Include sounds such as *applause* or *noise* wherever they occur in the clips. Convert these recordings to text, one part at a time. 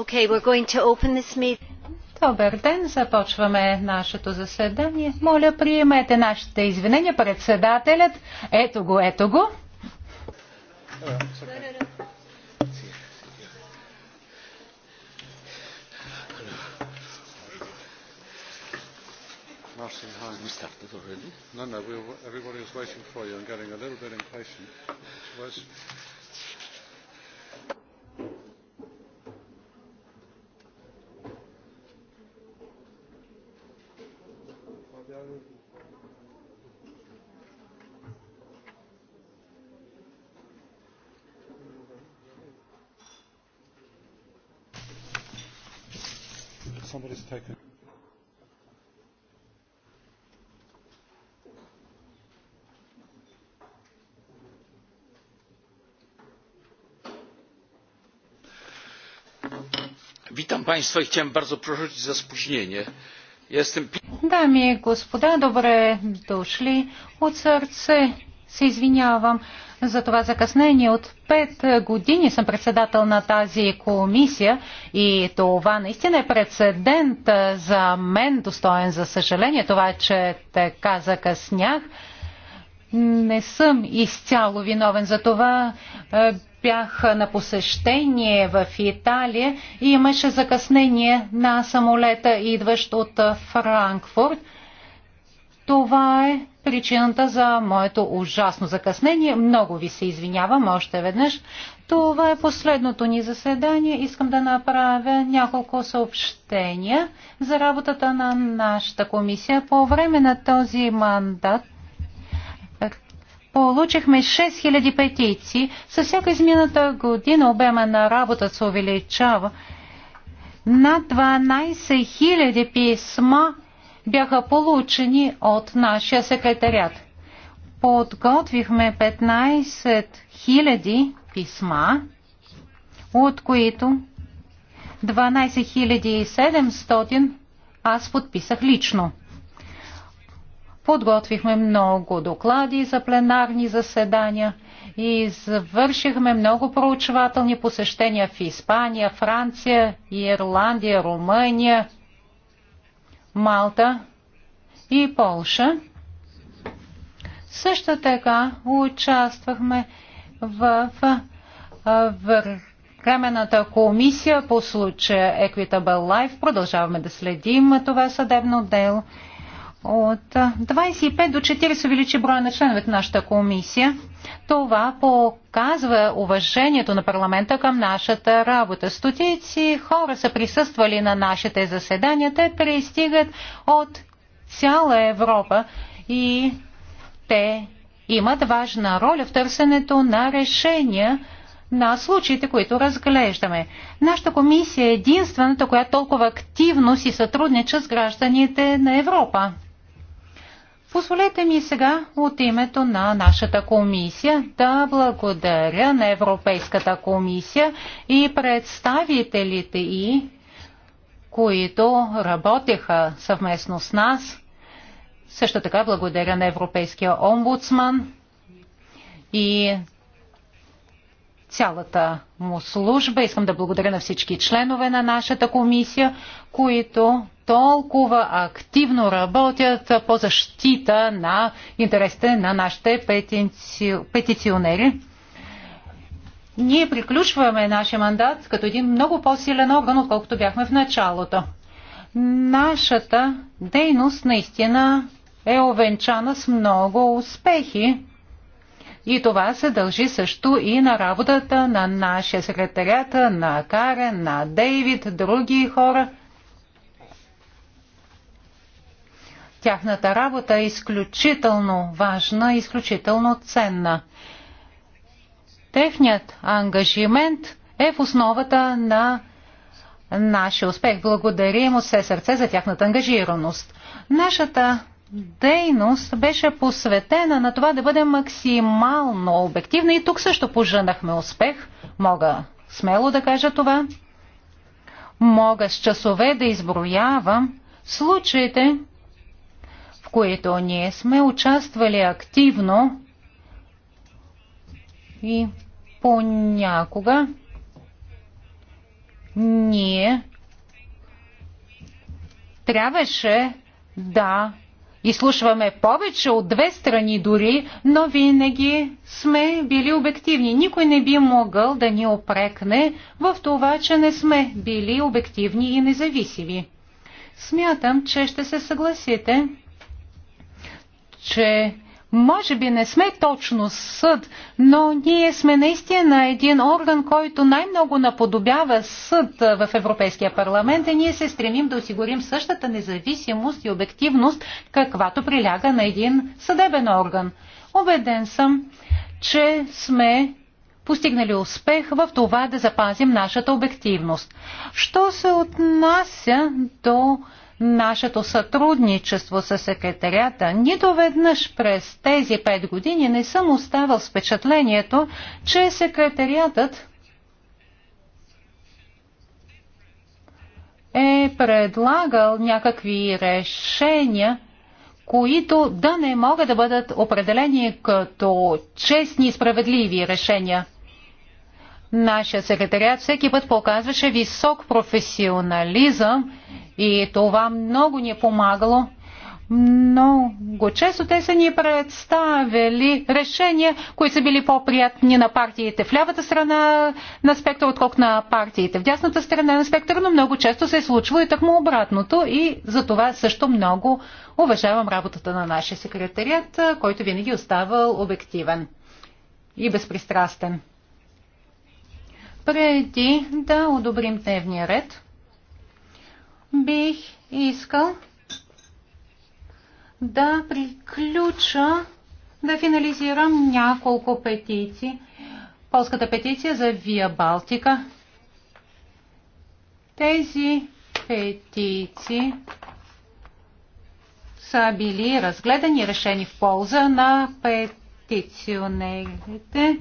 Okay, we're going to open this meeting. Добър ден, започваме нашето заседание. Моля, приемете нашите извинения. Председателят, ето го, ето го. Martin, hi. You started already? No, no, we, everybody was waiting for you and getting a little bit impatient. Which was second. Witam Państwa i chciałem bardzo prosić za spóźnienie. Jestem... Дами gospoda, dobre doszli od От Se се извинявам за това закъснение. От пет години съм председател на тази комисия и това наистина е прецедент за мен, достоен за съжаление, това, че така закъснях. Не съм изцяло виновен за това. Бях на посещение в Италия и имаше закъснение на самолета, идващ от Франкфурт. Това е причината за моето ужасно закъснение. Много ви се извинявам още веднъж. Това е последното ни заседание. Искам да направя няколко съобщения за работата на нашата комисия. По време на този мандат получихме 6000 петиции. Със всяка измината година обема на работа се увеличава. Над 12 000 писма бяха получени от нашия секретарят. Подготвихме 15 000 писма, от които 12 700 аз подписах лично. Подготвихме много доклади за пленарни заседания и завършихме много проучвателни посещения в Испания, Франция, Ирландия, Румъния, Малта и Полша. Също така участвахме в Временната комисия по случая Equitable Life. Продължаваме да следим това съдебно дело от 25 до 40 увеличи броя на членовете на нашата комисия. Това показва уважението на парламента към нашата работа. Стотици хора са присъствали на нашите заседания. Те пристигат от цяла Европа и те имат важна роля в търсенето на решения на случаите, които разглеждаме. Нашата комисия е единствената, която толкова активно си сътруднича с гражданите на Европа. Позволете ми сега от името на нашата комисия да благодаря на Европейската комисия и представителите и които работеха съвместно с нас. Също така благодаря на Европейския омбудсман и цялата му служба. Искам да благодаря на всички членове на нашата комисия, които толкова активно работят по защита на интересите на нашите петици... петиционери. Ние приключваме нашия мандат като един много по-силен орган, отколкото бяхме в началото. Нашата дейност наистина е овенчана с много успехи. И това се дължи също и на работата на нашия секретарят, на Карен, на Дейвид, други хора – Тяхната работа е изключително важна, изключително ценна. Техният ангажимент е в основата на нашия успех. Благодарим от все сърце за тяхната ангажираност. Нашата дейност беше посветена на това да бъде максимално обективна и тук също пожънахме успех. Мога смело да кажа това. Мога с часове да изброявам случаите, които ние сме участвали активно и понякога ние трябваше да изслушваме повече от две страни дори, но винаги сме били обективни. Никой не би могъл да ни опрекне в това, че не сме били обективни и независими. Смятам, че ще се съгласите, че може би не сме точно съд, но ние сме наистина един орган, който най-много наподобява съд в Европейския парламент и ние се стремим да осигурим същата независимост и обективност, каквато приляга на един съдебен орган. Обеден съм, че сме постигнали успех в това да запазим нашата обективност. Що се отнася до нашето сътрудничество с секретарята, нито веднъж през тези пет години не съм оставал впечатлението, че секретариатът е предлагал някакви решения, които да не могат да бъдат определени като честни и справедливи решения. Нашия секретариат всеки път показваше висок професионализъм и това много ни е помагало. Много често те са ни представили решения, които са били по-приятни на партиите в лявата страна на спектъра, отколкото на партиите в дясната страна на спектъра, но много често се е случва и тъкмо обратното и за това също много уважавам работата на нашия секретарият, който винаги оставал обективен и безпристрастен. Преди да одобрим дневния ред, бих искал да приключа, да финализирам няколко петиции. Полската петиция за Вия Балтика. Тези петиции са били разгледани и решени в полза на петиционерите.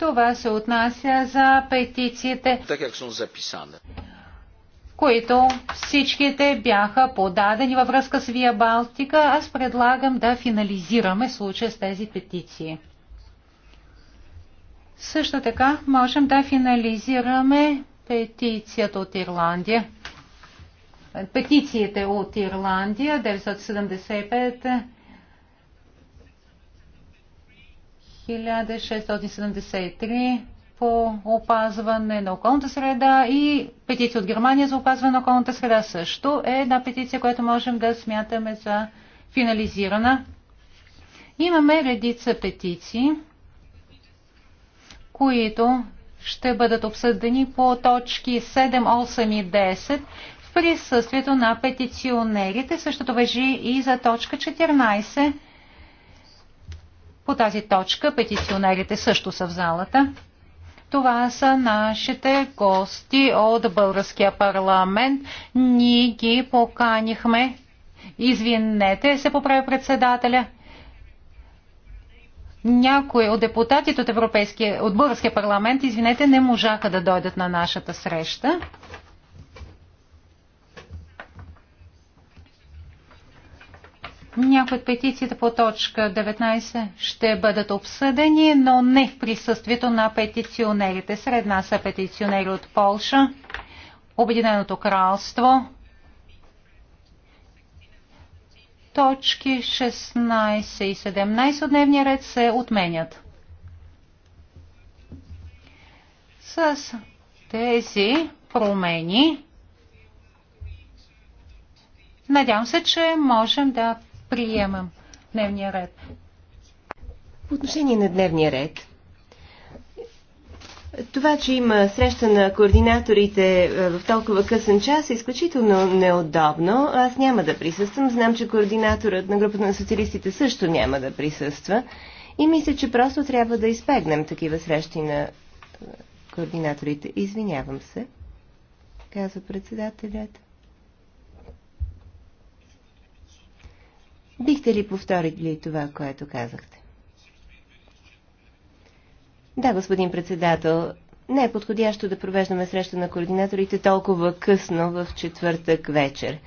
Това се отнася за петициите, които всичките бяха подадени във връзка с Вия Балтика. Аз предлагам да финализираме случая с тези петиции. Също така можем да финализираме петицията от Ирландия. Петициите от Ирландия 975 1673 по опазване на околната среда и петиция от Германия за опазване на околната среда също е една петиция, която можем да смятаме за финализирана. Имаме редица петиции, които ще бъдат обсъдени по точки 7, 8 и 10 в присъствието на петиционерите. Същото въжи и за точка 14 по тази точка петиционерите също са в залата. Това са нашите гости от българския парламент. Ние ги поканихме. Извинете, се поправя председателя. Някои от депутатите от, от българския парламент, извинете, не можаха да дойдат на нашата среща. Някои от петициите по точка 19 ще бъдат обсъдени, но не в присъствието на петиционерите. Сред нас са петиционери от Полша, Обединеното кралство, точки 16 и 17 от дневния ред се отменят. С тези промени надявам се, че можем да Приемам дневния ред. По отношение на дневния ред, това, че има среща на координаторите е, в толкова късен час е изключително неудобно. Аз няма да присъствам. Знам, че координаторът на групата на социалистите също няма да присъства. И мисля, че просто трябва да избегнем такива срещи на е, координаторите. Извинявам се, казва председателят. Бихте ли повторили това, което казахте? Да, господин председател, не е подходящо да провеждаме среща на координаторите толкова късно в четвъртък вечер.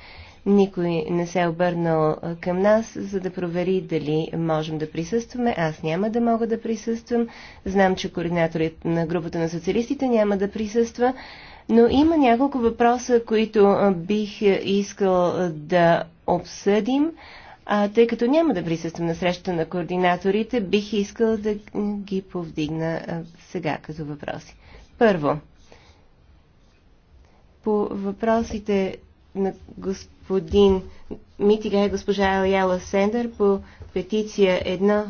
Никой не се е обърнал към нас, за да провери дали можем да присъстваме. Аз няма да мога да присъствам. Знам, че координаторът на групата на социалистите няма да присъства. Но има няколко въпроса, които бих искал да обсъдим а, тъй като няма да присъствам на среща на координаторите, бих искал да ги повдигна а, сега като въпроси. Първо, по въпросите на господин Митига и госпожа Аяла Сендър по петиция 1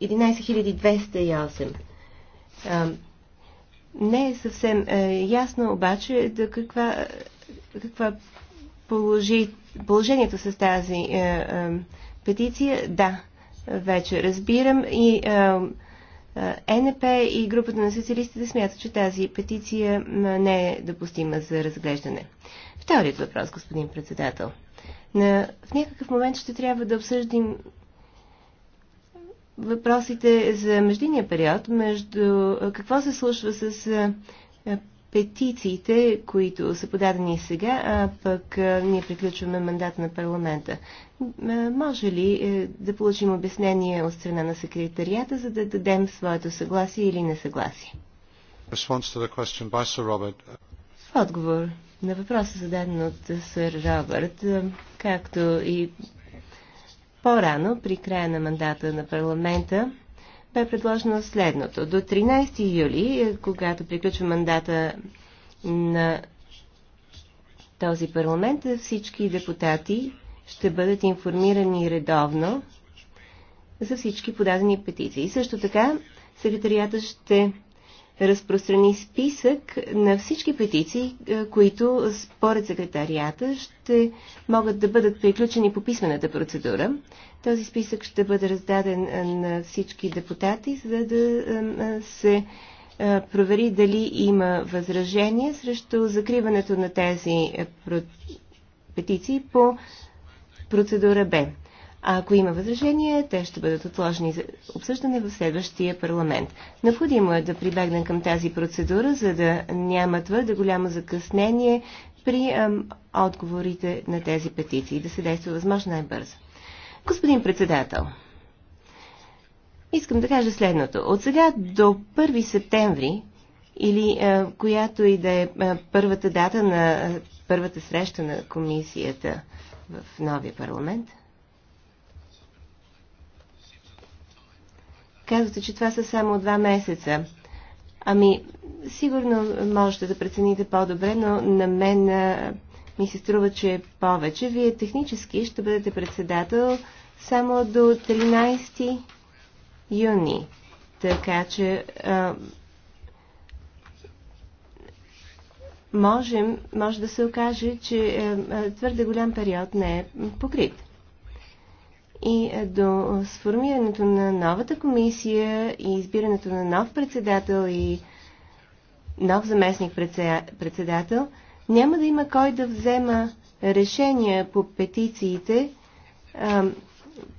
11208. Е, е, не е съвсем ясно обаче до каква, каква положи, положението с тази е, е, петиция, да, вече разбирам. И е, е, НП и групата на социалистите смятат, че тази петиция не е допустима за разглеждане. Вторият въпрос, господин председател. На, в някакъв момент ще трябва да обсъждим въпросите за междиния период, между какво се случва с е, петициите, които са подадени сега, а пък ние приключваме мандат на парламента. Може ли е, да получим обяснение от страна на секретарията, за да дадем своето съгласие или несъгласие? В отговор на въпроса, зададен от сър Робърт, е, както и по-рано, при края на мандата на парламента, бе предложено следното. До 13 юли, е, когато приключва мандата на този парламент, е, всички депутати ще бъдат информирани редовно за всички подадени петиции. също така, секретарията ще разпространи списък на всички петиции, е, които според секретарията ще могат да бъдат приключени по писмената процедура. Този списък ще бъде раздаден на всички депутати, за да се провери дали има възражение срещу закриването на тези петиции по процедура Б. А ако има възражение, те ще бъдат отложени за обсъждане в следващия парламент. Необходимо е да прибегнем към тази процедура, за да няма твърде голямо закъснение при ам, отговорите на тези петиции, да се действа възможно най-бързо. Господин председател, искам да кажа следното. От сега до 1 септември, или а, е, която и да е а, е, първата дата на а, е, първата среща на комисията в новия парламент, Казвате, че това са само два месеца. Ами, сигурно можете да прецените по-добре, но на мен ми се струва, че повече. Вие технически ще бъдете председател само до 13 юни. Така че а, можем, може да се окаже, че а, твърде голям период не е покрит. И до сформирането на новата комисия и избирането на нов председател и нов заместник председател, няма да има кой да взема решения по петициите,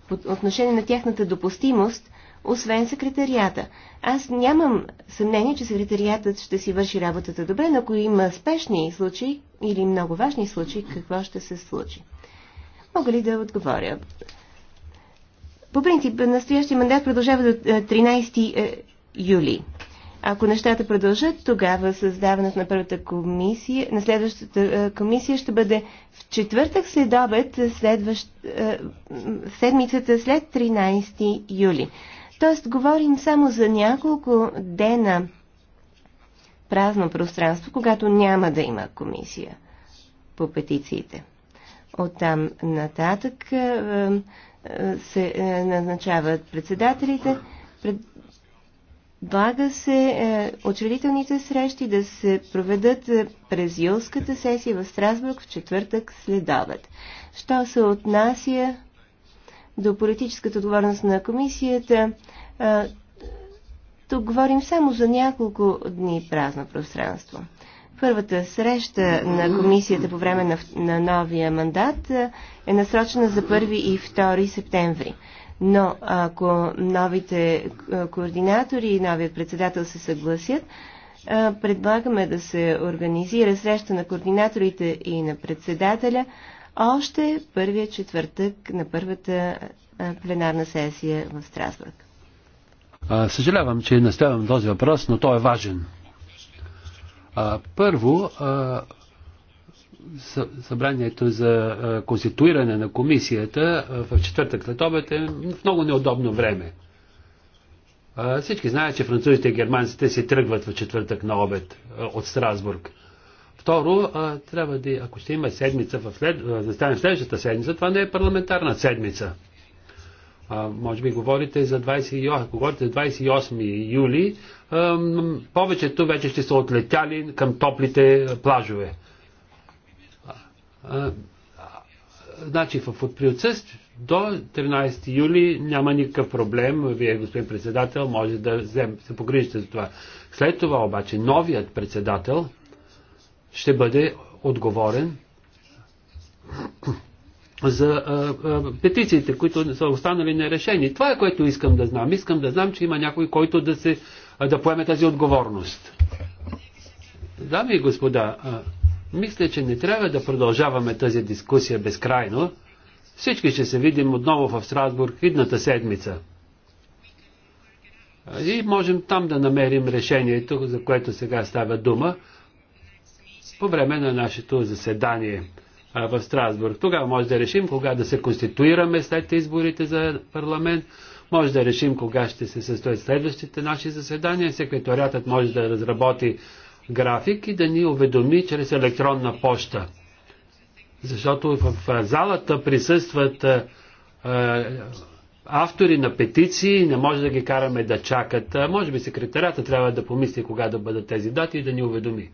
по отношение на тяхната допустимост, освен секретарията. Аз нямам съмнение, че секретариатът ще си върши работата добре, но ако има спешни случаи или много важни случаи, какво ще се случи? Мога ли да отговоря? По принцип, настоящия мандат продължава до 13 е, е, юли. Ако нещата продължат, тогава създаването на първата комисия, на следващата е, комисия ще бъде в четвъртък след обед, следващ, е, седмицата след 13 юли. Тоест, говорим само за няколко дена празно пространство, когато няма да има комисия по петициите. Оттам нататък е, се назначават председателите, Блага се е, очредителните срещи да се проведат е, през юлската сесия в Страсбург в четвъртък следават. Що се отнася до политическата отговорност на комисията, е, тук говорим само за няколко дни празно пространство. Първата среща на комисията по време на, на новия мандат е, е насрочена за 1 и 2 септември. Но ако новите координатори и новият председател се съгласят, предлагаме да се организира среща на координаторите и на председателя още първия четвъртък на първата пленарна сесия в Страсбург. Съжалявам, че наставям този въпрос, но той е важен. Първо, събранието за конституиране на комисията в четвъртък след обед е в много неудобно време. Всички знаят, че французите и германците се тръгват в четвъртък на обед от Страсбург. Второ, трябва да, ако ще има седмица, в след, да стане в следващата седмица, това не е парламентарна седмица. А, може би говорите за 28, говорите за 28 юли, а, повечето вече ще са отлетяли към топлите плажове. Значи, в, отприотсъст до 13 юли няма никакъв проблем. Вие, господин председател, може да взем, се погрижите за това. След това обаче новият председател ще бъде отговорен *clears throat* за а, а, петициите, които са останали нерешени. Това е което искам да знам. Искам да знам, че има някой, който да, се, а, да поеме тази отговорност. Дами и господа, а, мисля, че не трябва да продължаваме тази дискусия безкрайно. Всички ще се видим отново в Страсбург идната седмица. И можем там да намерим решението, за което сега става дума, по време на нашето заседание в Страсбург. Тогава може да решим кога да се конституираме след изборите за парламент, може да решим кога ще се състоят следващите наши заседания. Секретариатът може да разработи график и да ни уведоми чрез електронна поща. Защото в залата присъстват е, е, автори на петиции, не може да ги караме да чакат. Може би секретарята трябва да помисли кога да бъдат тези дати и да ни уведоми.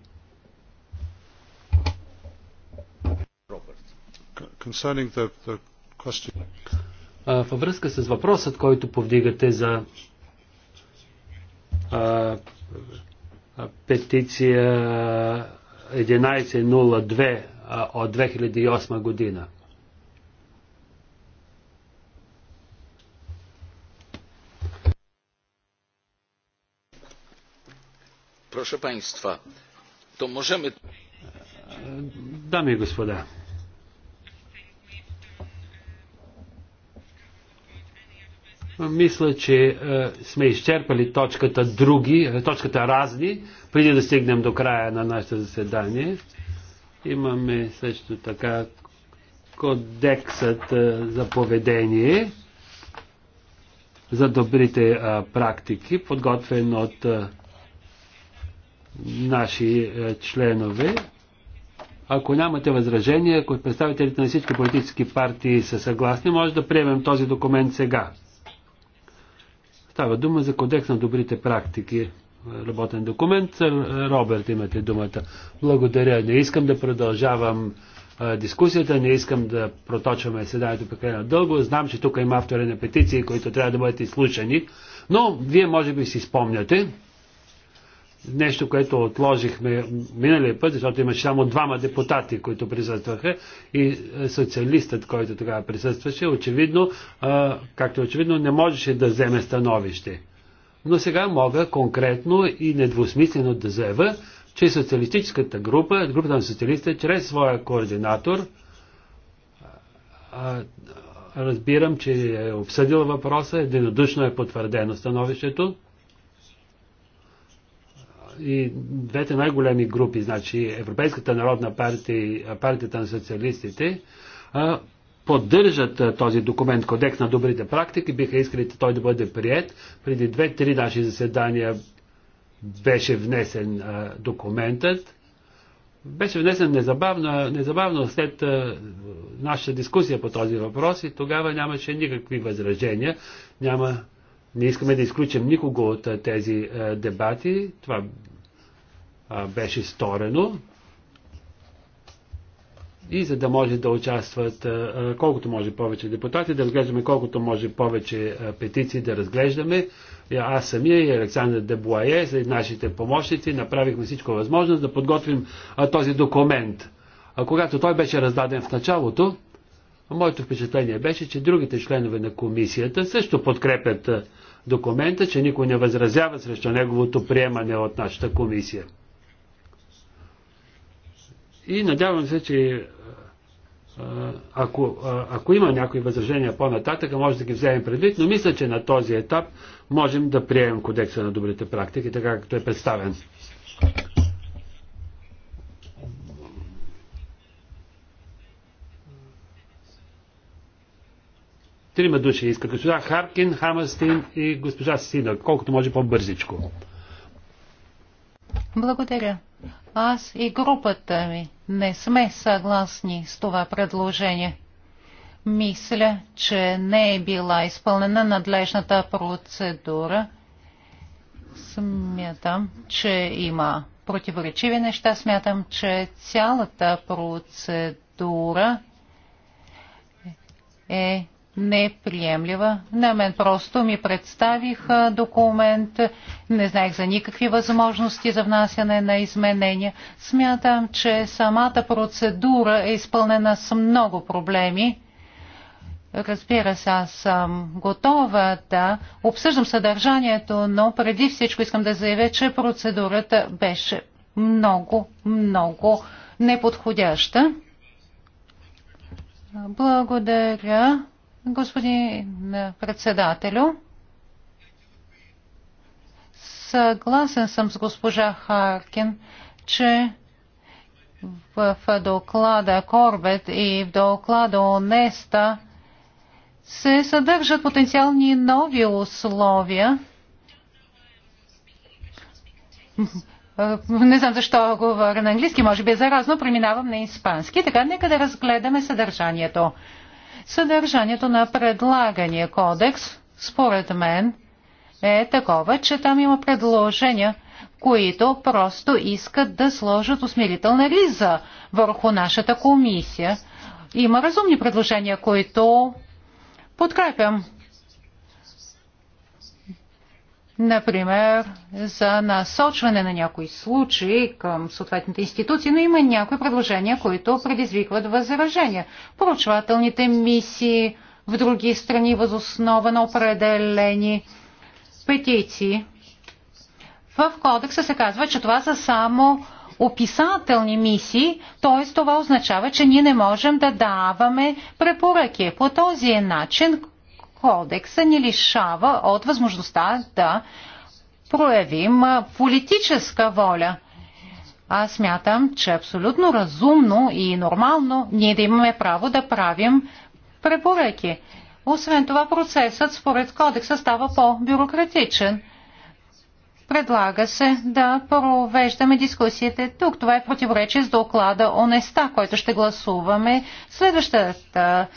Във връзка с въпросът, който повдигате за петиция 1102 от 2008 година. Proszę Państwa, to możemy. Damy gospoda. Мисля, че е, сме изчерпали точката други, е, точката разни, преди да стигнем до края на нашето заседание. Имаме също така кодексът е, за поведение за добрите практики, подготвен от наши членове. Ако нямате възражения, ако представителите на всички политически партии са съгласни, може да приемем този документ сега. Става дума за кодекс на добрите практики. Е, работен документ. Е, Роберт, имате думата. Благодаря. Не искам да продължавам е, дискусията, не искам да проточваме седанието прекалено дълго. Знам, че тук има автори на петиции, които трябва да бъдат изслушани, но вие може би си спомняте, нещо, което отложихме миналия път, защото имаше само двама депутати, които присъстваха и е, социалистът, който тогава присъстваше, очевидно, е, както е очевидно, не можеше да вземе становище. Но сега мога конкретно и недвусмислено да заявя, че социалистическата група, групата на социалистите, чрез своя координатор, разбирам, че е обсъдил въпроса, единодушно е потвърдено становището, и двете най-големи групи, значи Европейската народна партия и партията на социалистите, поддържат този документ Кодекс на добрите практики, биха искали той да бъде прият. Преди две-три наши заседания беше внесен документът. Беше внесен незабавно, незабавно след нашата дискусия по този въпрос и тогава нямаше никакви възражения. Няма не искаме да изключим никого от тези дебати. Това беше сторено. И за да може да участват колкото може повече депутати, да разглеждаме колкото може повече петиции, да разглеждаме. И аз самия и Александър Дебуае, за нашите помощници, направихме всичко възможност да подготвим този документ. А когато той беше раздаден в началото, моето впечатление беше, че другите членове на комисията също подкрепят документа, че никой не възразява срещу неговото приемане от нашата комисия. И надявам се, че ако, ако има някои възражения по-нататък, може да ги вземем предвид, но мисля, че на този етап можем да приемем кодекса на добрите практики, така както е представен. Трима души иска. Госпожа Харкин, Хамастин и госпожа Сина. Колкото може по-бързичко. Благодаря. Аз и групата ми не сме съгласни с това предложение. Мисля, че не е била изпълнена надлежната процедура. Смятам, че има противоречиви неща. Смятам, че цялата процедура е неприемлива. На мен просто ми представих документ, не знаех за никакви възможности за внасяне на изменения. Смятам, че самата процедура е изпълнена с много проблеми. Разбира се, аз съм готова да обсъждам съдържанието, но преди всичко искам да заявя, че процедурата беше много, много неподходяща. Благодаря. Господин председателю, съгласен съм с госпожа Харкин, че в доклада Корбет и в доклада Онеста се съдържат потенциални нови условия. Не знам защо говоря на английски, може би е заразно, преминавам на испански. Така, нека да разгледаме съдържанието. Съдържанието на предлагания кодекс, според мен, е такова, че там има предложения, които просто искат да сложат усмирителна риза върху нашата комисия. Има разумни предложения, които подкрепям например, за насочване на някои случаи към съответните институции, но има някои предложения, които предизвикват възражения. Поручвателните мисии в други страни възоснова на определени петиции. В кодекса се казва, че това са само описателни мисии, т.е. това означава, че ние не можем да даваме препоръки. По този начин кодекса ни лишава от възможността да проявим политическа воля. Аз смятам, че е абсолютно разумно и нормално ние да имаме право да правим препоръки. Освен това, процесът според кодекса става по-бюрократичен. Предлага се да провеждаме дискусиите тук. Това е противоречие с доклада ОНЕСТА, който ще гласуваме следващата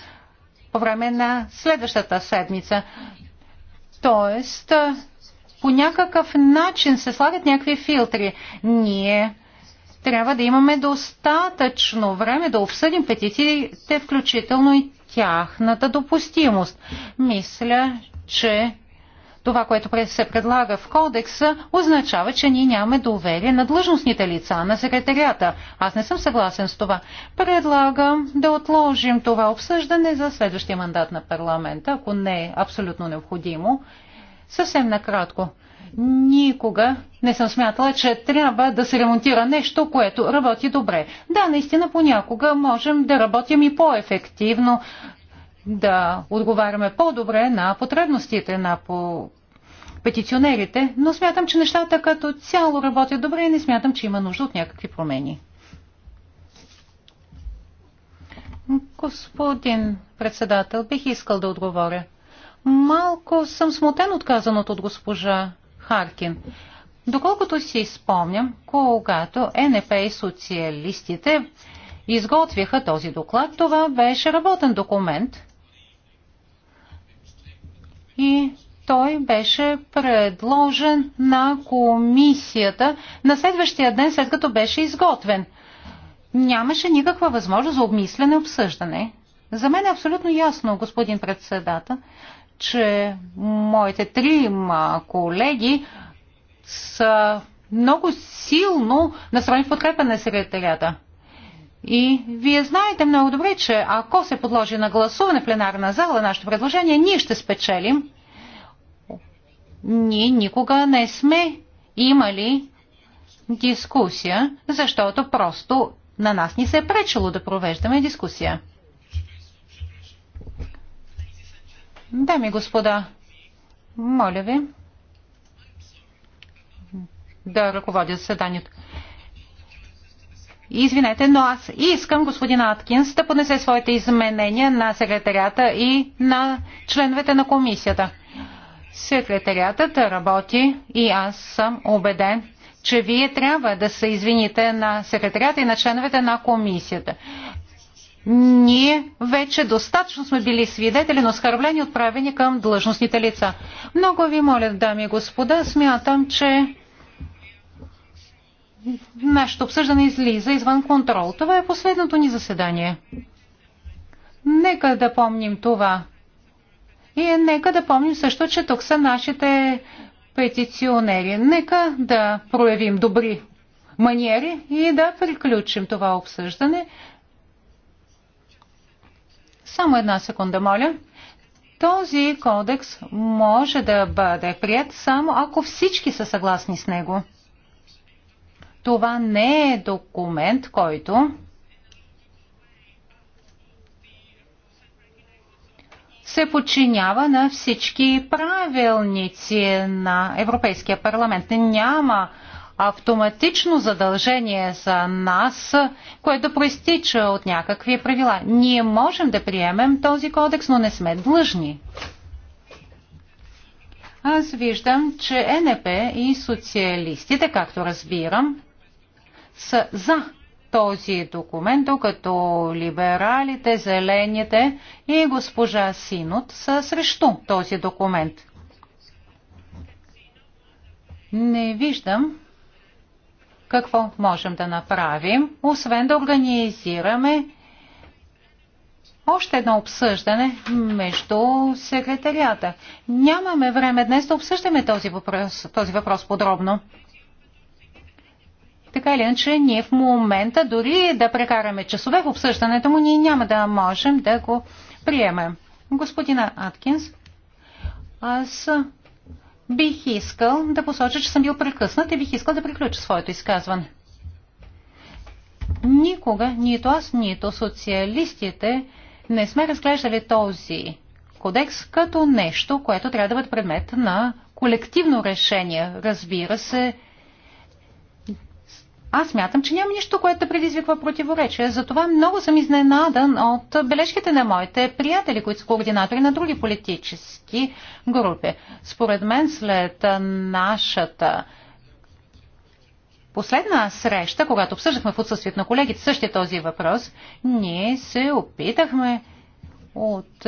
по време на следващата седмица. Тоест, по някакъв начин се слагат някакви филтри. Ние трябва да имаме достатъчно време да обсъдим петициите, включително и тяхната допустимост. Мисля, че това, което се предлага в кодекса, означава, че ние нямаме доверие на длъжностните лица, на секретарията. Аз не съм съгласен с това. Предлагам да отложим това обсъждане за следващия мандат на парламента, ако не е абсолютно необходимо. Съвсем накратко. Никога не съм смятала, че трябва да се ремонтира нещо, което работи добре. Да, наистина понякога можем да работим и по-ефективно, да отговаряме по-добре на потребностите на по петиционерите, но смятам, че нещата като цяло работят добре и не смятам, че има нужда от някакви промени. Господин председател, бих искал да отговоря. Малко съм смутен отказаното от госпожа Харкин. Доколкото си спомням, когато НП и социалистите изготвяха този доклад, това беше работен документ. И той беше предложен на комисията на следващия ден, след като беше изготвен. Нямаше никаква възможност за обмислене обсъждане. За мен е абсолютно ясно, господин председател, че моите трима колеги са много силно настроени в подкрепа на секретарията. И вие знаете много добре, че ако се подложи на гласуване в пленарна зала нашето предложение, ние ще спечелим ние никога не сме имали дискусия, защото просто на нас ни се е пречело да провеждаме дискусия. Дами и господа, моля ви да ръководя заседанието. Извинете, но аз искам господин Аткинс да поднесе своите изменения на секретарята и на членовете на комисията. Секретариатът работи и аз съм убеден, че вие трябва да се извините на секретарията и на членовете на комисията. Ние вече достатъчно сме били свидетели на оскърблени отправени към длъжностните лица. Много ви моля, дами и господа, смятам, че нашето обсъждане излиза извън контрол. Това е последното ни заседание. Нека да помним това. И нека да помним също, че тук са нашите петиционери. Нека да проявим добри маниери и да приключим това обсъждане. Само една секунда, моля. Този кодекс може да бъде прият само ако всички са съгласни с него. Това не е документ, който се подчинява на всички правилници на Европейския парламент. Няма автоматично задължение за нас, което проистича от някакви правила. Ние можем да приемем този кодекс, но не сме длъжни. Аз виждам, че е НП и социалистите, както разбирам, са за този документ, докато либералите, зелените и госпожа Синот са срещу този документ. Не виждам какво можем да направим, освен да организираме още едно обсъждане между секретарията. Нямаме време днес да обсъждаме този въпрос, този въпрос подробно. Така или иначе, ние в момента, дори да прекараме часове в обсъждането му, ние няма да можем да го приемем. Господина Аткинс, аз бих искал да посоча, че съм бил прекъснат и бих искал да приключа своето изказване. Никога, нито аз, нито социалистите не сме разглеждали този кодекс като нещо, което трябва да бъде предмет на колективно решение. Разбира се, аз мятам, че няма нищо, което да предизвиква противоречие. Затова много съм изненадан от бележките на моите приятели, които са координатори на други политически групи. Според мен след нашата последна среща, когато обсъждахме в отсъствието на колегите същия този въпрос, ние се опитахме от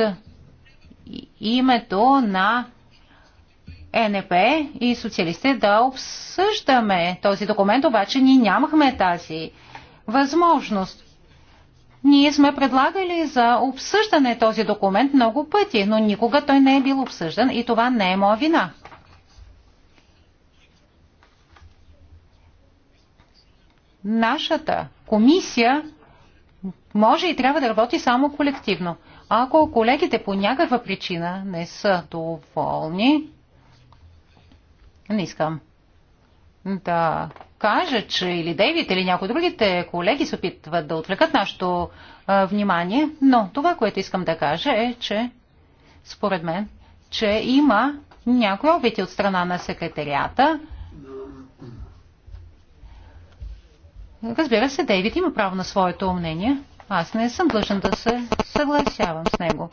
името на ЕНП е и социалистите да обсъждаме този документ, обаче ние нямахме тази възможност. Ние сме предлагали за обсъждане този документ много пъти, но никога той не е бил обсъждан и това не е моя вина. Нашата комисия може и трябва да работи само колективно. Ако колегите по някаква причина не са доволни, не искам да кажа, че или Дейвид, или някои другите колеги се опитват да отвлекат нашето а, внимание, но това, което искам да кажа е, че според мен, че има някои опити от страна на секретарията. Разбира се, Дейвид има право на своето мнение. Аз не съм длъжен да се съгласявам с него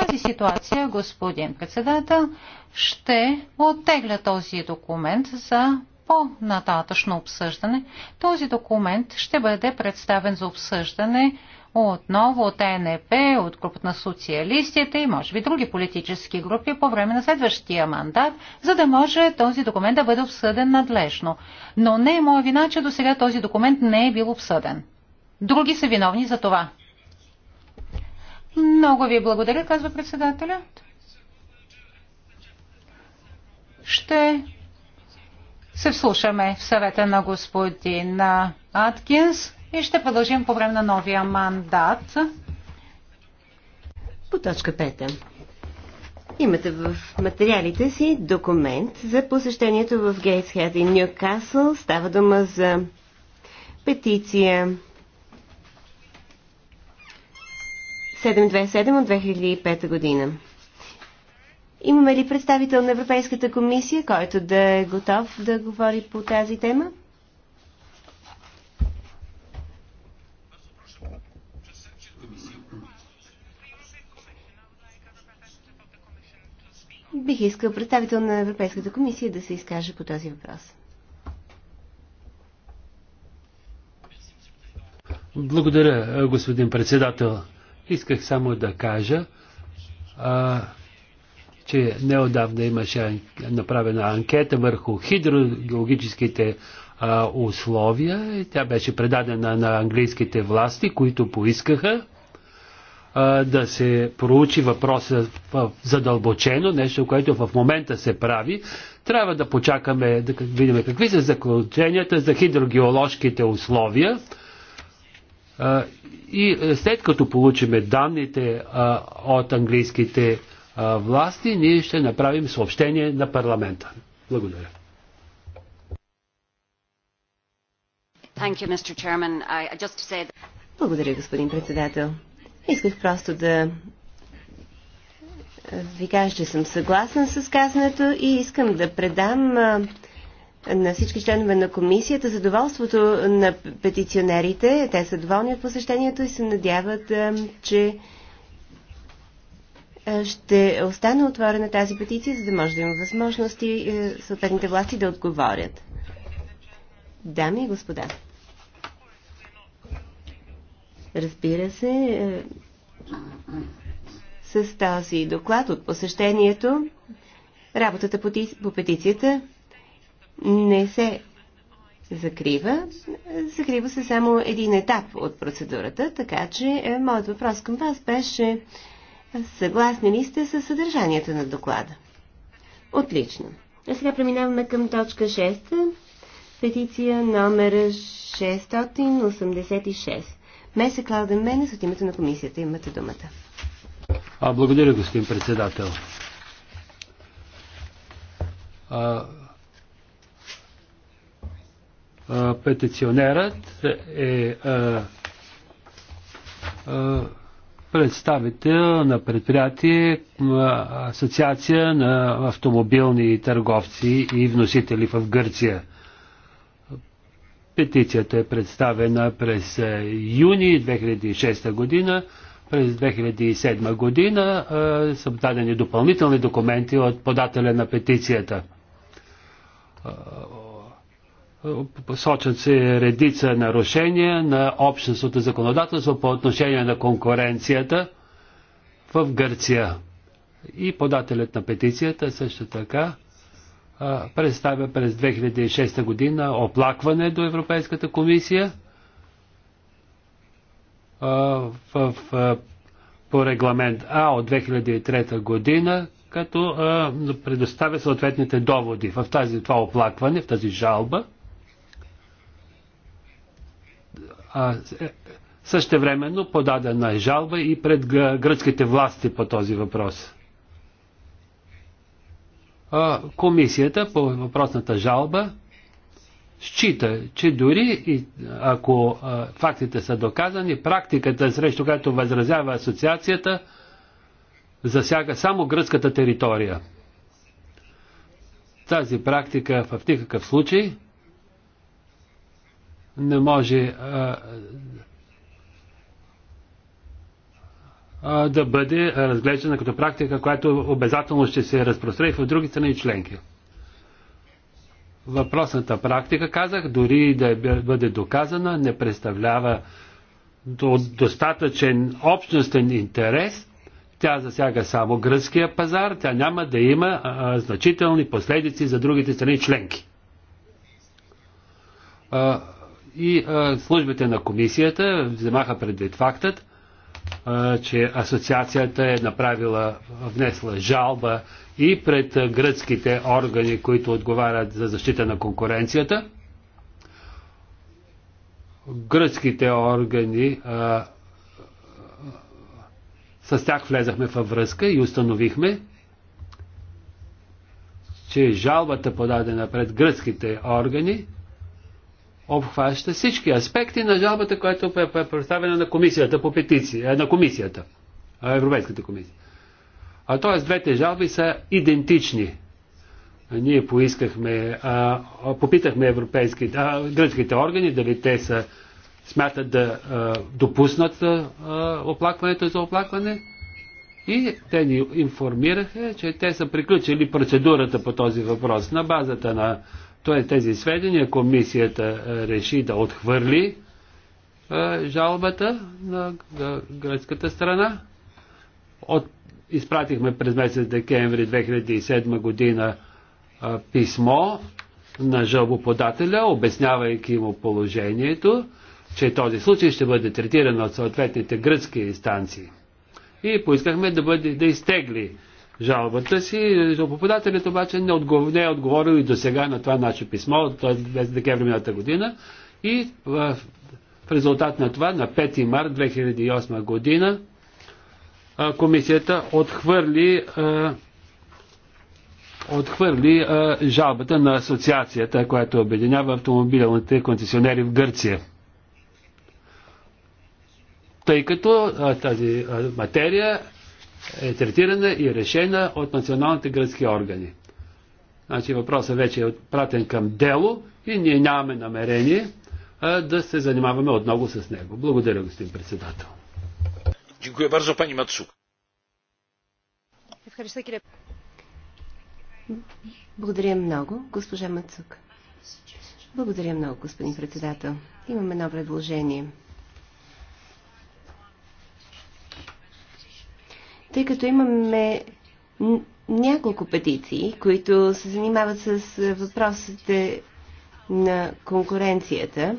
тази ситуация, господин председател, ще оттегля този документ за по-нататъчно обсъждане. Този документ ще бъде представен за обсъждане отново от ЕНП, от групата на социалистите и може би други политически групи по време на следващия мандат, за да може този документ да бъде обсъден надлежно. Но не е моя вина, че до сега този документ не е бил обсъден. Други са виновни за това. Много ви благодаря, казва председателя. Ще се вслушаме в съвета на господин Аткинс и ще продължим по време на новия мандат. По точка 5. Имате в материалите си документ за посещението в Гейтсхед и Ньюкасъл. Става дума за петиция 727 от 2005 година. Имаме ли представител на Европейската комисия, който да е готов да говори по тази тема? Бих искал представител на Европейската комисия да се изкаже по този въпрос. Благодаря, господин председател. Исках само да кажа, а, че неодавна имаше направена анкета върху хидрогеологическите а, условия и тя беше предадена на английските власти, които поискаха а, да се проучи въпроса задълбочено, нещо, което в момента се прави. Трябва да почакаме да видим какви са заключенията за хидрогеоложките условия и е, след като получиме данните от английските власти, ние ще направим съобщение на парламента. Благодаря. Благодаря, господин председател. Исках просто да ви кажа, че съм съгласна с казането и искам да предам на всички членове на комисията, задоволството на петиционерите. Те са доволни от посещението и се надяват, че ще остане отворена тази петиция, за да може да има възможности е, съответните власти да отговорят. Дами и господа, разбира се, е, с този доклад от посещението, работата по петицията не се закрива. Закрива се само един етап от процедурата, така че е, моят въпрос към вас беше съгласни ли сте с съдържанието на доклада? Отлично. А сега преминаваме към точка 6. Петиция номер 686. Месе Клауден Менес от името на комисията. Имате думата. А, благодаря, господин председател. А, петиционерът е представител на предприятие, асоциация на автомобилни търговци и вносители в Гърция. Петицията е представена през юни 2006 година. През 2007 година са дадени допълнителни документи от подателя на петицията Посочат се редица нарушения на общностното законодателство по отношение на конкуренцията в Гърция. И подателят на петицията също така представя през 2006 година оплакване до Европейската комисия в, по регламент А от 2003 година, като предоставя съответните доводи в тази това оплакване, в тази жалба. Същевременно подадена е жалба и пред гръцките власти по този въпрос. Комисията по въпросната жалба счита, че дори и ако фактите са доказани, практиката, срещу която възразява асоциацията, засяга само гръцката територия. Тази практика в никакъв случай не може а, а, да бъде разглеждана като практика, която обязателно ще се разпространи в други страни членки. Въпросната практика, казах, дори да бъде доказана, не представлява до, достатъчен общностен интерес. Тя засяга само гръцкия пазар, тя няма да има а, значителни последици за другите страни членки. А, и а, службите на комисията вземаха предвид фактът, а, че асоциацията е направила, внесла жалба и пред гръцките органи, които отговарят за защита на конкуренцията. Гръцките органи а, с тях влезахме във връзка и установихме, че жалбата подадена пред гръцките органи обхваща всички аспекти на жалбата, която е представена на комисията по петиции е, на комисията, Европейската комисия. А т.е. двете жалби са идентични. Ние поискахме, а, попитахме европейските, а, гръцките органи дали те са, смятат да а, допуснат а, оплакването за оплакване. И те ни информираха, че те са приключили процедурата по този въпрос на базата на Тоест тези сведения комисията е, реши да отхвърли е, жалбата на гръцката страна. От, изпратихме през месец декември 2007 година е, писмо на жалбоподателя, обяснявайки му положението, че този случай ще бъде третиран от съответните гръцки инстанции. И поискахме да, бъде, да изтегли жалбата си. Жалбоподателят обаче не, отгов... не е отговорил и до сега на това наше писмо, т.е. без декември мината година. И в, в резултат на това, на 5 март 2008 година, комисията отхвърли, отхвърли жалбата на асоциацията, която обединява автомобилните концесионери в Гърция. Тъй като тази материя е третирана и решена от националните гръцки органи. Значи въпросът вече е отпратен към дело и ние нямаме намерение а, да се занимаваме отново с него. Благодаря, господин председател. Дякую бързо, пани Мацук. Благодаря много, госпожа Мацук. Благодаря много, господин председател. Имаме едно предложение. тъй като имаме няколко петиции, които се занимават с въпросите на конкуренцията,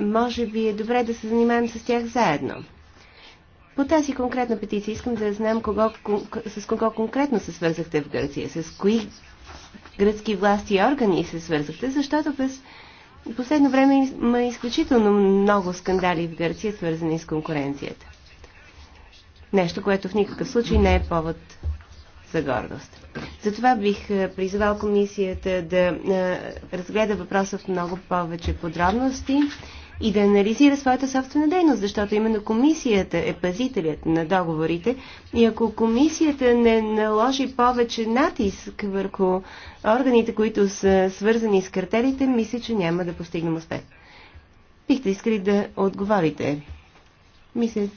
може би е добре да се занимаем с тях заедно. По тази конкретна петиция искам да знам кого, с кого конкретно се свързахте в Гърция, с кои гръцки власти и органи се свързахте, защото през последно време има изключително много скандали в Гърция, свързани с конкуренцията. Нещо, което в никакъв случай не е повод за гордост. Затова бих е, призвал комисията да е, разгледа въпроса в много повече подробности и да анализира своята собствена дейност, защото именно комисията е пазителят на договорите и ако комисията не наложи повече натиск върху органите, които са свързани с картелите, мисля, че няма да постигнем успех. Бихте искали да отговорите. Мисля,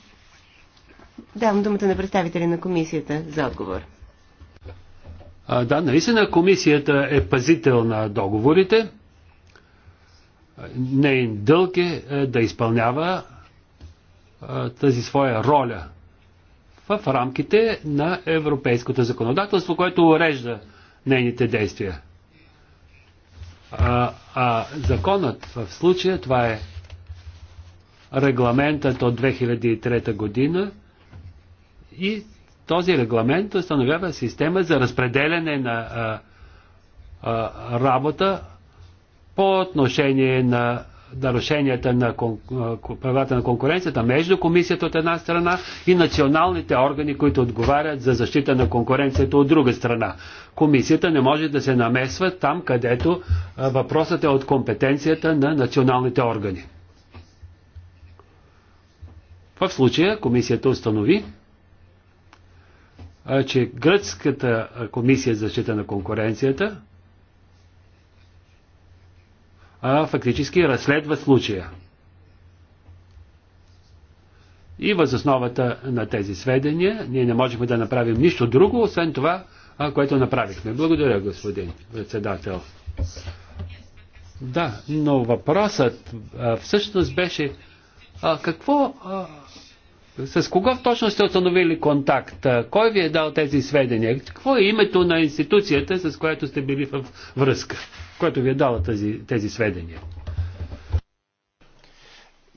Давам думата на представители на комисията за отговор. А, да, наистина комисията е пазител на договорите. Нейн дълг е, е да изпълнява а, е, тази своя роля в рамките на европейското законодателство, което урежда нейните действия. А, а законът в случая това е регламентът от 2003 година и този регламент установява система за разпределяне на а, а, работа по отношение на нарушенията на правата на конкуренцията между комисията от една страна и националните органи, които отговарят за защита на конкуренцията от друга страна. Комисията не може да се намесва там, където въпросът е от компетенцията на националните органи. В случая комисията установи, че Гръцката комисия за защита на конкуренцията а, фактически разследва случая. И въз основата на тези сведения ние не можехме да направим нищо друго, освен това, което направихме. Благодаря, господин председател. Да, но въпросът всъщност беше какво с кого точно сте установили контакт? Кой ви е дал тези сведения? Какво е името на институцията, с която сте били в връзка, която ви е дала тези, тези сведения?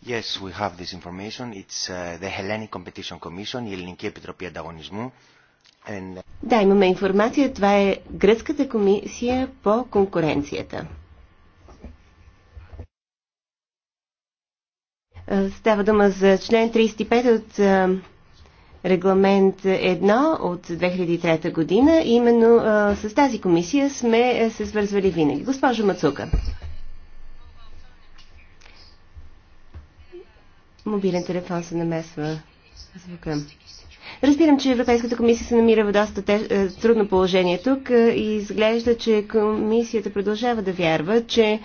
Yes, we have this information. It's uh, the Hellenic Competition Commission, η Ελληνική Επιτροπή Ανταγωνισμού. And... Uh, да, имаме информация. Това е Гръцката комисия по конкуренцията. Е, става дума за член 35 от е, регламент 1 от 2003 година. Именно е, с тази комисия сме се свързвали винаги. Госпожо Мацука. Мобилен телефон се намесва звука. Разбирам, че Европейската комисия се намира в доста теж... трудно положение тук и изглежда, че комисията продължава да вярва, че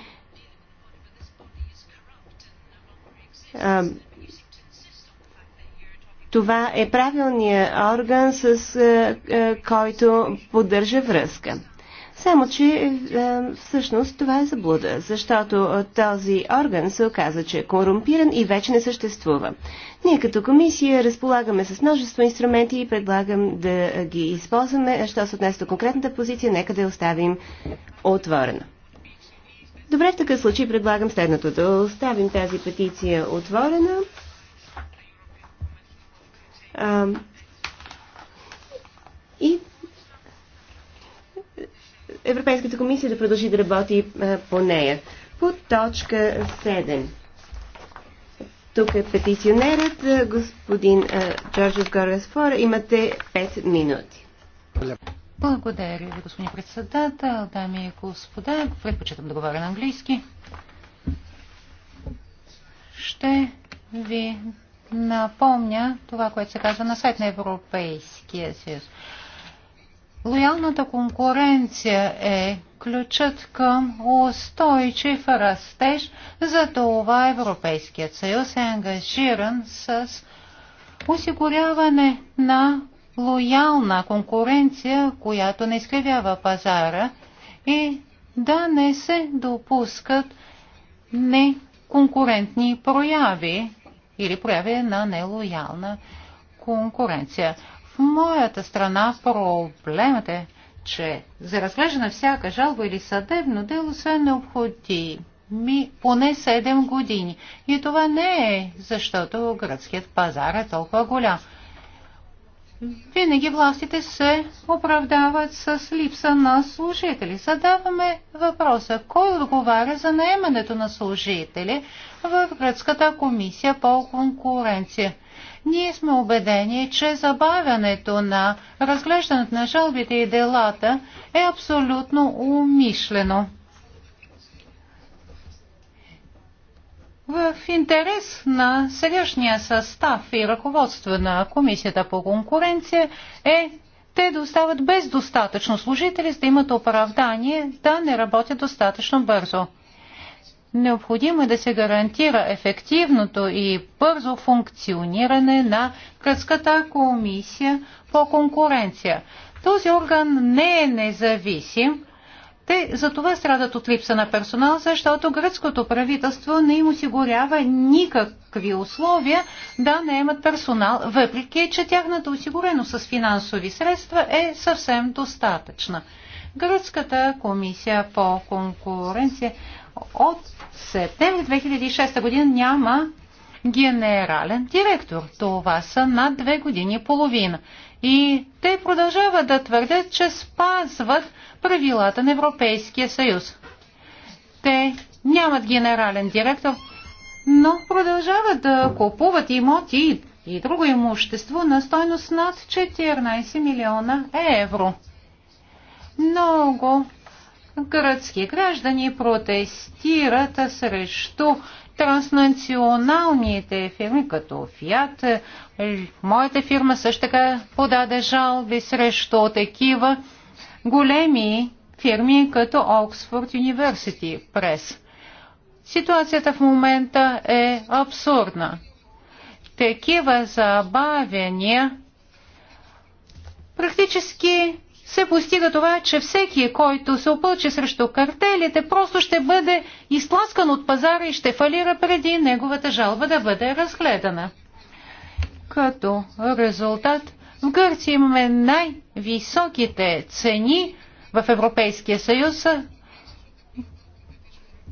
това е правилният орган, с който поддържа връзка. Само, че всъщност това е заблуда, защото този орган се оказа, че е корумпиран и вече не съществува. Ние като комисия разполагаме с множество инструменти и предлагам да ги използваме. Що се отнесе до конкретната позиция, нека да я оставим отворена. Добре, в такъв случай предлагам следното. Да оставим тази петиция отворена. А, и Европейската комисия да продължи да работи а, по нея. По точка 7. Тук е петиционерът, господин Джорджо Горгасфор. Имате 5 минути. Благодаря ви, господин председател, дами и господа. Предпочитам да говоря на английски. Ще ви напомня това, което се казва на сайт на Европейския съюз. Лоялната конкуренция е ключът към устойчив растеж, за това Европейският съюз е ангажиран с осигуряване на лоялна конкуренция, която не изкривява пазара и да не се допускат неконкурентни прояви или прояви на нелоялна конкуренция. В моята страна проблемът е, че за разглеждане на всяка жалба или съдебно дело са необходими поне 7 години. И това не е, защото гръцкият пазар е толкова голям винаги властите се оправдават с липса на служители. Задаваме въпроса, кой отговаря за наемането на служители в Гръцката комисия по конкуренция. Ние сме убедени, че забавянето на разглеждането на жалбите и делата е абсолютно умишлено. В интерес на сегашния състав и ръководство на Комисията по конкуренция е те да остават без достатъчно служители, за да имат оправдание да не работят достатъчно бързо. Необходимо е да се гарантира ефективното и бързо функциониране на Кръцката комисия по конкуренция. Този орган не е независим, те за това страдат от липса на персонал, защото гръцкото правителство не им осигурява никакви условия да имат персонал, въпреки че тяхната осигуреност с финансови средства е съвсем достатъчна. Гръцката комисия по конкуренция от септември 2006 година няма генерален директор. Това са над две години и половина. И те продължават да твърдят, че спазват правилата на Европейския съюз. Те нямат генерален директор, но продължават да купуват имоти и друго имущество на стойност над 14 милиона евро. Много гръцки граждани протестират срещу транснационалните фирми като Фиат, Моята фирма също така подаде жалби срещу такива големи фирми като Оксфорд Юниверсити Прес. Ситуацията в момента е абсурдна. Такива забавяния практически се постига това, че всеки, който се опълчи срещу картелите, просто ще бъде изтласкан от пазара и ще фалира преди неговата жалба да бъде разгледана. Като резултат в Гърция имаме най-високите цени в Европейския съюз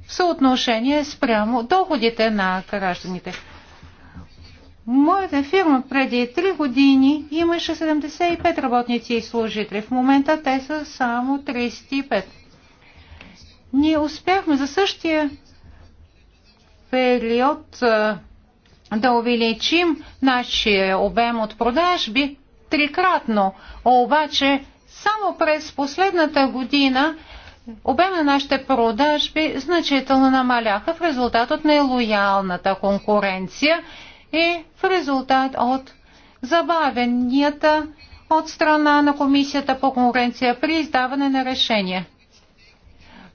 в съотношение спрямо доходите на гражданите. Моята фирма преди 3 години имаше 75 работници и служители. В момента те са само 35. Ние успяхме за същия период да увеличим нашия обем от продажби трикратно. Обаче само през последната година обем на нашите продажби значително намаляха в резултат от нелоялната конкуренция и в резултат от забавенията от страна на Комисията по конкуренция при издаване на решение.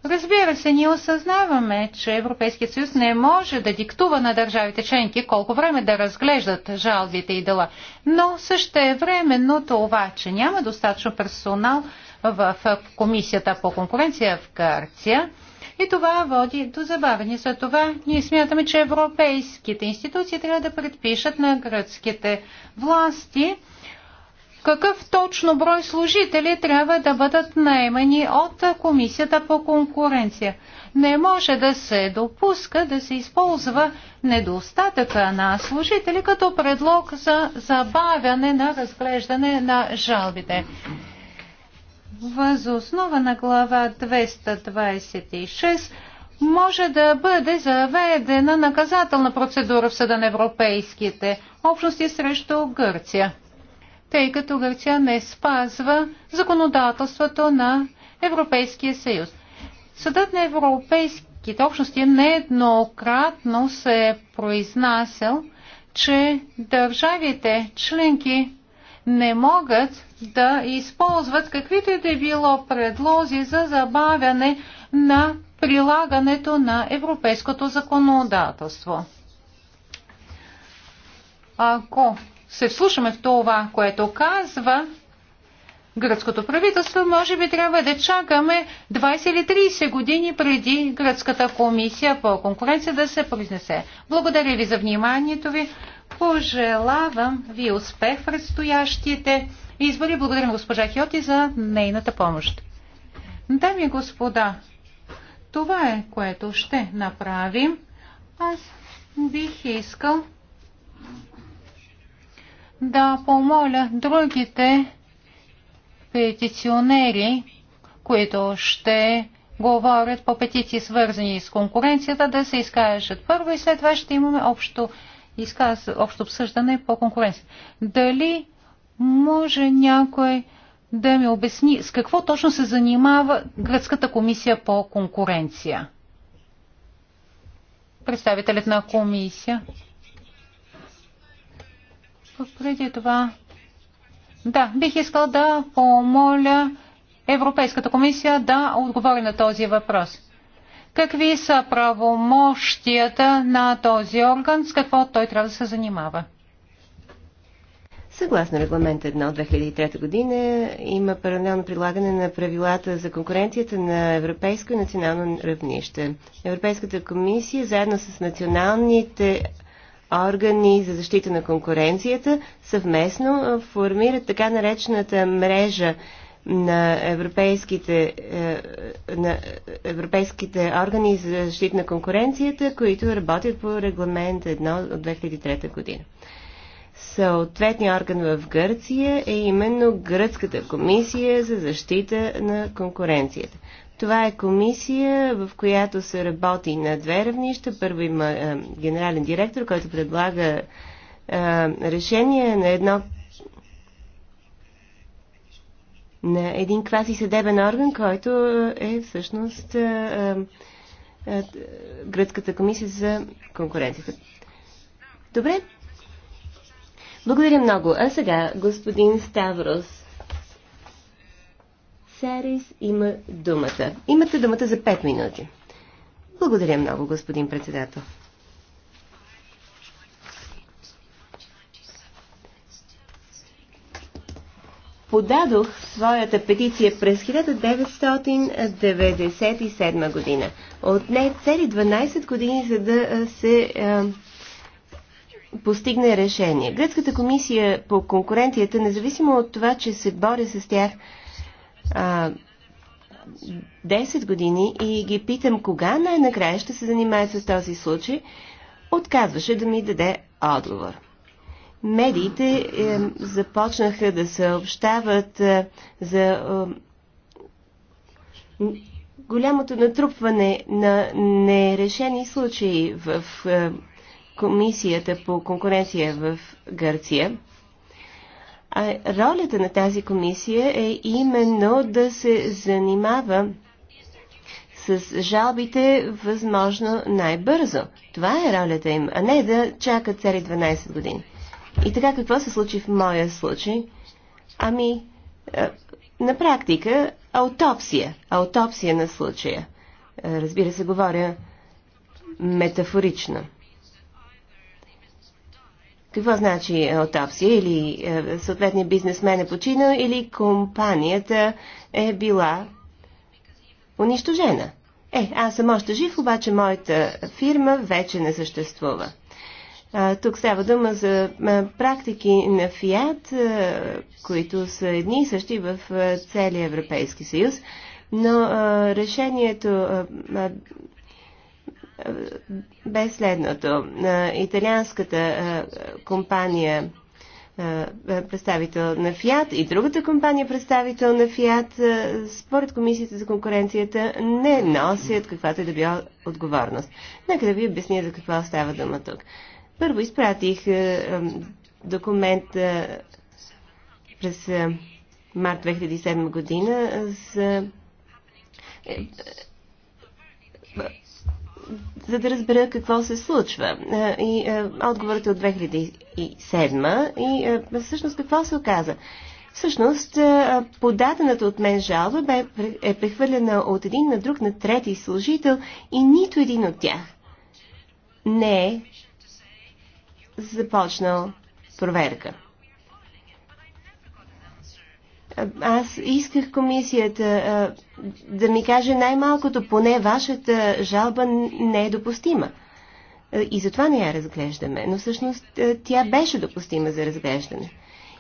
Разбира се, ние осъзнаваме, че Европейският съюз не може да диктува на държавите членки колко време да разглеждат жалбите и дела, но също е временно това, че няма достатъчно персонал в Комисията по конкуренция в Гърция. И това води до забавени. За това ние смятаме, че европейските институции трябва да предпишат на гръцките власти какъв точно брой служители трябва да бъдат наемани от Комисията по конкуренция. Не може да се допуска да се използва недостатъка на служители като предлог за забавяне на разглеждане на жалбите. Възоснова на глава 226 може да бъде заведена наказателна процедура в Съда на Европейските общности срещу Гърция тъй като Гърция не спазва законодателството на Европейския съюз. Съдът на европейските общности нееднократно се е произнасял, че държавите членки не могат да използват каквито и да е било предлози за забавяне на прилагането на европейското законодателство. Ако се вслушаме в това, което казва гръцкото правителство, може би трябва да чакаме 20 или 30 години преди гръцката комисия по конкуренция да се произнесе. Благодаря ви за вниманието ви. Пожелавам ви успех в предстоящите избори. Благодаря на госпожа Хиоти за нейната помощ. Дами и господа, това е което ще направим. Аз бих искал да помоля другите петиционери, които ще говорят по петиции, свързани с конкуренцията, да се изкажат първо и след това ще имаме общо, изказ, общо обсъждане по конкуренция. Дали може някой да ми обясни с какво точно се занимава Гръцката комисия по конкуренция? Представителят на комисия. Преди това. Да, бих искал да помоля Европейската комисия да отговори на този въпрос. Какви са правомощията на този орган, с какво той трябва да се занимава? Съгласно регламент 1 от 2003 година има паралелно прилагане на правилата за конкуренцията на европейско и национално равнище. Европейската комисия заедно с националните органи за защита на конкуренцията съвместно формират така наречената мрежа на европейските, е, на европейските органи за защита на конкуренцията, които работят по регламент 1 от 2003 година. Съответният орган в Гърция е именно Гръцката комисия за защита на конкуренцията. Това е комисия, в която се работи на две равнища. Първо има а, е, генерален директор, който предлага а, е, решение на едно на един кваси съдебен орган, който е всъщност а, е, а, Гръцката комисия за конкуренцията. Добре. Благодаря много. А сега господин Ставрос Серис има думата. Имате думата за 5 минути. Благодаря много, господин председател. подадох своята петиция през 1997 година. Отне цели 12 години, за да се а, постигне решение. Гръцката комисия по конкуренцията, независимо от това, че се боря с тях а, 10 години и ги питам кога най-накрая ще се занимае с този случай, отказваше да ми даде отговор. Медиите е, започнаха да съобщават е, за е, голямото натрупване на нерешени случаи в е, Комисията по конкуренция в Гърция. А ролята на тази комисия е именно да се занимава с жалбите възможно най-бързо. Това е ролята им, а не да чакат цели 12 години. И така какво се случи в моя случай? Ами, на практика, аутопсия. Аутопсия на случая. Разбира се, говоря метафорично. Какво значи аутопсия? Или е, съответният бизнесмен е починал, или компанията е била унищожена. Е, аз съм още жив, обаче моята фирма вече не съществува. А, тук става дума за а, практики на Фиат, а, които са едни и същи в а, целия Европейски съюз, но а, решението а, а, бе следното. Италианската компания представител на Фиат и другата компания представител на Фиат според Комисията за конкуренцията не носят каквато и е да била отговорност. Нека да ви обясня за какво става дума тук. Първо изпратих документ през март 2007 година за е, за да разбера какво се случва. Е, и е, отговорът е от 2007 и е, всъщност какво се оказа? Всъщност, подадената от мен жалба бе, е прехвърлена от един на друг на трети служител и нито един от тях не е започнал проверка. Аз исках комисията да ми каже най-малкото, поне вашата жалба не е допустима. И затова не я разглеждаме. Но всъщност тя беше допустима за разглеждане.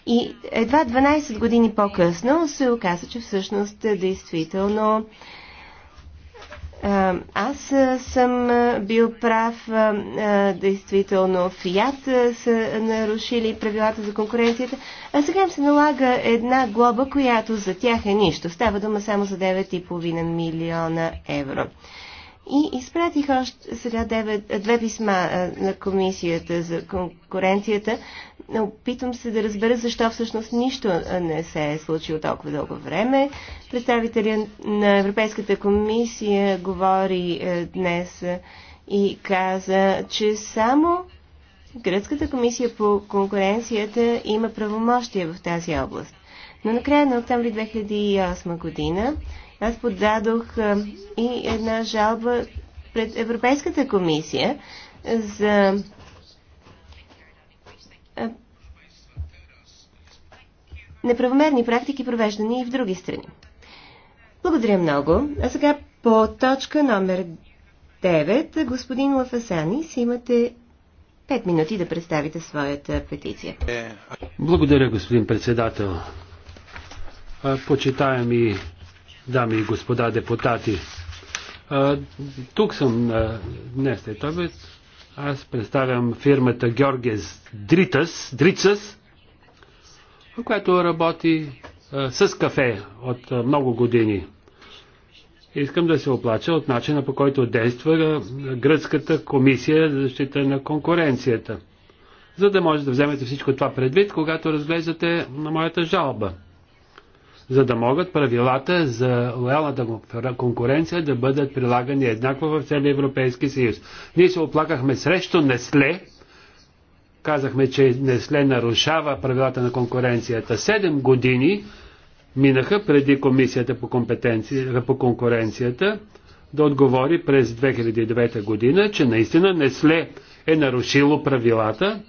И едва 12 години по-късно се оказа, че всъщност действително е, аз е, съм е, бил прав, действително Фиат са нарушили правилата за конкуренцията, а сега им се налага една глоба, която за тях е нищо. Става дума само за 9,5 милиона евро. И изпратих още сега две писма на Комисията за конкуренцията, Опитвам се да разбера защо всъщност нищо не се е случило толкова дълго време. Представителя на Европейската комисия говори е, днес и каза, че само Гръцката комисия по конкуренцията има правомощия в тази област. Но накрая на октомври 2008 година аз подадох е, и една жалба пред Европейската комисия за е, неправомерни практики, провеждани и в други страни. Благодаря много. А сега по точка номер 9, господин Лафасани, си имате 5 минути да представите своята петиция. Благодаря, господин председател. Почитаеми дами и господа депутати, тук съм днес след обед. Аз представям фирмата Георгес Дритас, Дрицас, която работи а, с кафе от а, много години. Искам да се оплача от начина по който действа Гръцката комисия за защита на конкуренцията, за да може да вземете всичко това предвид, когато разглеждате на моята жалба, за да могат правилата за лоялната конкуренция да бъдат прилагани еднакво в целия Европейски съюз. Ние се оплакахме срещу Несле, казахме, че Несле нарушава правилата на конкуренцията. Седем години минаха преди комисията по, по конкуренцията да отговори през 2009 година, че наистина Несле е нарушило правилата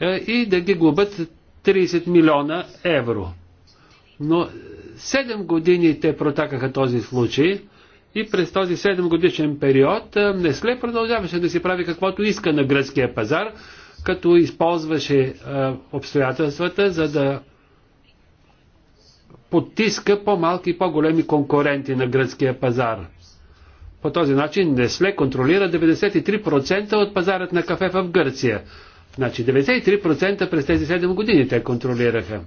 е, и да ги глобят 30 милиона евро. Но 7 години те протакаха този случай и през този 7 годишен период е, Несле продължаваше да си прави каквото иска на гръцкия пазар, като използваше обстоятелствата, за да потиска по-малки и по-големи конкуренти на гръцкия пазар. По този начин Несле контролира 93% от пазарът на кафе в Гърция. Значи 93% през тези 7 години те контролираха.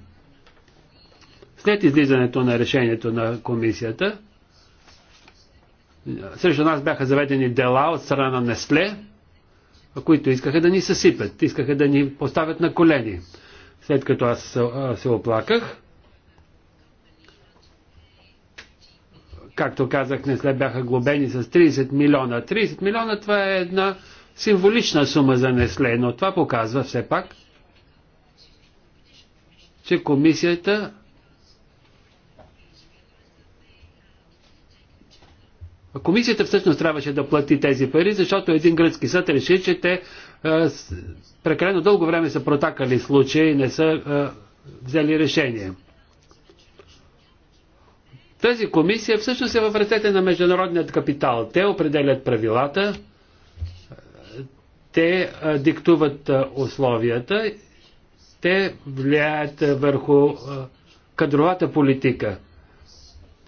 След излизането на решението на комисията, срещу нас бяха заведени дела от страна на Несле, които искаха да ни съсипят, искаха да ни поставят на колени. След като аз се оплаках, както казах, не след бяха глобени с 30 милиона. 30 милиона това е една символична сума за Несле, но това показва все пак, че комисията Комисията всъщност трябваше да плати тези пари, защото един гръцки съд реши, че те е, прекалено дълго време са протакали случаи и не са е, взели решение. Тази комисия всъщност е в ръцете на международният капитал. Те определят правилата, е, те е, диктуват е, условията, те влияят е, върху е, кадровата политика.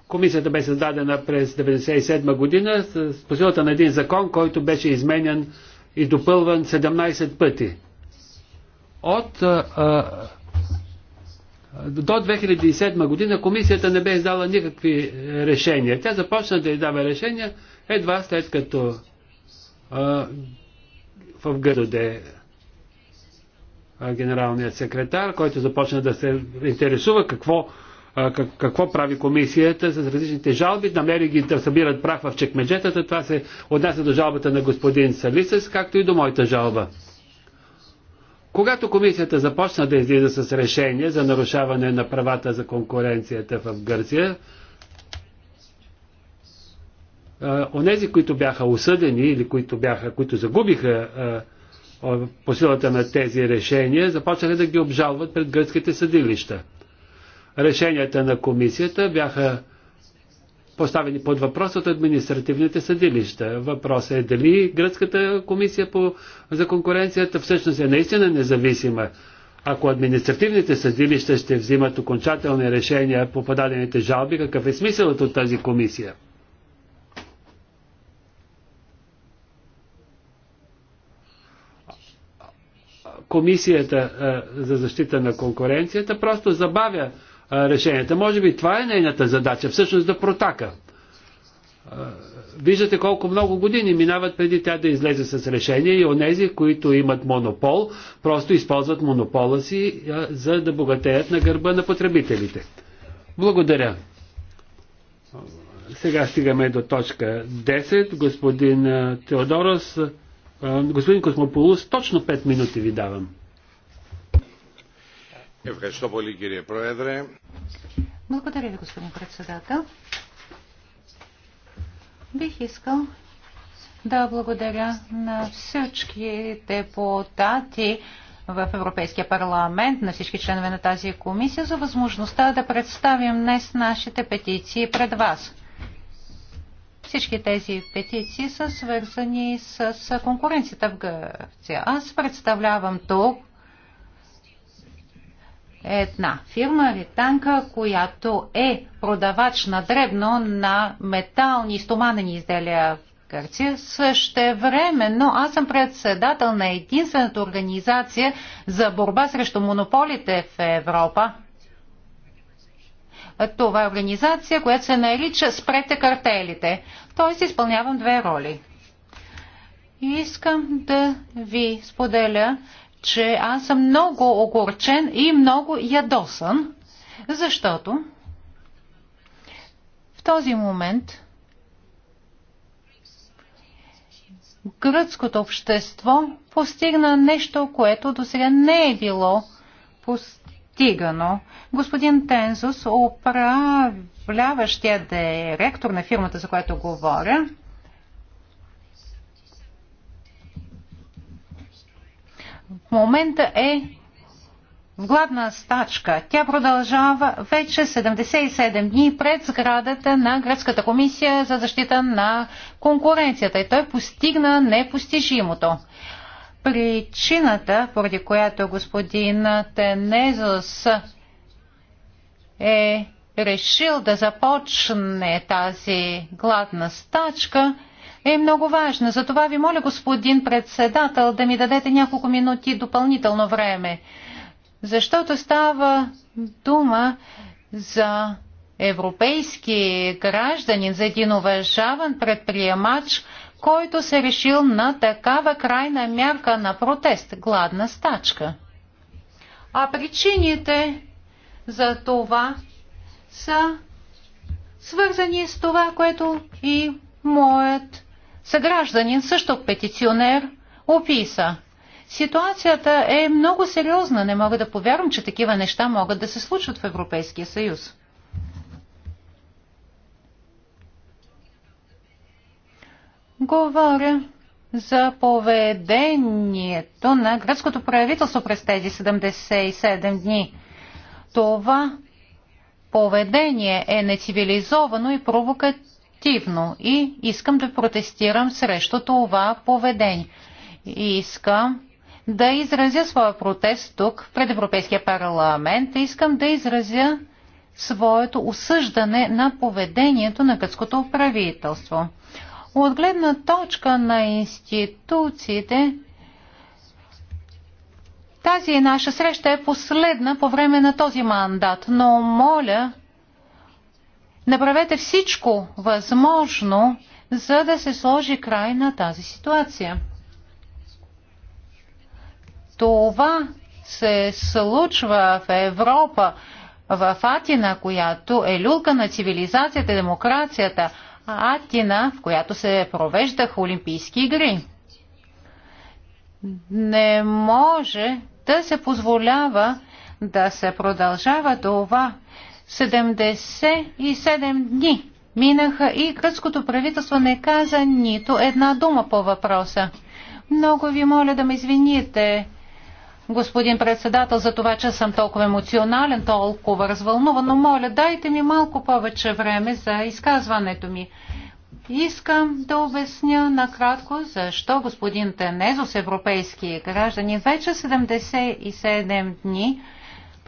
Комисията бе създадена през 1997 година с посилата на един закон, който беше изменен и допълван 17 пъти. От а, а, до 2007 година комисията не бе издала никакви е, решения. Тя започна да издава решения едва след като а, в Гърде генералният секретар, който започна да се интересува какво какво прави комисията с различните жалби, намери ги да събират прах в чекмеджетата. Това се отнася до жалбата на господин Салисес, както и до моята жалба. Когато комисията започна да излиза с решение за нарушаване на правата за конкуренцията в Гърция, онези, които бяха осъдени или които, бяха, които загубиха по силата на тези решения, започнаха да ги обжалват пред гръцките съдилища решенията на комисията бяха поставени под въпрос от административните съдилища. Въпросът е дали гръцката комисия по, за конкуренцията всъщност е наистина независима. Ако административните съдилища ще взимат окончателни решения по подадените жалби, какъв е смисълът от тази комисия? Комисията за защита на конкуренцията просто забавя решенията. Може би това е нейната задача, всъщност да протака. Виждате колко много години минават преди тя да излезе с решение и онези, които имат монопол, просто използват монопола си, за да богатеят на гърба на потребителите. Благодаря. Сега стигаме до точка 10. Господин Теодорос, господин Космополус, точно 5 минути ви давам. Благодаря ви, господин председател. Бих искал да благодаря на всички депутати в Европейския парламент, на всички членове на тази комисия за възможността да представим днес нашите петиции пред вас. Всички тези петиции са свързани с конкуренцията в Гърция. Аз представлявам тук една фирма Ританка, която е продавач на дребно на метални и стоманени изделия в Гърция. Същевременно аз съм председател на единствената организация за борба срещу монополите в Европа. Това е организация, която се нарича Спрете картелите. Тоест изпълнявам две роли. Искам да ви споделя, че аз съм много огорчен и много ядосан, защото в този момент гръцкото общество постигна нещо, което до сега не е било постигано. Господин Тензус, управляващия директор на фирмата, за която говоря, в момента е в гладна стачка. Тя продължава вече 77 дни пред сградата на Гръцката комисия за защита на конкуренцията и той постигна непостижимото. Причината, поради която господин Тенезос е решил да започне тази гладна стачка – е много важна. Затова ви моля, господин председател, да ми дадете няколко минути допълнително време. Защото става дума за европейски гражданин, за един уважаван предприемач, който се решил на такава крайна мярка на протест – гладна стачка. А причините за това са свързани с това, което и моят съгражданин, също петиционер, описа. Ситуацията е много сериозна. Не мога да повярвам, че такива неща могат да се случват в Европейския съюз. Говоря за поведението на гръцкото правителство през тези 77 дни. Това поведение е нецивилизовано и провокативно активно и искам да протестирам срещу това поведение. И искам да изразя своя протест тук, пред Европейския парламент. Искам да изразя своето осъждане на поведението на гръцкото правителство. От гледна точка на институциите, тази наша среща е последна по време на този мандат, но моля Направете всичко възможно, за да се сложи край на тази ситуация. Това се случва в Европа, в Атина, която е люлка на цивилизацията и демокрацията, а Атина, в която се провеждаха Олимпийски игри. Не може да се позволява да се продължава това 77 дни минаха и гръцкото правителство не каза нито една дума по въпроса. Много ви моля да ме извините, господин председател, за това, че съм толкова емоционален, толкова развълнуван, но моля, дайте ми малко повече време за изказването ми. Искам да обясня накратко защо господин Тенезос, европейски граждани, вече 77 дни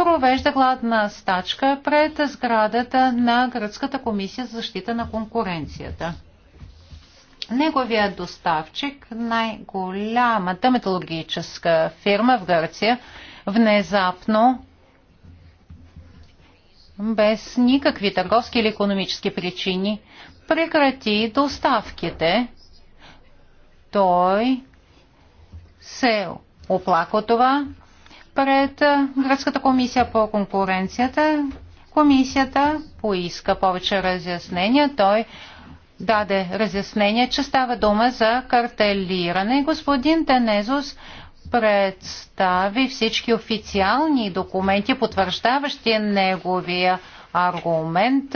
провежда гладна стачка пред сградата на Гръцката комисия за защита на конкуренцията. Неговият доставчик, най-голямата металургическа фирма в Гърция, внезапно без никакви търговски или економически причини прекрати доставките. Той се оплака това, пред Гръцката комисия по конкуренцията. Комисията поиска повече разяснения. Той даде разяснение, че става дума за картелиране. Господин Тенезус представи всички официални документи, потвърждаващи неговия аргумент.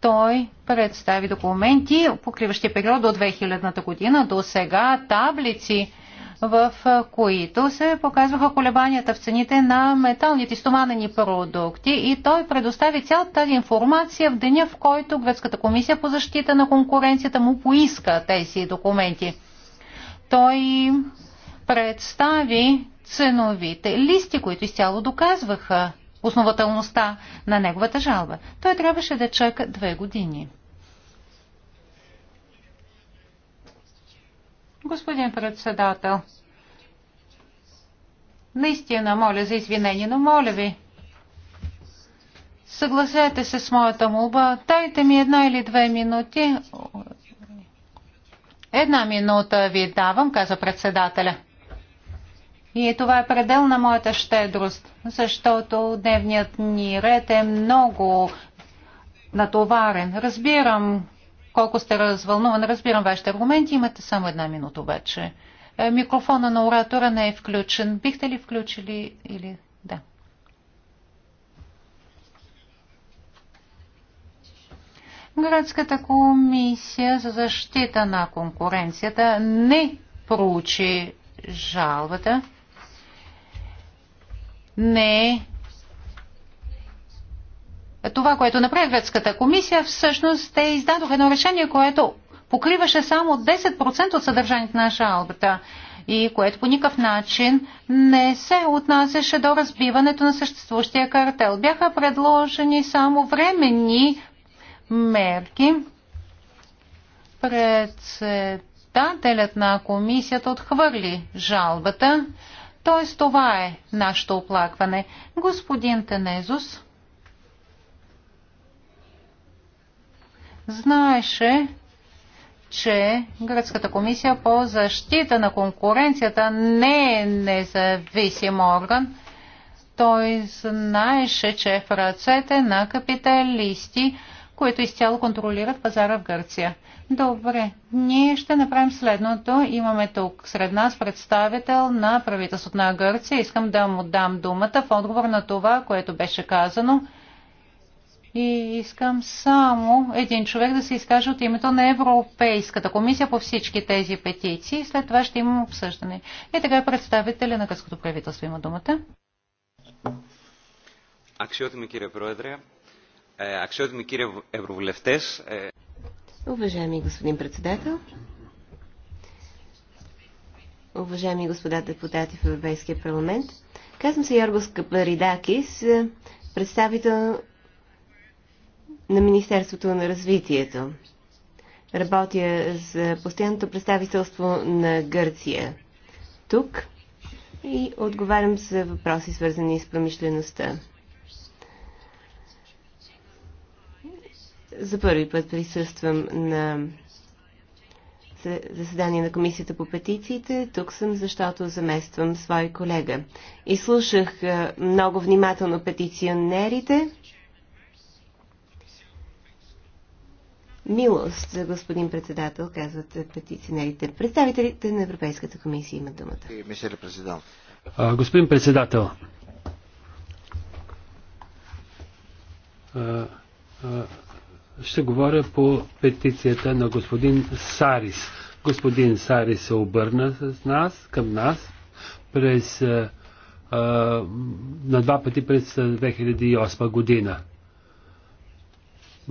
Той представи документи, покриващи период от 2000 година, до сега таблици в които се показваха колебанията в цените на металните стоманени продукти и той предостави цялата тази информация в деня, в който Гръцката комисия по защита на конкуренцията му поиска тези документи. Той представи ценовите листи, които изцяло доказваха основателността на неговата жалба. Той трябваше да чака две години. Господин председател, наистина моля за извинение, но моля ви, съгласете се с моята молба, дайте ми една или две минути. Една минута ви давам, каза председателя. И това е предел на моята щедрост, защото дневният ни ред е много натоварен. Разбирам колко сте развълнуван. Разбирам вашите аргументи. Имате само една минута обаче. Е, микрофона на оратора не е включен. Бихте ли включили или... Да. Градската комисия за защита на конкуренцията не проучи жалбата, не е това, което направи Гръцката комисия, всъщност те издадох едно решение, което покриваше само 10% от съдържанието на жалбата и което по никакъв начин не се отнасяше до разбиването на съществуващия картел. Бяха предложени само временни мерки. Председателят на комисията отхвърли жалбата. Т.е. това е нашето оплакване. Господин Тенезус. знаеше, че Гръцката комисия по защита на конкуренцията не е независим орган. Той знаеше, че е в ръцете на капиталисти, които изцяло контролират пазара в Гърция. Добре, ние ще направим следното. Имаме тук сред нас представител на правителството на Гърция. Искам да му дам думата в отговор на това, което беше казано. И искам само един човек да се изкаже от името на Европейската комисия по всички тези петиции. След това ще имам обсъждане. И така представителя на гръцкото правителство има думата. Αξιότιμη κύριε Πρόεδρε, ε, αξιότιμοι κύριε Ευρωβουλευτές. Ε... Уважаеми господин председател, уважаеми господа депутати в Европейския парламент, казвам се Йоргос Капаридакис, представител на Министерството на развитието. Работя за постоянното представителство на Гърция тук и отговарям за въпроси, свързани с промишлеността. За първи път присъствам на заседание на Комисията по петициите. Тук съм, защото замествам свой колега. И слушах много внимателно петиционерите Милост, господин председател, казват петиционерите. Представителите на Европейската комисия имат думата. Е, господин председател, ще говоря по петицията на господин Сарис. Господин Сарис се обърна с нас, към нас, през, на два пъти през 2008 година.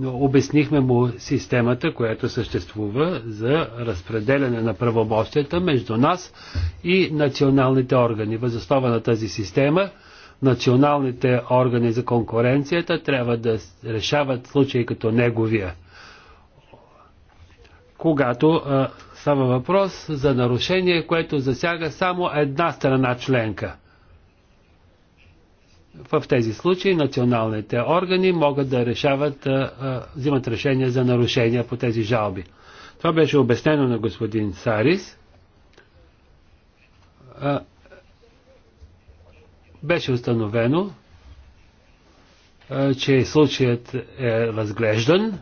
Обяснихме му системата, която съществува за разпределяне на правомощията между нас и националните органи. Възоснова на тази система националните органи за конкуренцията трябва да решават случаи като неговия. Когато а, става въпрос за нарушение, което засяга само една страна членка в тези случаи националните органи могат да решават, взимат решения за нарушения по тези жалби. Това беше обяснено на господин Сарис. Беше установено, че случаят е разглеждан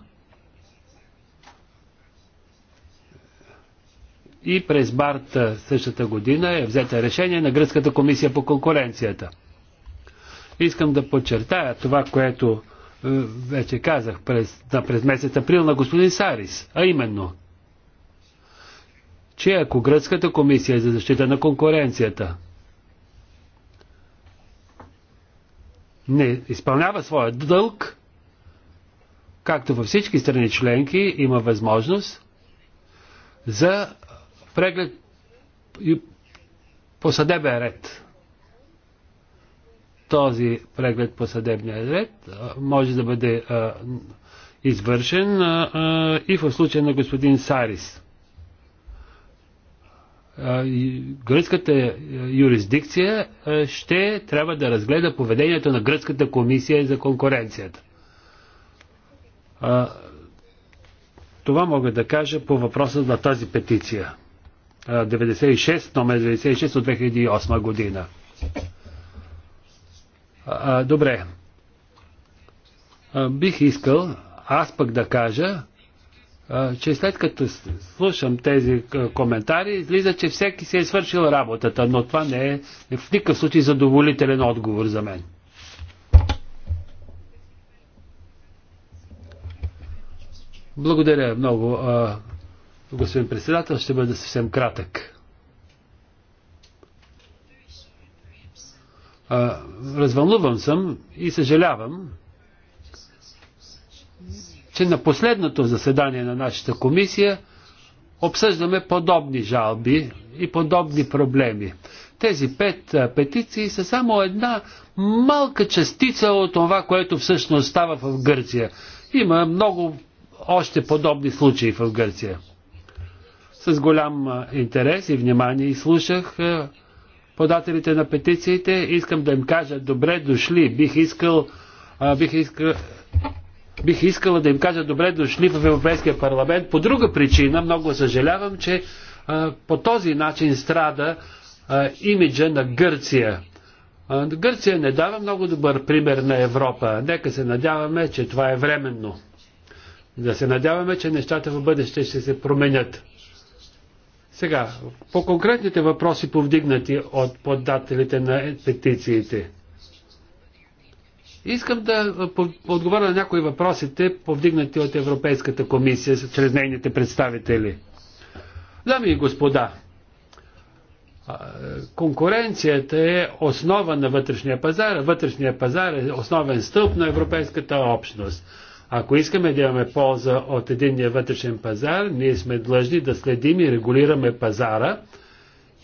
и през март същата година е взета решение на Гръцката комисия по конкуренцията – Искам да подчертая това, което е, вече казах през, да, през месец април на господин Сарис, а именно, че ако Гръцката комисия за защита на конкуренцията не изпълнява своя дълг, както във всички страни членки, има възможност за преглед по съдебен ред този преглед по съдебния ред може да бъде извършен и в случая на господин Сарис. Гръцката юрисдикция ще трябва да разгледа поведението на Гръцката комисия за конкуренцията. Това мога да кажа по въпроса на тази петиция. 96, номер 96 от 2008 година. А, добре. А, бих искал аз пък да кажа, а, че след като слушам тези коментари, излиза, че всеки си е свършил работата, но това не е, е в никакъв случай задоволителен отговор за мен. Благодаря много, господин председател. Ще бъда съвсем кратък. А, развълнувам съм и съжалявам, че на последното заседание на нашата комисия обсъждаме подобни жалби и подобни проблеми. Тези пет петиции са само една малка частица от това, което всъщност става в Гърция. Има много още подобни случаи в Гърция. С голям интерес и внимание изслушах подателите на петициите. Искам да им кажа добре дошли. Бих искал, а, бих искал Бих искала да им кажа добре дошли в Европейския парламент. По друга причина, много съжалявам, че а, по този начин страда а, имиджа на Гърция. А, Гърция не дава много добър пример на Европа. Нека се надяваме, че това е временно. Да се надяваме, че нещата в бъдеще ще се променят. Сега, по конкретните въпроси, повдигнати от поддателите на петициите. Искам да отговоря на някои въпросите, повдигнати от Европейската комисия чрез нейните представители. Дами и господа, конкуренцията е основа на вътрешния пазар, вътрешния пазар е основен стълб на Европейската общност. Ако искаме да имаме полза от единния вътрешен пазар, ние сме длъжни да следим и регулираме пазара.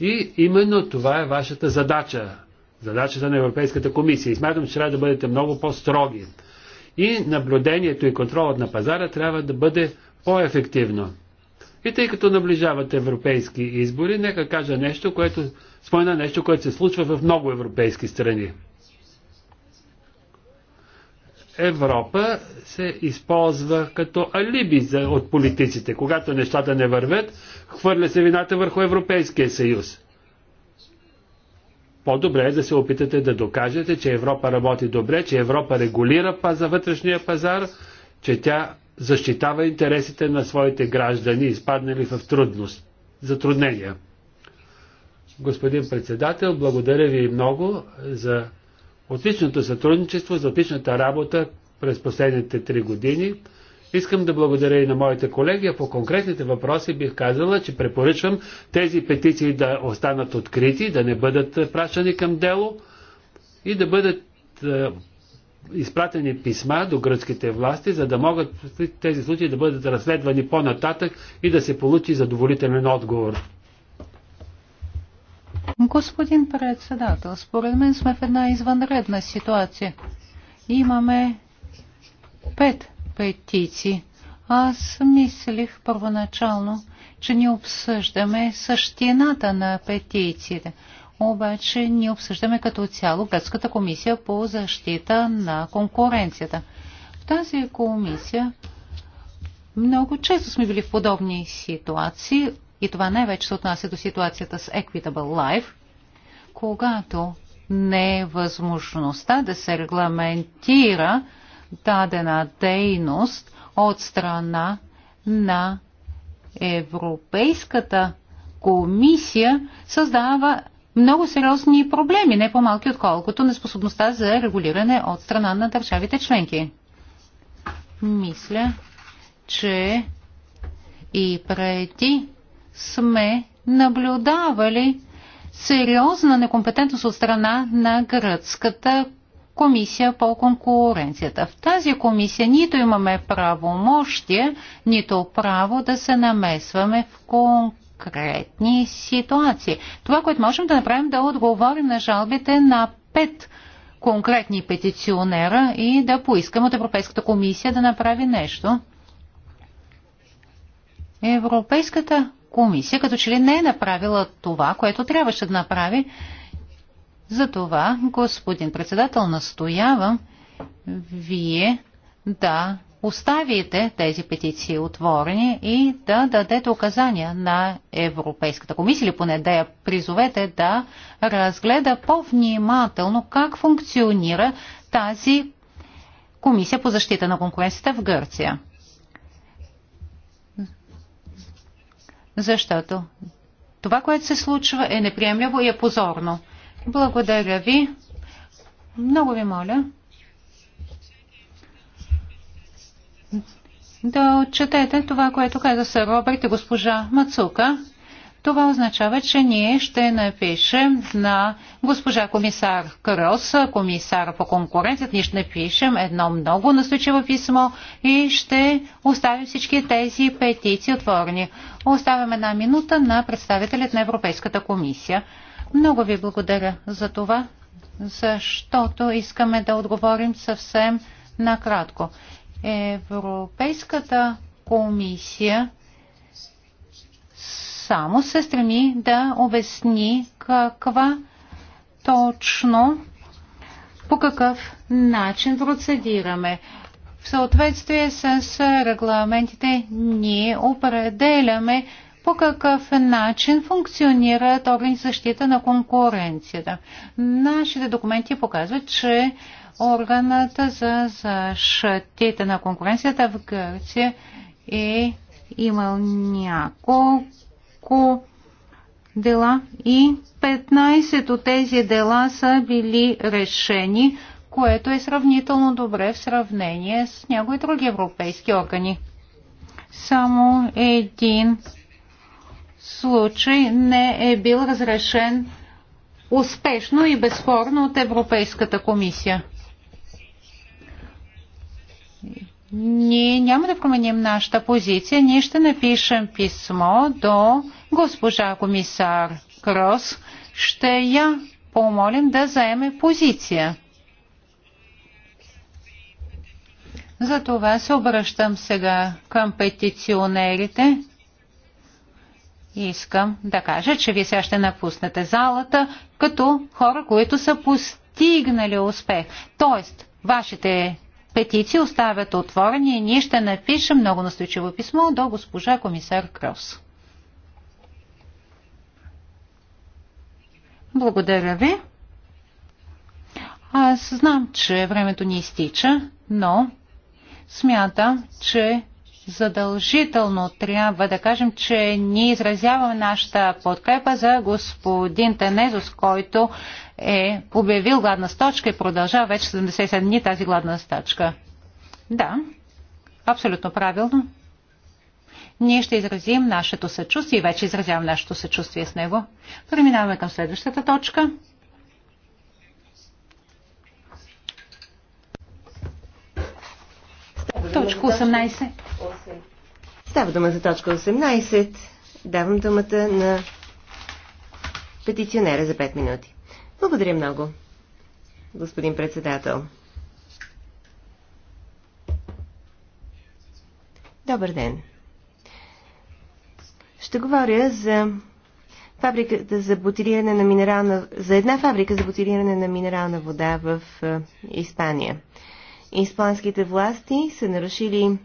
И именно това е вашата задача. Задачата на Европейската комисия. И смятам, че трябва да бъдете много по-строги. И наблюдението и контролът на пазара трябва да бъде по-ефективно. И тъй като наближават европейски избори, нека кажа нещо, което спомена нещо, което се случва в много европейски страни. Европа се използва като алиби за, от политиците. Когато нещата не вървят, хвърля се вината върху Европейския съюз. По-добре е да се опитате да докажете, че Европа работи добре, че Европа регулира паза, вътрешния пазар, че тя защитава интересите на своите граждани, изпаднали в трудност, затруднения. Господин председател, благодаря ви много за отличното сътрудничество, за отличната работа през последните три години. Искам да благодаря и на моите колеги, а по конкретните въпроси бих казала, че препоръчвам тези петиции да останат открити, да не бъдат е, пращани към дело и да бъдат е, изпратени писма до гръцките власти, за да могат тези случаи да бъдат разследвани по-нататък и да се получи задоволителен отговор. Господин председател, според мен сме в една извънредна ситуация. Имаме пет петиции. Аз мислих първоначално, че ни обсъждаме същината на петициите. Обаче ни обсъждаме като цяло Гръцката комисия по защита на конкуренцията. В тази комисия много често сме били в подобни ситуации и това най-вече се отнася до ситуацията с Equitable Life, когато не е възможността да се регламентира дадена дейност от страна на Европейската комисия създава много сериозни проблеми, не по-малки отколкото неспособността за регулиране от страна на държавите членки. Мисля, че и преди сме наблюдавали сериозна некомпетентност от страна на гръцката комисия по конкуренцията. В тази комисия нито имаме правомощие, нито право да се намесваме в конкретни ситуации. Това, което можем да направим, да отговорим на жалбите на пет конкретни петиционера и да поискам от Европейската комисия да направи нещо. Европейската комисия като че ли не е направила това, което трябваше да направи. Затова, господин председател, настоявам вие да оставите тези петиции отворени и да дадете указания на Европейската комисия, или поне да я призовете да разгледа по-внимателно как функционира тази комисия по защита на конкуренцията в Гърция. защото това, което се случва, е неприемливо и е позорно. Благодаря ви. Много ви моля да отчетете това, което каза сър Робърт и госпожа Мацука. Това означава, че ние ще напишем на госпожа комисар Крос, комисар по конкуренцията, ние ще напишем едно много настойчиво писмо и ще оставим всички тези петиции отворени. Оставяме една минута на представителят на Европейската комисия. Много ви благодаря за това, защото искаме да отговорим съвсем накратко. Европейската комисия само се стреми да обясни каква точно по какъв начин процедираме. В съответствие с регламентите ние определяме по какъв начин функционират органи защита на конкуренцията. Нашите документи показват, че органът за защита на конкуренцията в Гърция е имал няколко малко дела и 15 от тези дела са били решени, което е сравнително добре в сравнение с някои други европейски органи. Само един случай не е бил разрешен успешно и безспорно от Европейската комисия. Ние няма да променим нашата позиция. Ние ще напишем писмо до госпожа комисар Крос. Ще я помолим да заеме позиция. Затова се обръщам сега към петиционерите. Искам да кажа, че ви сега ще напуснете залата като хора, които са постигнали успех. Тоест, вашите петиции оставят отворени и ние ще напишем много настойчиво писмо до госпожа комисар Крос. Благодаря ви. Аз знам, че времето ни изтича, но смятам, че задължително трябва да кажем, че ние изразяваме нашата подкрепа за господин Тенезус, който е обявил гладна сточка и продължава вече 77 дни тази гладна стачка. Да, абсолютно правилно. Ние ще изразим нашето съчувствие и вече изразявам нашето съчувствие с него. Преминаваме към следващата точка. Точка 18. Става дума за точка 18. Давам думата на петиционера за 5 минути. Благодаря много, господин председател. Добър ден. Ще говоря за фабриката за бутилиране на минерална, за една фабрика за бутилиране на минерална вода в е, Испания испанските власти са нарушили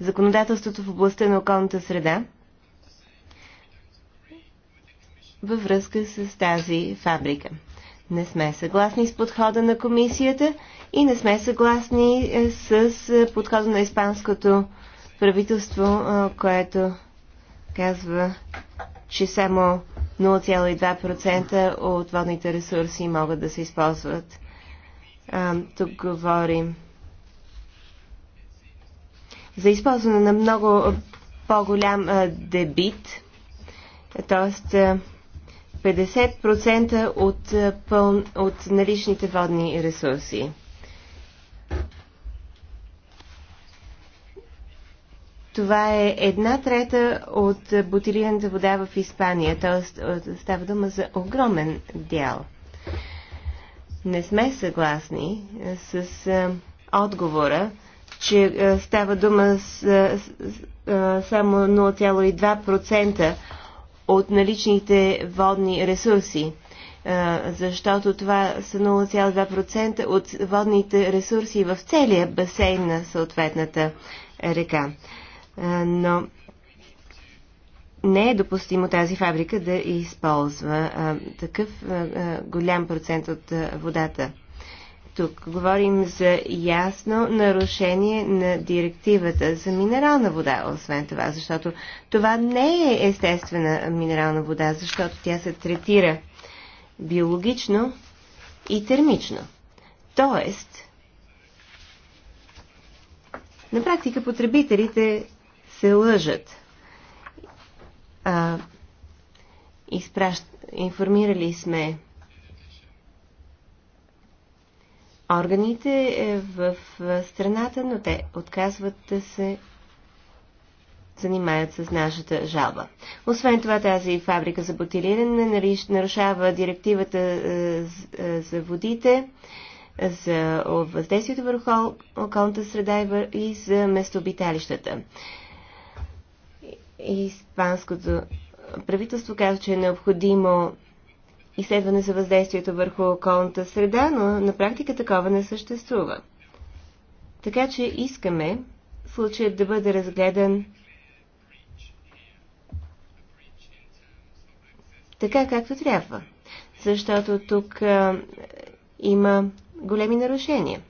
законодателството в областта на околната среда във връзка с тази фабрика. Не сме съгласни с подхода на комисията и не сме съгласни е, с подхода на испанското правителство, е, което казва, че само 0,2% от водните ресурси могат да се използват. Е, тук говорим за използване на много по-голям дебит, т.е. 50% от, пъл... от наличните водни ресурси. Това е една трета от бутилираната вода в Испания, т.е. става дума за огромен дял. Не сме съгласни с отговора, че е, става дума с, е, е, само 0,2% от наличните водни ресурси, защото това са 0,2% от водните ресурси в целия басейн на съответната река. Но не е допустимо тази фабрика да използва такъв голям процент от водата тук. Говорим за ясно нарушение на директивата за минерална вода, освен това, защото това не е естествена минерална вода, защото тя се третира биологично и термично. Тоест, на практика потребителите се лъжат. А, изпращ... Информирали сме органите е, в страната, но те отказват да се занимаят с нашата жалба. Освен това, тази фабрика за бутилиране нарушава директивата е, е, за водите, за въздействието върху околната среда и за местообиталищата. Испанското правителство казва, че е необходимо изследване за въздействието върху околната среда, но на практика такова не съществува. Така че искаме случаят да бъде разгледан така както трябва, защото тук а, има големи нарушения.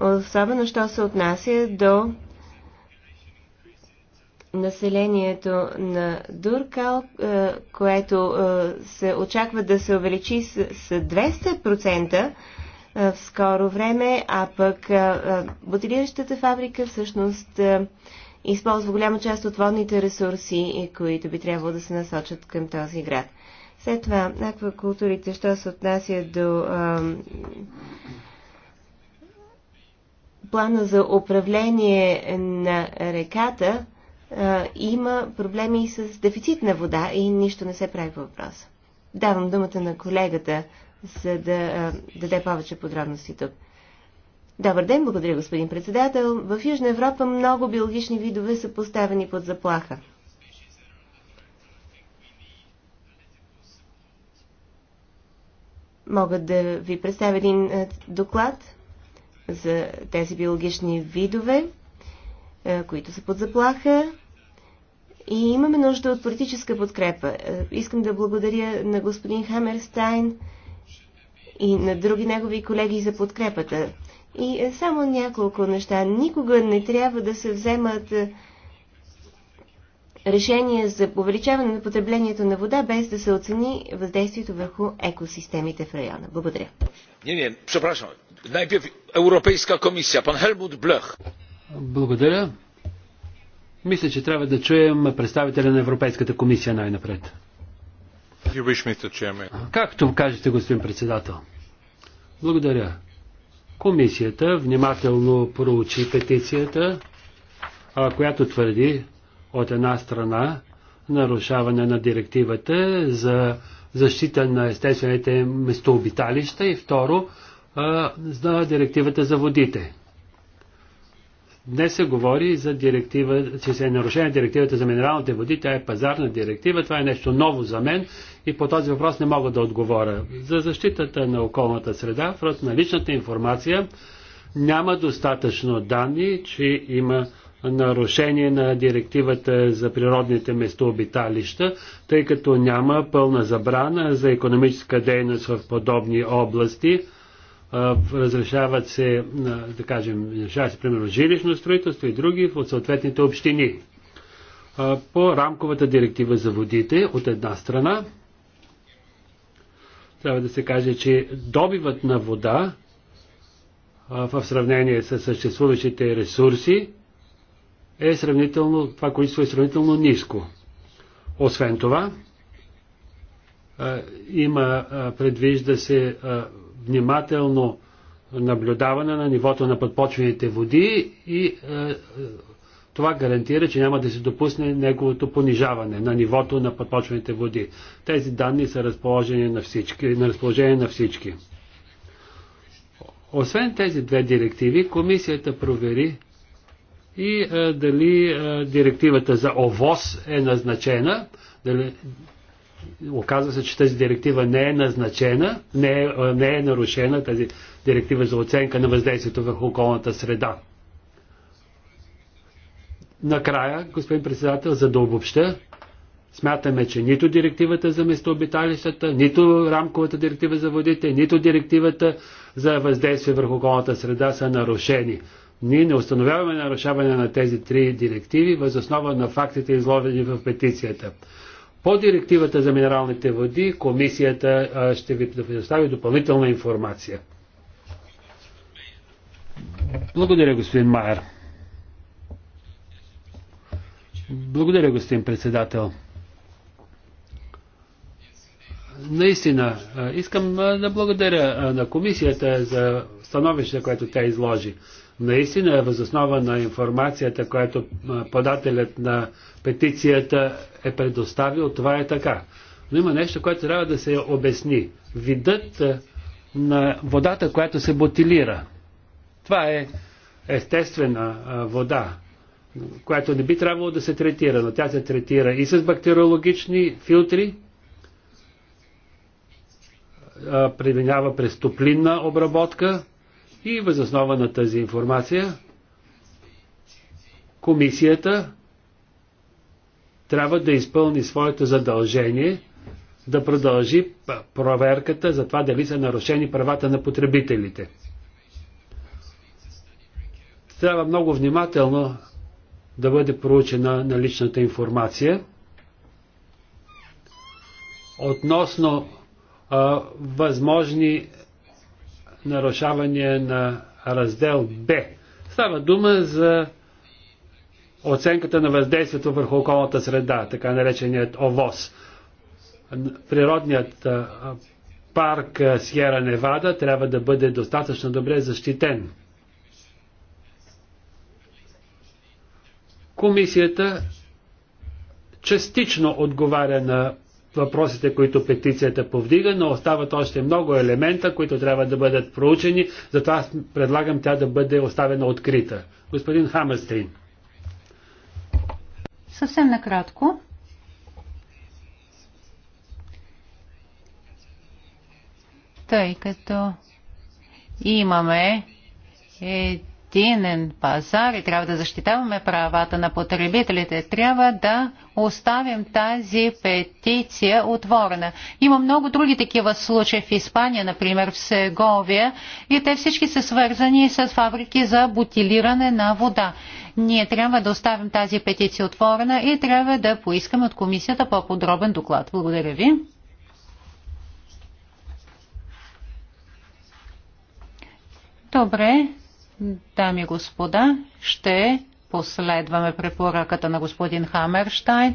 Особено, що се отнася до населението на Дуркал, е, което е, се очаква да се увеличи с 200% е, в скоро време, а пък бутилиращата фабрика всъщност използва голяма част от водните ресурси, които би трябвало да се насочат към този град. След това, аквакултурите, що се отнася до плана за управление на реката, а, е, има проблеми и с дефицит на вода и нищо не се прави по въпроса. Давам думата на колегата, за да а, е, даде повече подробности тук. Добър ден, благодаря господин председател. В Южна Европа много биологични видове са поставени под заплаха. Мога да ви представя един е, доклад за тези биологични видове. Е, които са под заплаха. И имаме нужда от политическа подкрепа. Е, искам да благодаря на господин Хамерстайн и на други негови колеги за подкрепата. И е, само няколко неща. Никога не трябва да се вземат решения за увеличаване на потреблението на вода, без да се оцени въздействието върху екосистемите в района. Благодаря. Не, не, препрашам. Najpierw Europejska Komisja, pan благодаря. Мисля, че трябва да чуем представителя на Европейската комисия най-напред. Както кажете, господин председател. Благодаря. Комисията внимателно проучи петицията, която твърди от една страна нарушаване на директивата за защита на естествените местообиталища и второ за директивата за водите. Днес се говори за директива, че се е нарушена директивата за минералните води, тя е пазарна директива, това е нещо ново за мен и по този въпрос не мога да отговоря. За защитата на околната среда, в на личната информация, няма достатъчно данни, че има нарушение на директивата за природните местообиталища, тъй като няма пълна забрана за економическа дейност в подобни области – разрешават се, да кажем, разрешава се, примерно, жилищно строителство и други от съответните общини. По рамковата директива за водите, от една страна, трябва да се каже, че добивът на вода в сравнение с съществуващите ресурси е сравнително, това количество е сравнително ниско. Освен това, има, предвижда се внимателно наблюдаване на нивото на подпочвените води и е, е, това гарантира, че няма да се допусне неговото понижаване на нивото на подпочвените води. Тези данни са разположени на всички, на разположение на всички. Освен тези две директиви, комисията провери и е, дали е, директивата за ОВОз е назначена, дали Оказва се, че тази директива не е назначена, не е, не е нарушена, тази директива за оценка на въздействието върху околната среда. Накрая, господин председател, за да обобща, смятаме, че нито директивата за местообиталищата, нито рамковата директива за водите, нито директивата за въздействие върху околната среда са нарушени. Ние не установяваме нарушаване на тези три директиви въз основа на фактите изложени в петицията. По директивата за минералните води комисията ще ви предостави допълнителна информация. Благодаря, господин Майер. Благодаря, господин председател. Наистина, искам да благодаря на комисията за становище, което тя изложи наистина е възоснова на информацията, която подателят на петицията е предоставил, това е така. Но има нещо, което трябва да се обясни. Видът на водата, която се бутилира. Това е естествена вода, която не би трябвало да се третира, но тя се третира и с бактериологични филтри, преминава през топлинна обработка, и възоснова на тази информация комисията трябва да изпълни своето задължение да продължи проверката за това дали са нарушени правата на потребителите. Трябва много внимателно да бъде проучена наличната информация относно а, възможни нарушаване на раздел Б. Става дума за оценката на въздействието върху околната среда, така нареченият ОВОС. Природният парк Сиера Невада трябва да бъде достатъчно добре защитен. Комисията частично отговаря на въпросите, които петицията повдига, но остават още много елемента, които трябва да бъдат проучени, затова аз предлагам тя да бъде оставена открита. Господин Хамерстрин. Съвсем накратко. Тъй като имаме е единен пазар и трябва да защитаваме правата на потребителите, трябва да оставим тази петиция отворена. Има много други такива случаи в Испания, например в Сеговия, и те всички са свързани с фабрики за бутилиране на вода. Ние трябва да оставим тази петиция отворена и трябва да поискаме от комисията по-подробен доклад. Благодаря ви. Добре, Дами и господа, ще последваме препоръката на господин Хамерштайн.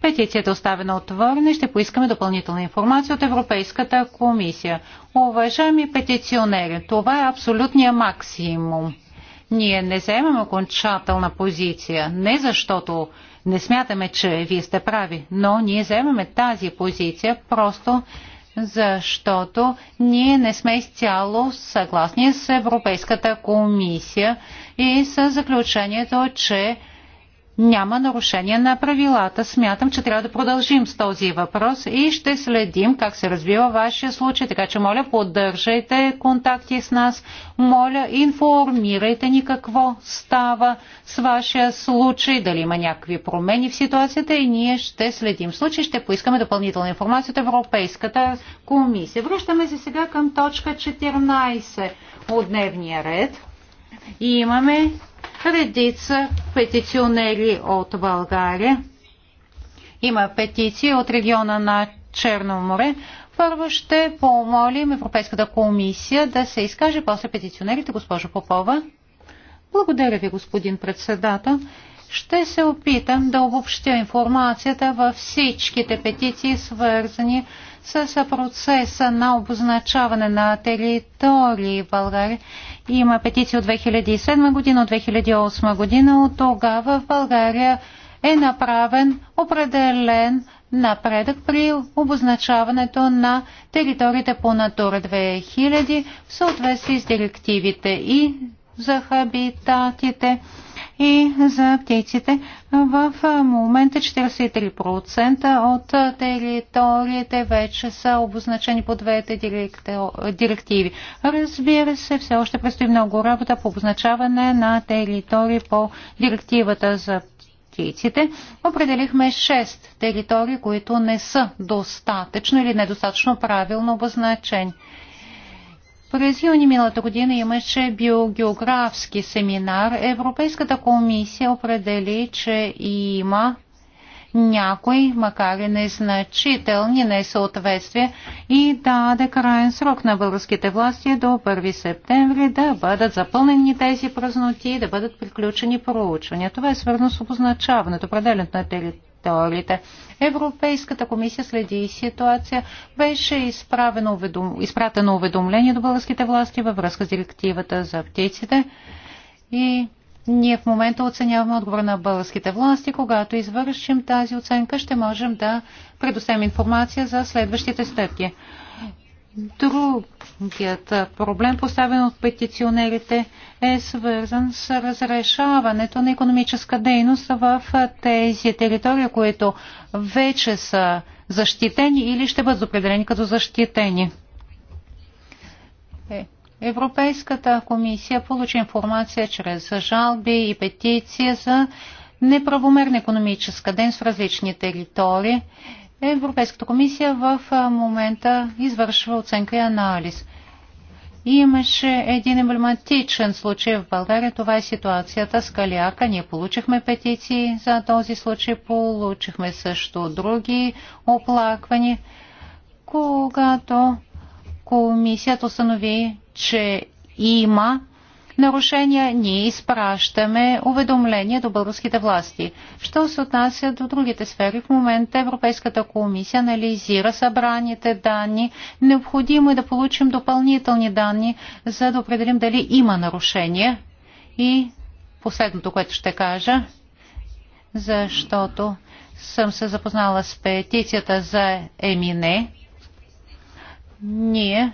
Петицията е оставена отворена и ще поискаме допълнителна информация от Европейската комисия. Уважаеми петиционери, това е абсолютния максимум. Ние не вземаме окончателна позиция, не защото не смятаме, че вие сте прави, но ние вземаме тази позиция просто защото ние не сме изцяло съгласни с Европейската комисия и с заключението, че няма нарушение на правилата. Смятам, че трябва да продължим с този въпрос и ще следим как се развива вашия случай, така че моля поддържайте контакти с нас, моля информирайте ни какво става с вашия случай, дали има някакви промени в ситуацията и ние ще следим случай, ще поискаме допълнителна информация от Европейската комисия. Връщаме се сега към точка 14 от дневния ред. И имаме редица петиционери от България. Има петиции от региона на Черно море. Първо ще помолим Европейската комисия да се изкаже после петиционерите, госпожо Попова. Благодаря ви, господин председател. Ще се опитам да обобщя информацията във всичките петиции, свързани с процеса на обозначаване на територии в България има петиция от 2007 година, от 2008 година. От тогава в България е направен определен напредък при обозначаването на териториите по Натура 2000 в съответствие с директивите и за хабитатите и за птиците. В момента 43% от териториите вече са обозначени по двете директиви. Разбира се, все още предстои много работа по обозначаване на територии по директивата за птиците. Определихме 6 територии, които не са достатъчно или недостатъчно правилно обозначени. През юни миналата година имаше биогеографски семинар. Европейската комисия определи, че има някои, макар и незначителни несъответствия и даде крайен срок на българските власти до 1 септември да бъдат запълнени тези празноти и да бъдат приключени проучвания. Това е свързано с обозначаването, определенето на територията партньорите. Европейската комисия следи ситуация. Беше изправено уведом... изпратено уведомление до българските власти във връзка с директивата за птиците и ние в момента оценяваме отговор на българските власти. Когато извършим тази оценка, ще можем да предоставим информация за следващите стъпки. Другият проблем, поставен от петиционерите, е свързан с разрешаването на економическа дейност в тези територии, които вече са защитени или ще бъдат определени като защитени. Е, Европейската комисия получи информация чрез жалби и петиции за неправомерна економическа дейност в различни територии Европейската комисия в момента извършва оценка и анализ. Имаше един емблематичен случай в България. Това е ситуацията с Каляка. Ние получихме петиции за този случай, получихме също други оплаквания, когато комисията установи, че има нарушения, ние изпращаме уведомления до българските власти. Що се отнася до другите сфери, в момента Европейската комисия анализира събраните данни. Необходимо е да получим допълнителни данни, за да определим дали има нарушение. И последното, което ще кажа, защото съм се запознала с петицията за Емине. Ние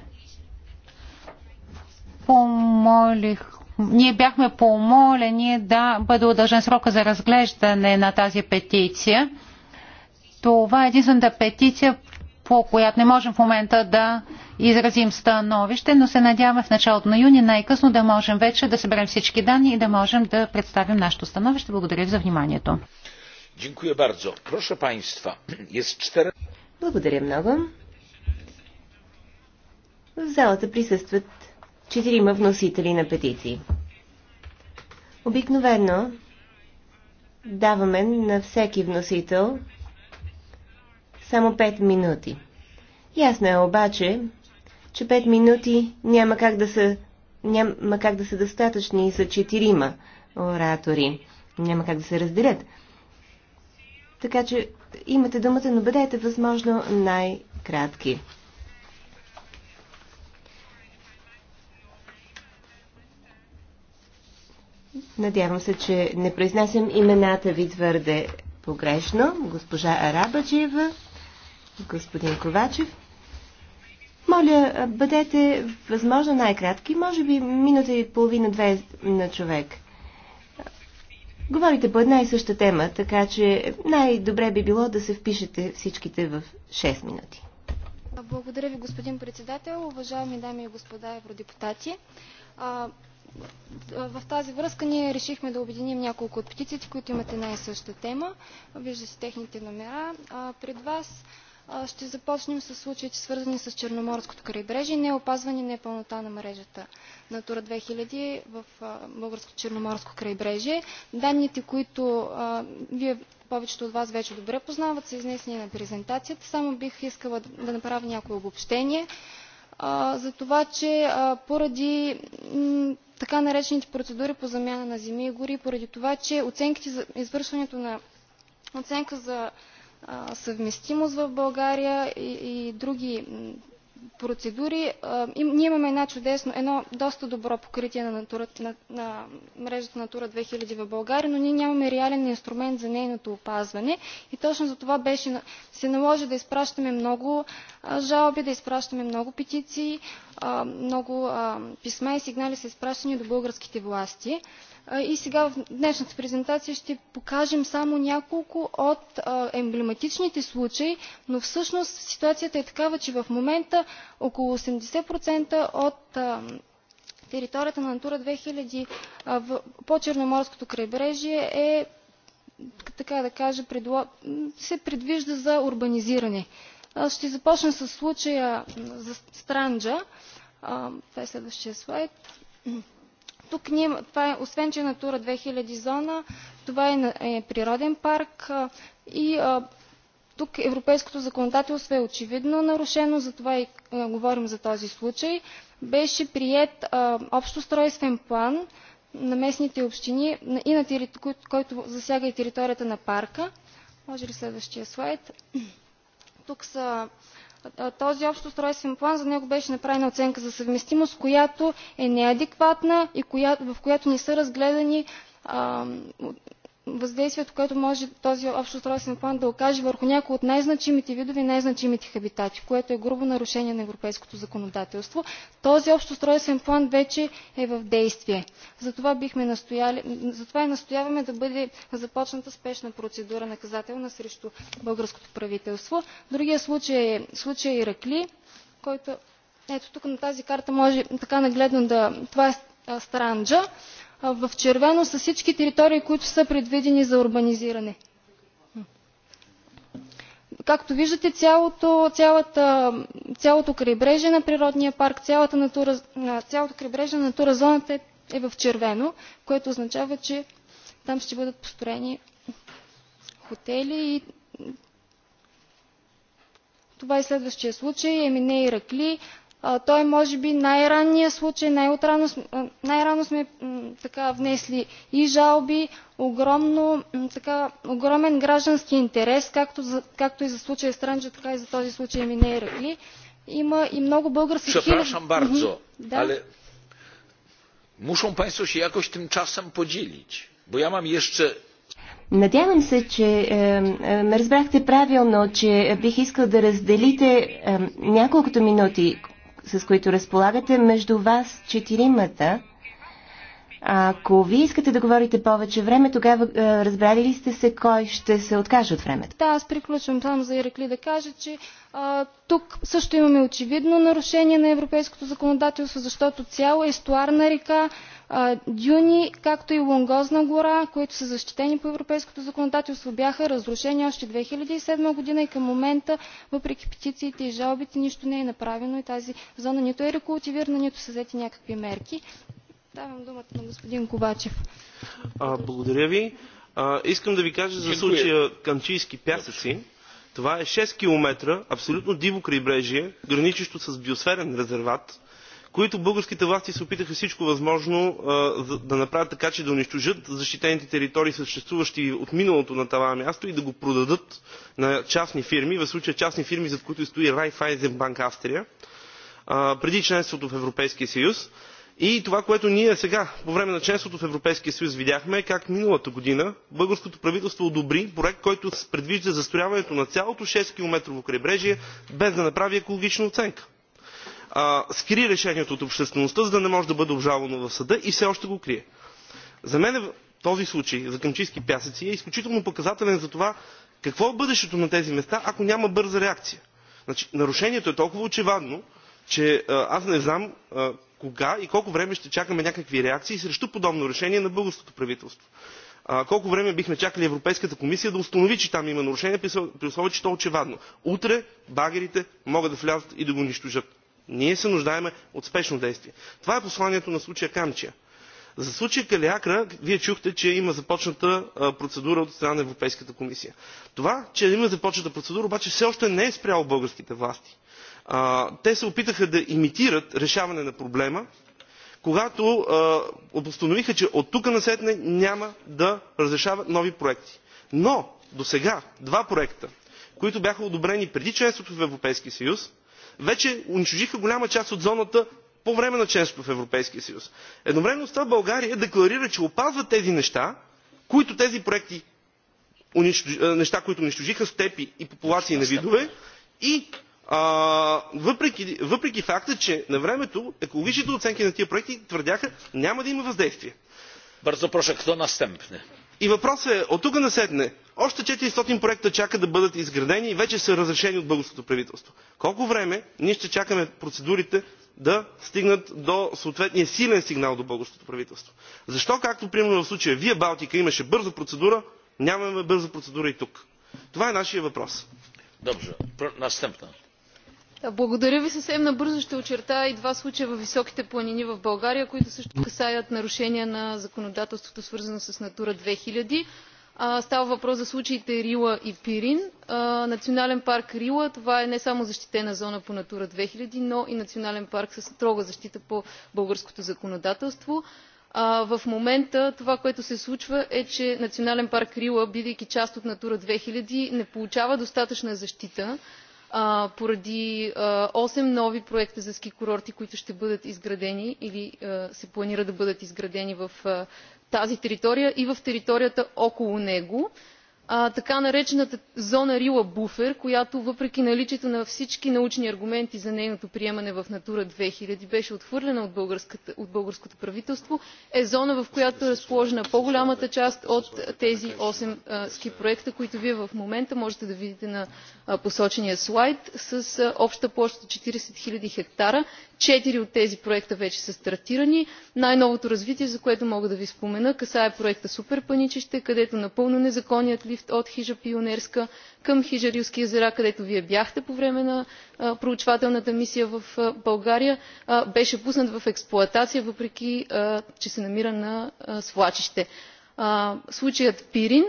помолих ние бяхме помолени да бъде удължен срока за разглеждане на тази петиция. Това е единствената петиция, по която не можем в момента да изразим становище, но се надяваме в началото на юни най-късно да можем вече да съберем всички данни и да можем да представим нашето становище. Благодаря ви за вниманието. Благодаря много. В залата присъстват четирима вносители на петиции. Обикновено даваме на всеки вносител само 5 минути. Ясно е обаче, че 5 минути няма как да са, няма как да са достатъчни за четирима оратори. Няма как да се разделят. Така че имате думата, но бъдете възможно най-кратки. Надявам се, че не произнасям имената ви твърде погрешно. Госпожа Арабаджиева, господин Ковачев. Моля, бъдете възможно най-кратки, може би минута и половина-две на човек. Говорите по една и съща тема, така че най-добре би било да се впишете всичките в 6 минути. Благодаря ви, господин председател, уважаеми дами и господа евродепутати. В тази връзка ние решихме да обединим няколко от петициите, които имат една и съща тема. Вижда се техните номера. Пред вас ще започнем с случаите, свързани с Черноморското крайбрежие, не е опазване на е пълнота на мрежата Натура 2000 в Българското Черноморско крайбрежие. Данните, които вие повечето от вас вече добре познават, са изнесени на презентацията. Само бих искала да направя някое обобщение за това, че поради така наречените процедури по замяна на земи и гори, поради това, че оценките за извършването на оценка за съвместимост в България и, и други процедури. Ние имаме една чудесно, едно доста добро покритие на, натура, на, на мрежата Натура 2000 в България, но ние нямаме реален инструмент за нейното опазване и точно за това беше, се наложи да изпращаме много жалби, да изпращаме много петиции, много писма и сигнали са изпращани до българските власти. И сега в днешната презентация ще покажем само няколко от емблематичните случаи, но всъщност ситуацията е такава, че в момента около 80% от територията на Натура 2000 по Черноморското крайбрежие е, така да кажа, се предвижда за урбанизиране. Ще започна с случая за Странджа. Това е следващия слайд. Тук ние, това е, освен, че е Натура 2000 зона, това е, е природен парк и а, тук европейското законодателство е очевидно нарушено, затова и а, говорим за този случай. Беше прият общо общостройствен план на местните общини, и на тери... който засяга и територията на парка. Може ли следващия слайд? Тук са е, този общ устройствен план за него беше направена оценка за съвместимост, която е неадекватна и в която не са разгледани въздействието, което може този общ устройствен план да окаже върху някои от най-значимите видове и най-значимите хабитати, което е грубо нарушение на европейското законодателство. Този общ устройствен план вече е в действие. Затова, бихме настояли, затова и настояваме да бъде започната спешна процедура наказателна срещу българското правителство. Другия случай е случай Иракли, който ето тук на тази карта може така нагледно да... Това е Странджа в червено са всички територии, които са предвидени за урбанизиране. Както виждате, цялото, цялата, цялото крайбрежие на природния парк, цялата натура, цялото крайбрежие на натура зоната е, е в червено, което означава, че там ще бъдат построени хотели и това е следващия случай. Емине Ракли. Той е, може би, най ранния случай, най-отрано, най-рано сме така внесли и жалби, огромно, така, огромен граждански интерес, както, за, както и за случая Странджа, така и за този случай Мине Иракли. Има и много български Przepraszam bardzo, да. але... muszą Państwo się jakoś tym czasem podzielić, bo ja mam jeszcze Надявам се, че е, е, ме разбрахте правилно, че бих искал да разделите е, няколкото минути, с които разполагате, между вас четиримата. Ако вие искате да говорите повече време, тогава е, разбрали ли сте се кой ще се откаже от времето? Да, аз приключвам само за Ирекли да кажа, че а, е, тук също имаме очевидно нарушение на европейското законодателство, защото цяла естуарна река дюни както и Лонгозна гора които са защитени по европейското законодателство бяха разрушени още 2007 година и към момента въпреки петициите и жалбите нищо не е направено и тази зона нито е рекултивирана нито са взети някакви мерки. Давам думата на господин Ковачев. А, благодаря ви. А, искам да ви кажа за случая Камчийски пясъци. Това е 6 км абсолютно диво крайбрежие, граничещо с биосферен резерват които българските власти се опитаха всичко възможно да направят така, че да унищожат защитените територии, съществуващи от миналото на това място и да го продадат на частни фирми, в случая частни фирми, зад които стои Райфайзен Банк Австрия, преди членството в Европейския съюз. И това, което ние сега, по време на членството в Европейския съюз, видяхме е как миналата година българското правителство одобри проект, който предвижда застрояването на цялото 6 километрово крайбрежие, без да направи екологична оценка а, скри решението от обществеността, за да не може да бъде обжалвано в съда и все още го крие. За мен този случай за Камчийски пясъци е изключително показателен за това какво е бъдещето на тези места, ако няма бърза реакция. Значи, нарушението е толкова очевадно, че а, аз не знам а, кога и колко време ще чакаме някакви реакции срещу подобно решение на българското правителство. А, колко време бихме чакали Европейската комисия да установи, че там има нарушение, при условие, че то е очевадно. Утре багерите могат да влязат и да го унищожат. Ние се нуждаеме от спешно действие. Това е посланието на случая Камчия. За случая Калиакра, вие чухте, че има започната процедура от страна на Европейската комисия. Това, че има започната процедура, обаче все още не е спряло българските власти. те се опитаха да имитират решаване на проблема, когато а, обостановиха, че от тук насетне няма да разрешават нови проекти. Но до сега два проекта, които бяха одобрени преди членството в Европейския съюз, вече унищожиха голяма част от зоната по време на членството в Европейския съюз. Едновременно с това България декларира, че опазва тези неща, които тези проекти неща, които унищожиха степи и популации на видове и а, въпреки, въпреки факта, че на времето екологичните оценки на тия проекти твърдяха няма да има въздействие. Бързо прошък, кто настъпне? И въпросът е, от тук насетне, още 400 проекта чакат да бъдат изградени и вече са разрешени от българското правителство. Колко време ние ще чакаме процедурите да стигнат до съответния силен сигнал до българското правителство? Защо, както примерно в случая Вие Балтика имаше бърза процедура, нямаме бърза процедура и тук? Това е нашия въпрос. Добре, настъпна. Благодаря ви. Съвсем набързо ще очертая и два случая в високите планини в България, които също касаят нарушения на законодателството, свързано с Натура 2000. Става въпрос за случаите Рила и Пирин. Национален парк Рила, това е не само защитена зона по Натура 2000, но и национален парк с строга защита по българското законодателство. В момента това, което се случва е, че Национален парк Рила, бидейки част от Натура 2000, не получава достатъчна защита поради 8 нови проекта за ски курорти, които ще бъдат изградени или се планира да бъдат изградени в тази територия и в територията около него така наречената зона рила буфер която въпреки наличието на всички научни аргументи за нейното приемане в натура две хиляди беше отхвърлена от българското правителство е зона в която е разположена по голямата част от тези осем ски проекта които вие в момента можете да видите на посочения слайд с обща площ от четиридесет хиляди хектара. четири от тези проекта вече са стартирани. най новото развитие за което мога да ви спомена касае проекта супер паничище където напълно незаконният лифт от хижа пионерска към хижа рилски езера където вие бяхте по време на проучвателната мисия в България беше пуснат в експлоатация, въпреки че се намира на свлачище. Случаят Пирин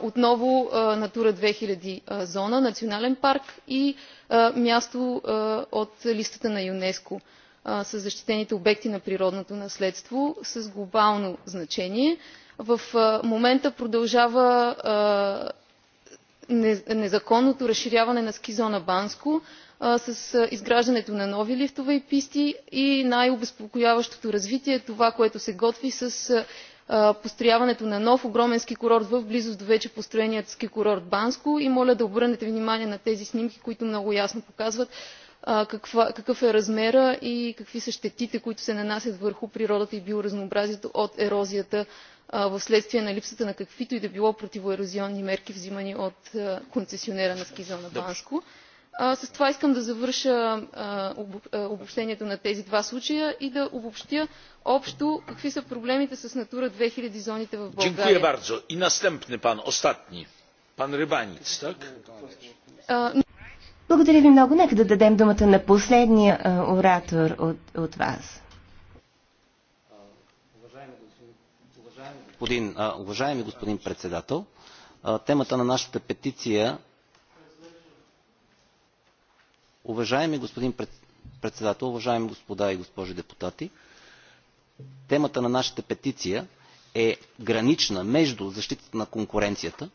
отново Натура 2000 зона, национален парк и място от листата на ЮНЕСКО с защитените обекти на природното наследство с глобално значение в момента продължава незаконното разширяване на ски зона банско с изграждането на нови лифтове и писти и най обезпокояващото развитие е това което се готви с построяването на нов огромен ски курорт в близост до вече построения ски курорт банско и моля да обърнете внимание на тези снимки които много ясно показват какъв е размера и какви са щетите, които се нанасят върху природата и биоразнообразието от ерозията вследствие на липсата на каквито и да било противоерозионни мерки, взимани от концесионера на ски зона Банско. С това искам да завърша обобщението на тези два случая и да обобщя общо какви са проблемите с Натура 2000 зоните в България. Dziękuję bardzo. I następny pan, ostatni. Pan Rybanic, tak? Благодаря ви много. Нека да дадем думата на последния а, е, оратор от, от вас. Господин, а, уважаеми господин председател, темата на нашата петиция. Уважаеми господин председател, уважаеми господа и госпожи депутати, темата на нашата петиция е гранична между защитата на конкуренцията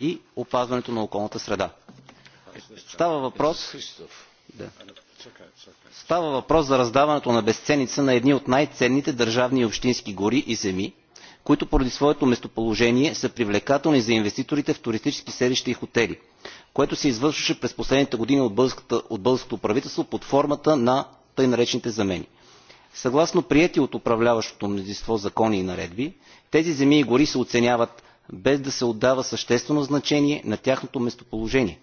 и опазването на околната среда. Става въпрос... Да. Става въпрос за раздаването на безценица на едни от най-ценните държавни и общински гори и земи, които поради своето местоположение са привлекателни за инвеститорите в туристически селища и хотели, което се извършваше през последните години от, от българското правителство под формата на тъй наречените замени. Съгласно приети от управляващото мнозинство закони и наредби, тези земи и гори се оценяват без да се отдава съществено значение на тяхното местоположение,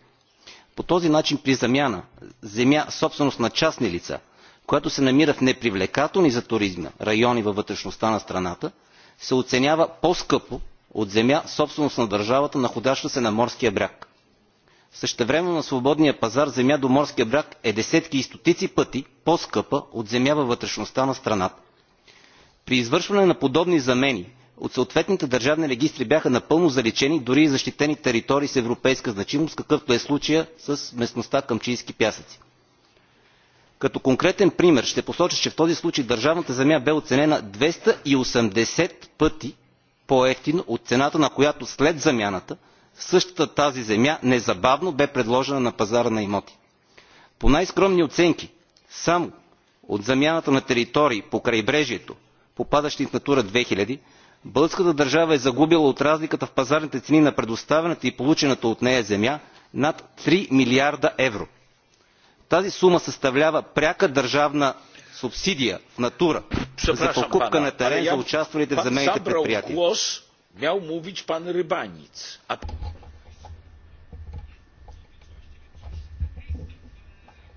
по този начин при замяна земя собственост на частни лица, която се намира в непривлекателни за туризма райони във вътрешността на страната, се оценява по-скъпо от земя собственост на държавата, находяща се на морския бряг. Същевременно на свободния пазар земя до морския бряг е десетки и стотици пъти по-скъпа от земя във вътрешността на страната. При извършване на подобни замени от съответните държавни регистри бяха напълно заличени дори и защитени територии с европейска значимост, какъвто е случаят с местността Камчийски пясъци. Като конкретен пример ще посоча, че в този случай държавната земя бе оценена 280 пъти по-ефтино от цената, на която след замяната същата тази земя незабавно бе предложена на пазара на имоти. По най-скромни оценки, само от замяната на територии по крайбрежието, попадащи в Натура 2000, Българската държава е загубила от разликата в пазарните цени на предоставената и получената от нея земя над 3 милиарда евро. Тази сума съставлява пряка държавна субсидия в натура за покупка на терен за участвалите в земените предприятия.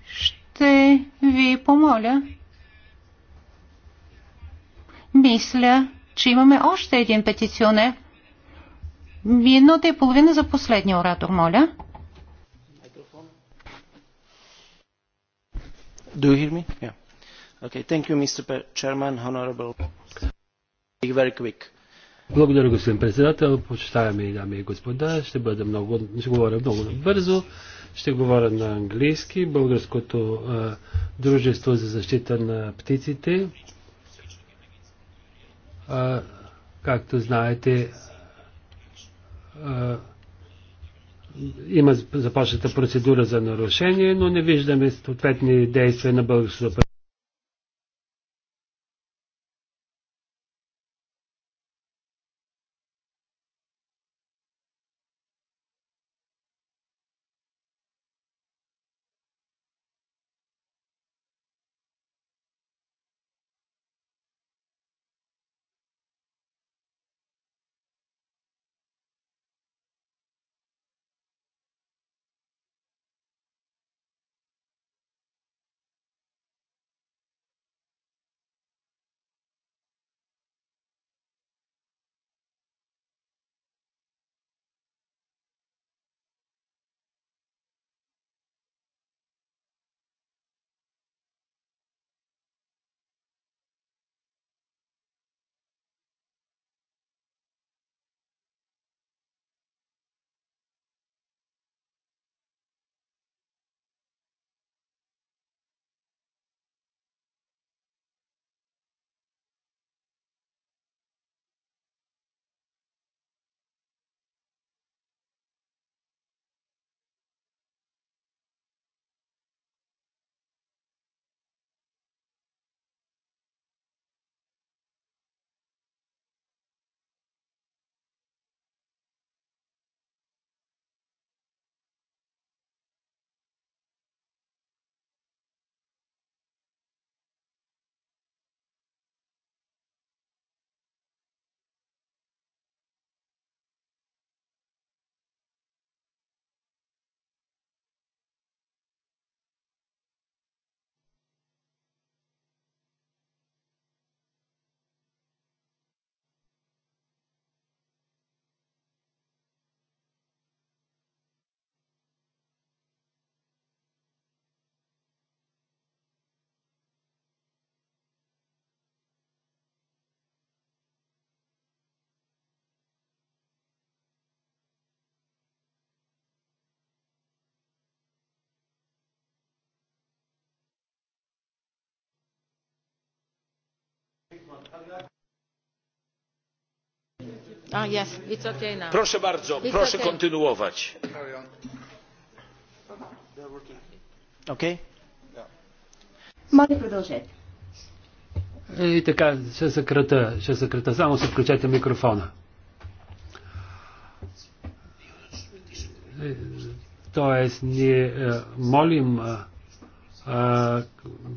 Ще ви помоля. Мисля, че имаме още един петиционер. Минута и половина за последния оратор, моля. Do you hear me? Yeah. Okay, thank you, Mr. Chairman, honorable. Very quick. Благодаря, господин председател. Почитаваме и дами и господа, ще бъда много, ще говоря много бързо. Ще говоря на английски. Българското а, дружество за защита на птиците както знаете, има започната процедура за нарушение, но не виждаме съответни действия на българското Ah, proszę bardzo, it's proszę okay. kontynuować. Окей? Моля, продължете. И така, ще съкрата, ще съкрата. Само се включете микрофона. Е, тоест, ние е, молим е,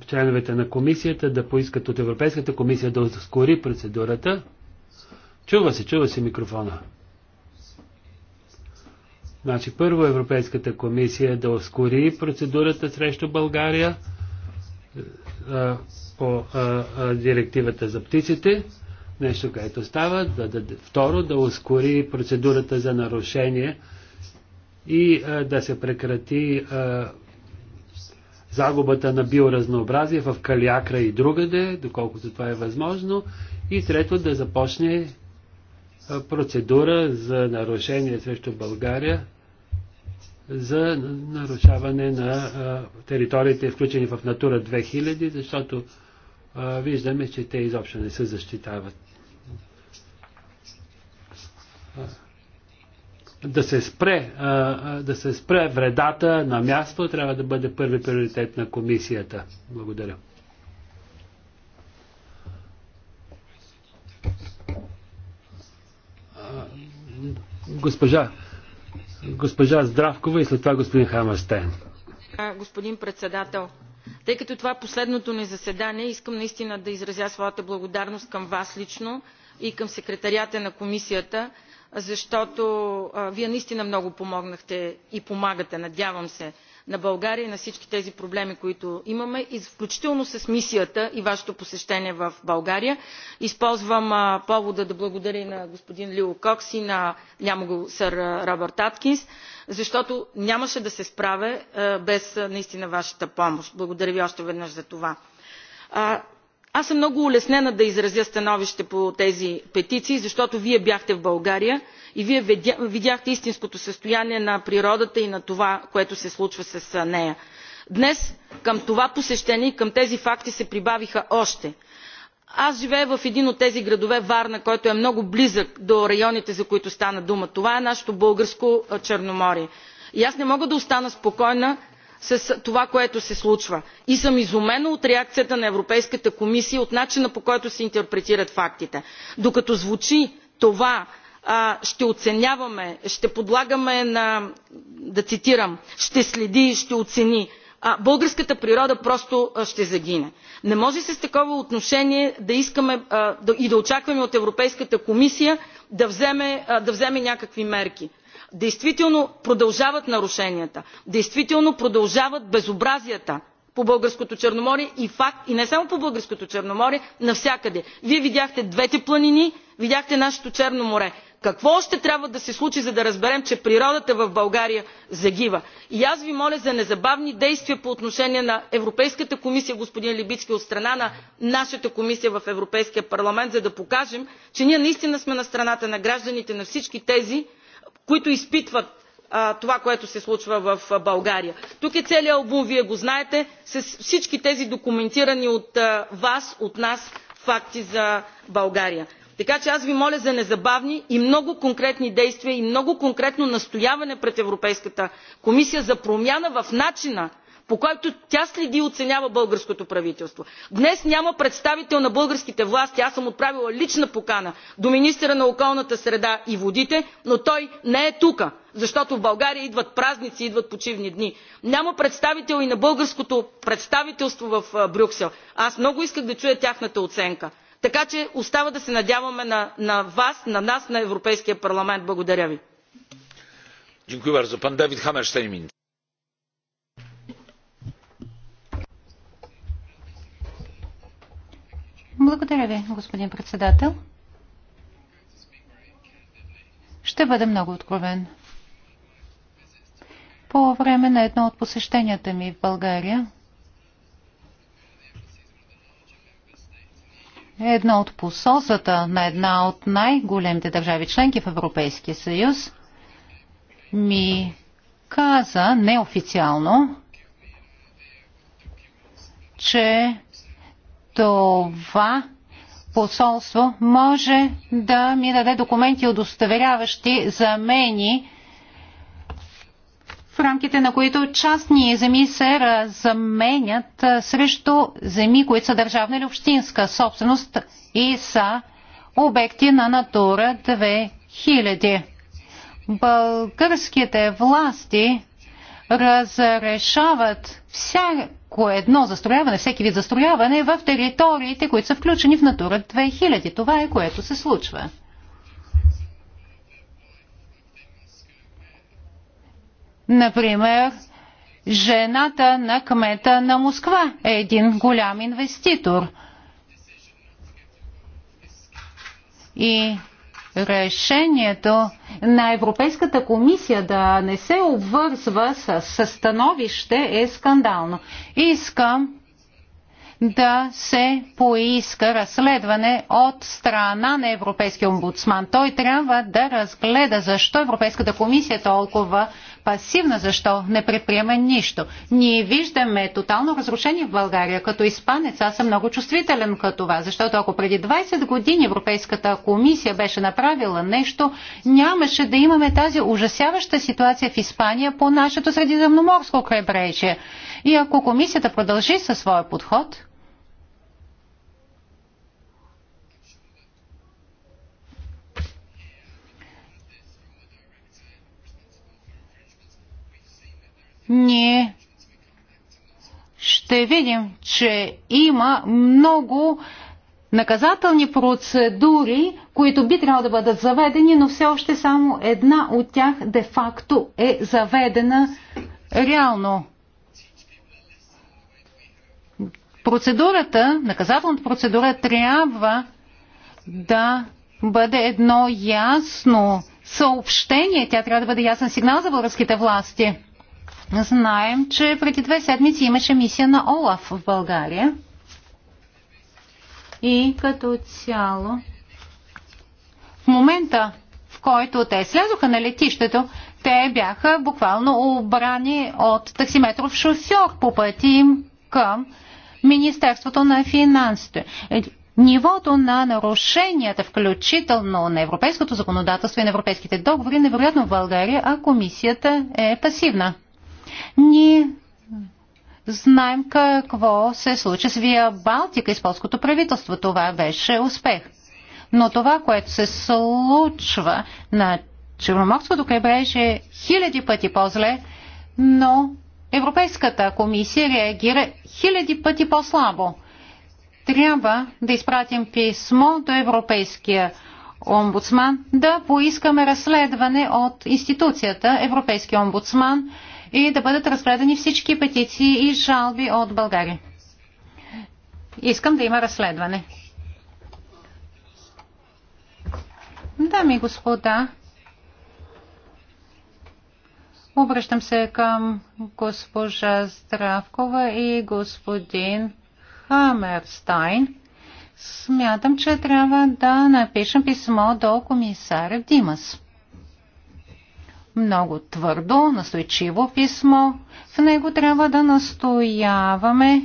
членовете на комисията да поискат от Европейската комисия да ускори процедурата. Чува се, чува се микрофона. Значи първо Европейската комисия да ускори процедурата срещу България а, по а, а, директивата за птиците, нещо, което става. Да, да, второ, да ускори процедурата за нарушение и а, да се прекрати а, загубата на биоразнообразие в Калиакра и другаде, доколкото това е възможно, и трето да започне процедура за нарушение срещу България за нарушаване на териториите, включени в Натура 2000, защото виждаме, че те изобщо не се защитават да се, спре, да се спре вредата на място трябва да бъде първи приоритет на комисията. Благодаря. Госпожа, госпожа Здравкова и след това господин Хамастен. Господин председател, тъй като това е последното ни заседание, искам наистина да изразя своята благодарност към вас лично и към секретарията на комисията, защото вие наистина много помогнахте и помагате, надявам се, на България и на всички тези проблеми, които имаме, и включително с мисията и вашето посещение в България. Използвам повода да благодаря и на господин Лио Кокс и на, няма го, сър Робърт Аткинс, защото нямаше да се справя без наистина вашата помощ. Благодаря ви още веднъж за това аз съм много улеснена да изразя становище по тези петиции защото вие бяхте в България и вие видяхте истинското състояние на природата и на това което се случва с нея. днес към това посещение и към тези факти се прибавиха още. аз живея в един от тези градове варна който е много близък до районите за които стана дума. това е нашето българско черноморие и аз не мога да остана спокойна с това което се случва и съм изумена от реакцията на европейската комисия и от начина по който се интерпретират фактите. докато звучи това ще оценяваме ще подлагаме на да цитирам ще следи ще оцени българската природа просто ще загине. не може с такова отношение да искаме и да очакваме от европейската комисия да вземе някакви мерки действително продължават нарушенията действително продължават безобразията по българското черноморие и факт и не само по българското черноморие навсякъде. вие видяхте двете планини видяхте нашето черно море. какво още трябва да се случи за да разберем че природата в българя загива? и аз ви моля за незабавни действия по отношение на европейската комисия господин либицки от страна на нашата комисия в европейския парламент за да покажем че ние наистина сме на страната на гражданите на всички тези които изпитват това, което се случва в България. Тук е целият албум вие го знаете, с всички тези документирани от вас, от нас факти за България. Така че аз ви моля за незабавни и много конкретни действия и много конкретно настояване пред Европейската комисия за промяна в начина по който тя следи и оценява българското правителство. днес няма представител на българските власти аз съм отправила лична покана до министъра на околната среда и водите но той не е тук защото в България идват празници, идват почивни дни. Няма представител и на българското представителство в Брюксел. Аз много исках да чуя тяхната оценка. Така че остава да се надяваме на, на вас, на нас, на Европейския парламент. Благодаря ви. Dziękuję bardzo. Pan David Hammerstein. Благодаря ви, господин председател. Ще бъда много откровен. По време на едно от посещенията ми в България, едно от посолствата на една от най-големите държави членки в Европейския съюз ми каза неофициално, че това посолство може да ми даде документи, удостоверяващи замени, в рамките на които частни земи се заменят срещу земи, които са държавна или общинска собственост и са обекти на Натура 2000. Българските власти разрешават вся, всяко едно застрояване, всеки вид застрояване е в териториите, които са включени в Натура 2000. Това е което се случва. Например, жената на кмета на Москва е един голям инвеститор. И решението на Европейската комисия да не се обвързва с, състановище становище е скандално. Искам да се поиска разследване от страна на Европейския омбудсман. Той трябва да разгледа защо Европейската комисия е толкова пасивна, защо не предприема нищо. Ние виждаме тотално разрушение в България. Като испанец аз съм много чувствителен към това, защото ако преди 20 години Европейската комисия беше направила нещо, нямаше да имаме тази ужасяваща ситуация в Испания по нашето средиземноморско крайбрежие. И ако комисията продължи със своя подход, ние ще видим, че има много наказателни процедури, които би трябвало да бъдат заведени, но все още само една от тях де-факто е заведена реално. Процедурата, наказателната процедура трябва да бъде едно ясно съобщение, тя трябва да бъде ясен сигнал за българските власти – Знаем, че преди две седмици имаше мисия на ОЛАФ в България. И като цяло, в момента, в който те слязоха на летището, те бяха буквално обрани от таксиметров шофьор по пъти им към Министерството на финансите. Е, нивото на нарушенията, включително на европейското законодателство и на европейските договори, е невероятно в България, а комисията е пасивна. Ние знаем какво се случи с Вия Балтика и с полското правителство. Това беше успех. Но това, което се случва на Черноморското крайбрежие е хиляди пъти по-зле, но Европейската комисия реагира хиляди пъти по-слабо. Трябва да изпратим писмо до Европейския омбудсман, да поискаме разследване от институцията Европейския омбудсман – и да бъдат разгледани всички петиции и жалби от България. Искам да има разследване. Дами и господа, обръщам се към госпожа Здравкова и господин Хамерстайн. Смятам, че трябва да напишем писмо до комисаря Димас много твърдо, настойчиво писмо. В него трябва да настояваме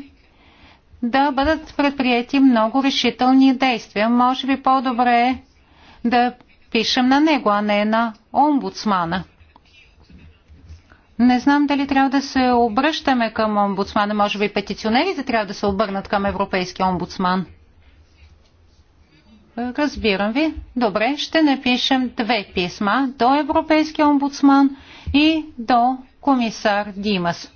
да бъдат предприяти много решителни действия. Може би по-добре е да пишем на него, а не на омбудсмана. Не знам дали трябва да се обръщаме към омбудсмана. Може би петиционерите трябва да се обърнат към европейския омбудсман. Разбирам ви. Добре, ще напишем две писма до Европейския омбудсман и до комисар Димас.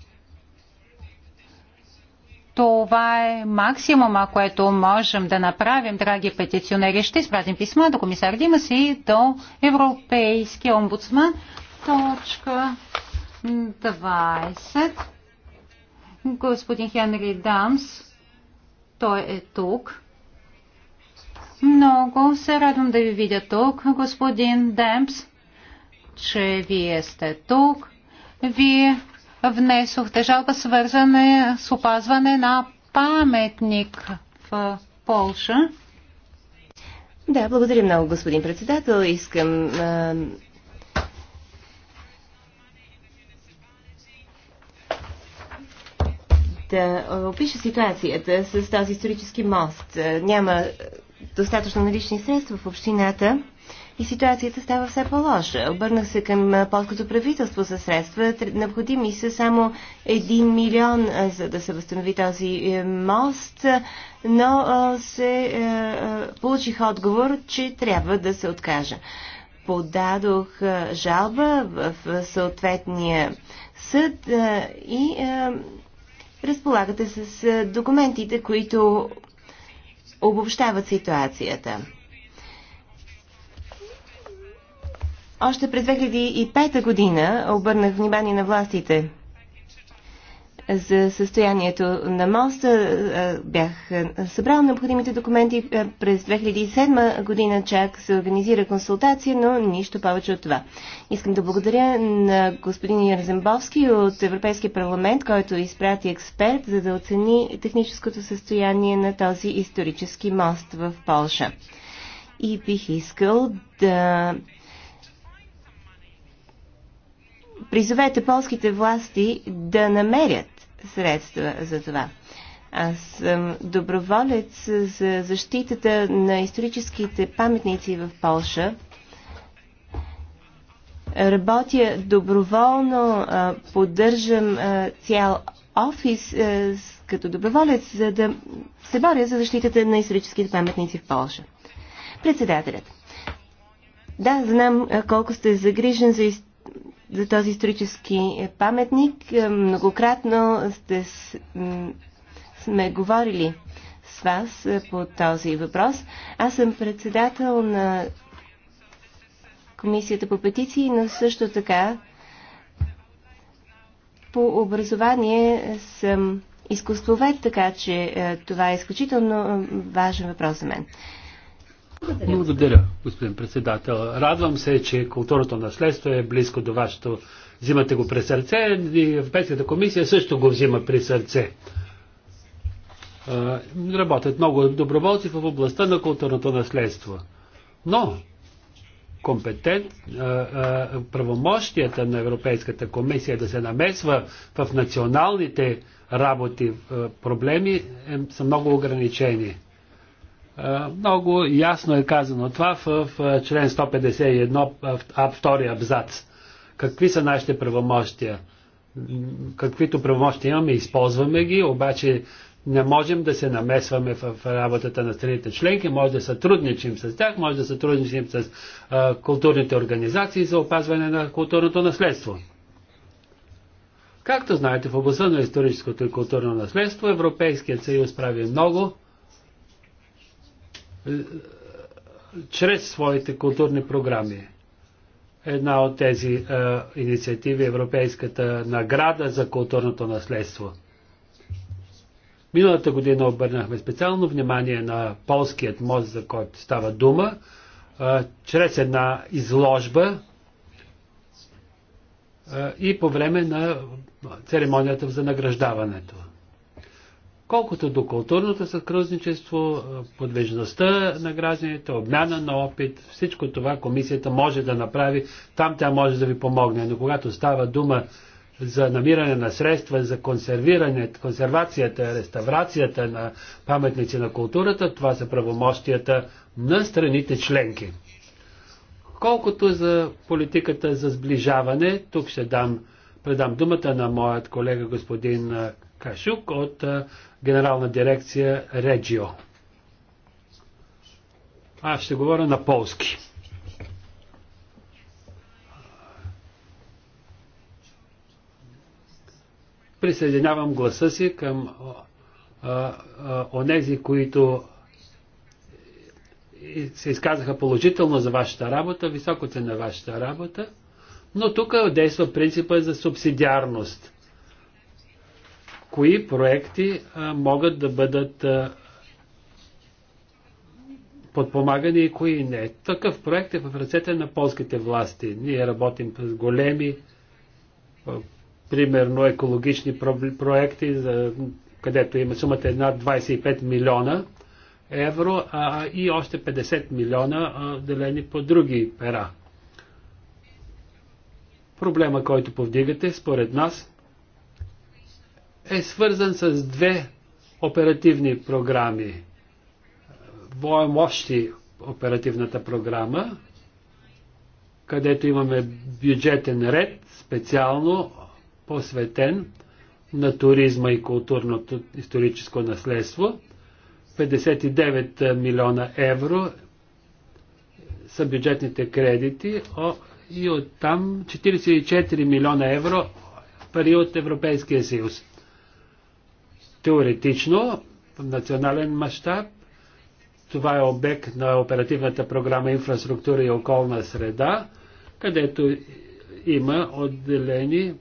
Това е максимума, което можем да направим, драги петиционери. Ще изпратим писма до комисар Димас и до Европейския омбудсман. Точка 20. Господин Хенри Дамс, той е тук. Много се радвам да ви видя тук, господин Демпс, че вие сте тук. Вие внесохте жалба свързане с опазване на паметник в Полша. Да, благодаря много, господин председател. Искам а, да опиша ситуацията с този исторически мост. Няма достатъчно налични средства в общината и ситуацията става все по-лоша. Обърнах се към полското правителство за средства. Необходими са само 1 милион, за да се възстанови този е, мост, но се е, получих отговор, че трябва да се откажа. Подадох жалба в съответния съд и разполагате с документите, които обобщават ситуацията. Още през 2005 година обърнах внимание на властите за състоянието на моста. Е, бях събрал необходимите документи. Е, през 2007 година чак се организира консултация, но нищо повече от това. Искам да благодаря на господин Ярзембовски от Европейския парламент, който изпрати експерт, за да оцени техническото състояние на този исторически мост в Полша. И бих искал да призовете полските власти да намерят средства за това. Аз съм доброволец за защитата на историческите паметници в Полша. Работя доброволно, поддържам цял офис като доброволец, за да се боря за защитата на историческите паметници в Полша. Председателят. Да, знам колко сте загрижен за историята за този исторически паметник. Е, многократно сте, сме говорили с вас е, по този въпрос. Аз съм председател на Комисията по петиции, но също така по образование съм изкуствовед, така че е, това е изключително важен въпрос за мен. Благодаря. Благодаря, господин председател. Радвам се, че културното наследство е близко до вашето. Взимате го при сърце и Европейската комисия също го взима при сърце. Работят много доброволци в областта на културното наследство. Но компетент, правомощията на Европейската комисия да се намесва в националните работи, проблеми е, са много ограничени. Е, много ясно е казано това в е, член 151, е, втори абзац. Какви са нашите правомощия? Каквито правомощия имаме, използваме ги, обаче не можем да се намесваме в работата на страните членки, може да сътрудничим с тях, може да сътрудничим с а, културните организации за опазване на културното наследство. Както знаете, в областта на историческото и културно наследство Европейският съюз прави много, е, чрез своите културни програми. Една от тези е, инициативи е Европейската награда за културното наследство. Миналата година обърнахме специално внимание на полският мост, за който става дума, е, чрез една изложба е, и по време на церемонията за награждаването. Колкото до културното съкръзничество, е, подвижността на гражданите, обмяна на опит, всичко това комисията може да направи, там тя може да ви помогне. Но когато става дума за намиране на средства, за консервиране, консервацията, реставрацията на паметници на културата, това са правомощията на страните членки. Колкото за политиката за сближаване, тук ще дам, предам думата на моят колега господин е, Кашук от Генерална дирекция Реджио. Аз ще говоря на полски. Присъединявам гласа си към онези, които се изказаха положително за вашата работа, високо цена вашата работа, но тук действа принципа за субсидиарност – кои проекти а, могат да бъдат а, подпомагани и кои не. Такъв проект е в ръцете на полските власти. Ние работим с големи, а, примерно екологични проекти, за, където има сумата една 25 милиона евро а, и още 50 милиона делени по други пера. Проблема, който повдигате, според нас, е свързан с две оперативни програми. Воем общи оперативната програма, където имаме бюджетен ред, специално посветен на туризма и културното историческо наследство. 59 милиона евро са бюджетните кредити и оттам 44 милиона евро пари от Европейския съюз. Теоретично, в национален мащаб, това е обект на оперативната програма Инфраструктура и околна среда, където има отделени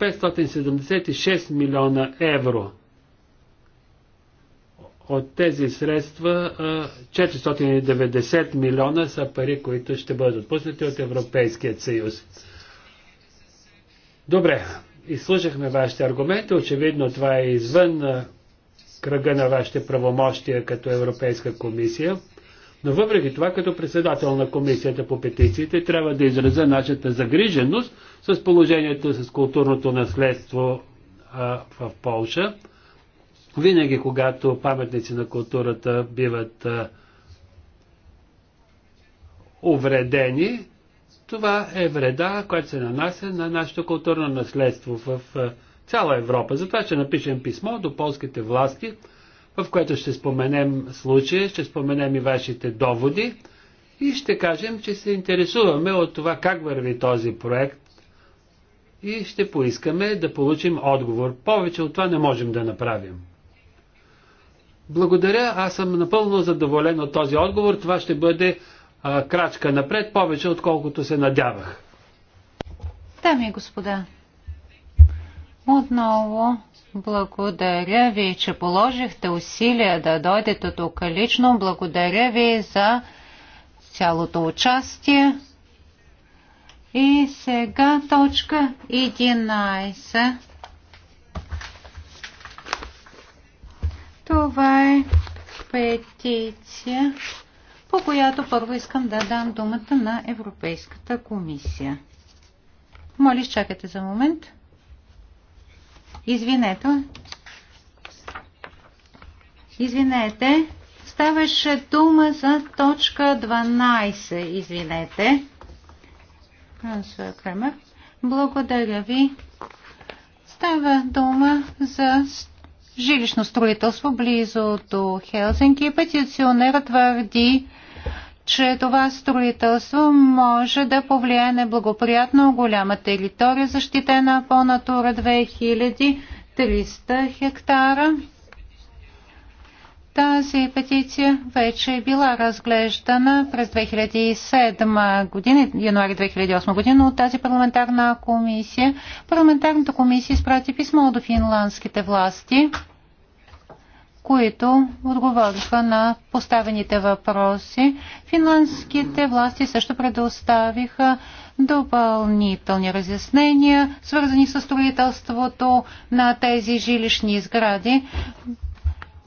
576 милиона евро. От тези средства 490 милиона са пари, които ще бъдат отпуснати от Европейския съюз. Добре, изслушахме вашите аргументи. Очевидно това е извън кръга на вашите правомощия като Европейска комисия. Но въпреки това, като председател на комисията по петициите, трябва да изразя нашата загриженост с положението с културното наследство а, в Полша. Винаги, когато паметници на културата биват а, увредени, това е вреда, която се нанася на нашето културно наследство в е, цяла Европа. Затова ще напишем писмо до полските власти, в което ще споменем случая, ще споменем и вашите доводи и ще кажем, че се интересуваме от това как върви този проект и ще поискаме да получим отговор. Повече от това не можем да направим. Благодаря, аз съм напълно задоволен от този отговор. Това ще бъде а, крачка напред, повече отколкото се надявах. Дами и господа, отново благодаря ви, че положихте усилия да дойдете тук лично. Благодаря ви за цялото участие. И сега точка 11. Това е петиция по която първо искам да дам думата на Европейската комисия. Моля, чакате за момент. Извинете. Извинете. Ставаше дума за точка 12. Извинете. Кремер. Благодаря ви. Става дума за жилищно строителство близо до Хелсинки. петиционерът твърди, че това строителство може да повлияе неблагоприятно голяма територия, защитена по Натура 2300 хектара. Тази петиция вече е била разглеждана през 2007 година, януари 2008 година от тази парламентарна комисия. Парламентарната комисия изпрати писмо до финландските власти, които отговориха на поставените въпроси. Финландските власти също предоставиха допълнителни разяснения, свързани с строителството на тези жилищни сгради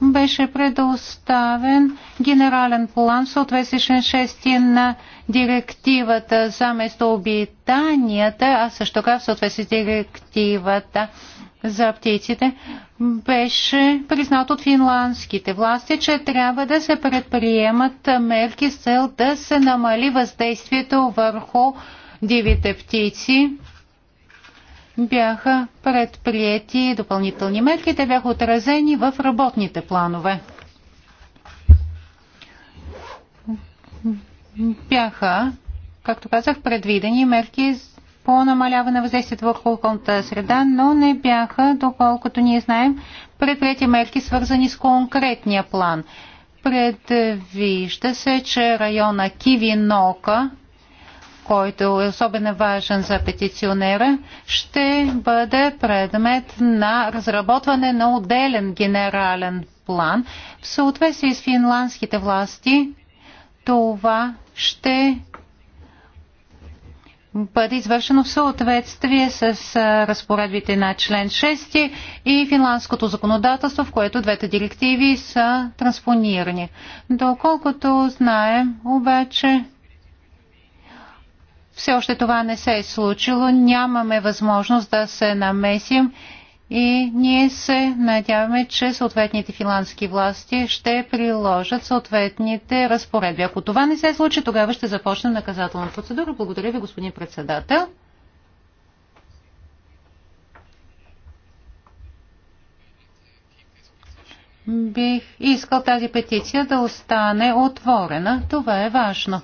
беше предоставен генерален план в съответствие с на директивата за местообитанията, а също така в съответствие с директивата за птиците, беше признат от финландските власти, че трябва да се предприемат мерки с цел да се намали въздействието върху дивите птици бяха предприяти допълнителни мерки. Те бяха отразени в работните планове. Бяха, както казах, предвидени мерки по намаляване на въздействието върху околната среда, но не бяха, доколкото ние знаем, предприяти мерки, свързани с конкретния план. Предвижда се, че района Кивинока който е особено важен за петиционера, ще бъде предмет на разработване на отделен генерален план. В съответствие с финландските власти това ще бъде извършено в съответствие с разпоредбите на член 6 и финландското законодателство, в което двете директиви са транспонирани. Доколкото знаем, обаче все още това не се е случило, нямаме възможност да се намесим и ние се надяваме, че съответните финландски власти ще приложат съответните разпоредби. Ако това не се случи, тогава ще започне наказателна процедура. Благодаря ви, господин председател. Бих искал тази петиция да остане отворена. Това е важно.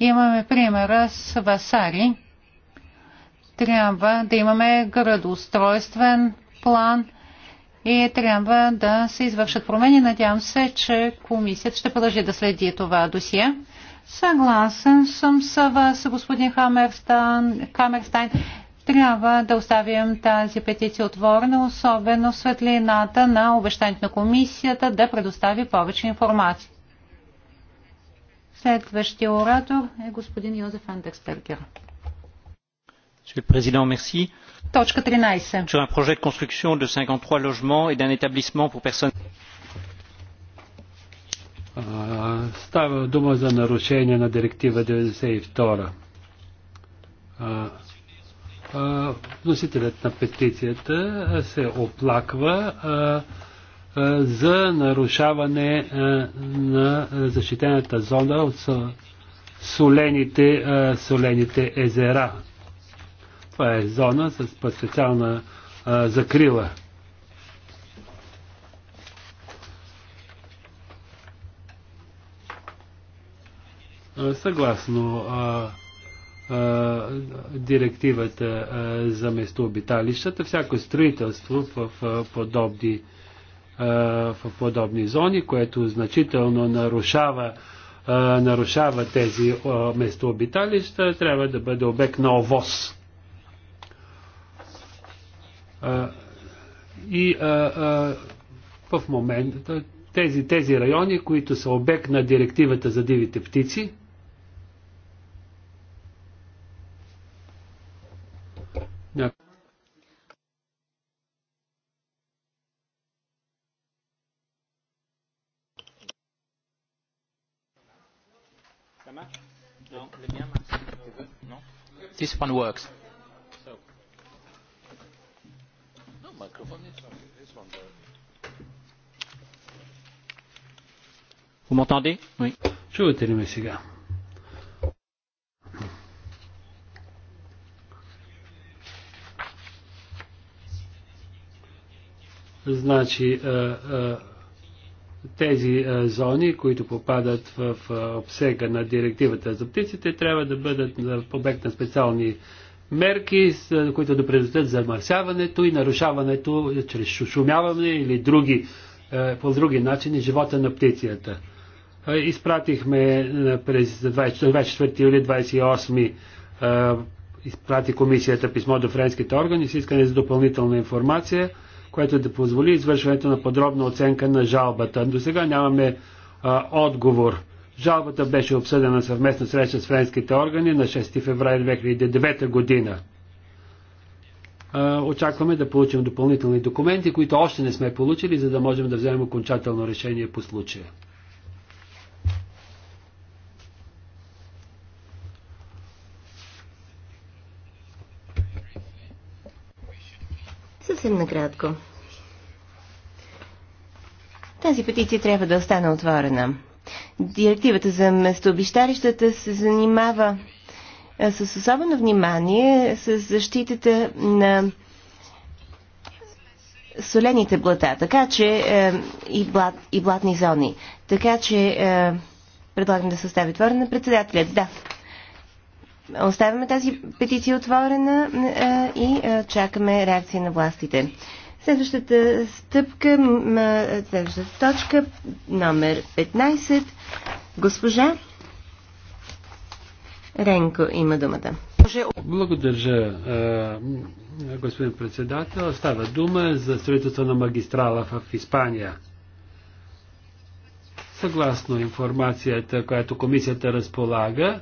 Имаме примера с Васари. Трябва да имаме градоустройствен план и трябва да се извършат промени. Надявам се, че комисията ще продължи да следи това досие. Съгласен съм с вас, господин Хамерстан, Хамерстайн. Трябва да оставим тази петиция отворена, особено светлината на обещанието на комисията да предостави повече информация. Следващия оратор е господин Йозеф Андерстергер. Président, merci. Точка 13. Sur un projet de construction de 53 logements et d'un établissement pour personnes. Става дума за нарушение на директива 92. Вносителят на петицията се оплаква за нарушаване на защитената зона от солените, солените езера. Това е зона с специална закрила. Съгласно а, а, директивата а, за местообиталищата, всяко строителство в а, подобни а, в подобни зони, което значително нарушава, нарушава тези местообиталища, трябва да бъде обект на овоз. И в момента тези, тези райони, които са обект на директивата за дивите птици, някои this one works. Vous m'entendez Oui. Je vais ли mes cigares. Значи, э, э, тези зони, които попадат в, обсега на директивата за птиците, трябва да бъдат обект на специални мерки, които да предотвратят замърсяването и нарушаването чрез шумяване или други, по други начини живота на птицията. изпратихме през 24 юли 28 изпрати комисията писмо до френските органи с искане за допълнителна информация – което да позволи извършването на подробна оценка на жалбата. До сега нямаме а, отговор. Жалбата беше обсъдена съвместно среща с френските органи на 6 феврари 2009 година. А, очакваме да получим допълнителни документи, които още не сме получили, за да можем да вземем окончателно решение по случая. съвсем накратко. Тази петиция трябва да остане отворена. Директивата за местообищарищата се занимава с особено внимание с защитата на солените блата, така че е, и, блат, и блатни зони. Така че е, предлагам да се остави отворена председателят. Да оставяме тази петиция отворена е, и е, чакаме реакция на властите. Следващата стъпка, е, следващата точка, номер 15, госпожа Ренко има думата. Благодаря, господин председател. Става дума за строителство на магистрала в Испания. Съгласно информацията, която комисията разполага,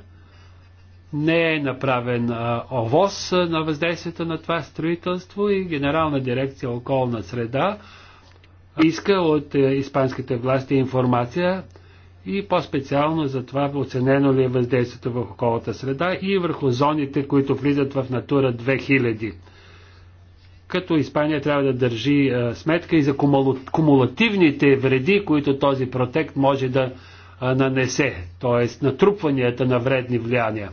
не е направен овоз на въздействието на това строителство и Генерална дирекция околна среда иска от испанските власти информация и по-специално за това оценено ли е въздействието в околната среда и върху зоните, които влизат в Натура 2000. Като Испания трябва да държи а, сметка и за кумулативните вреди, които този протект може да а, нанесе, т.е. натрупванията на вредни влияния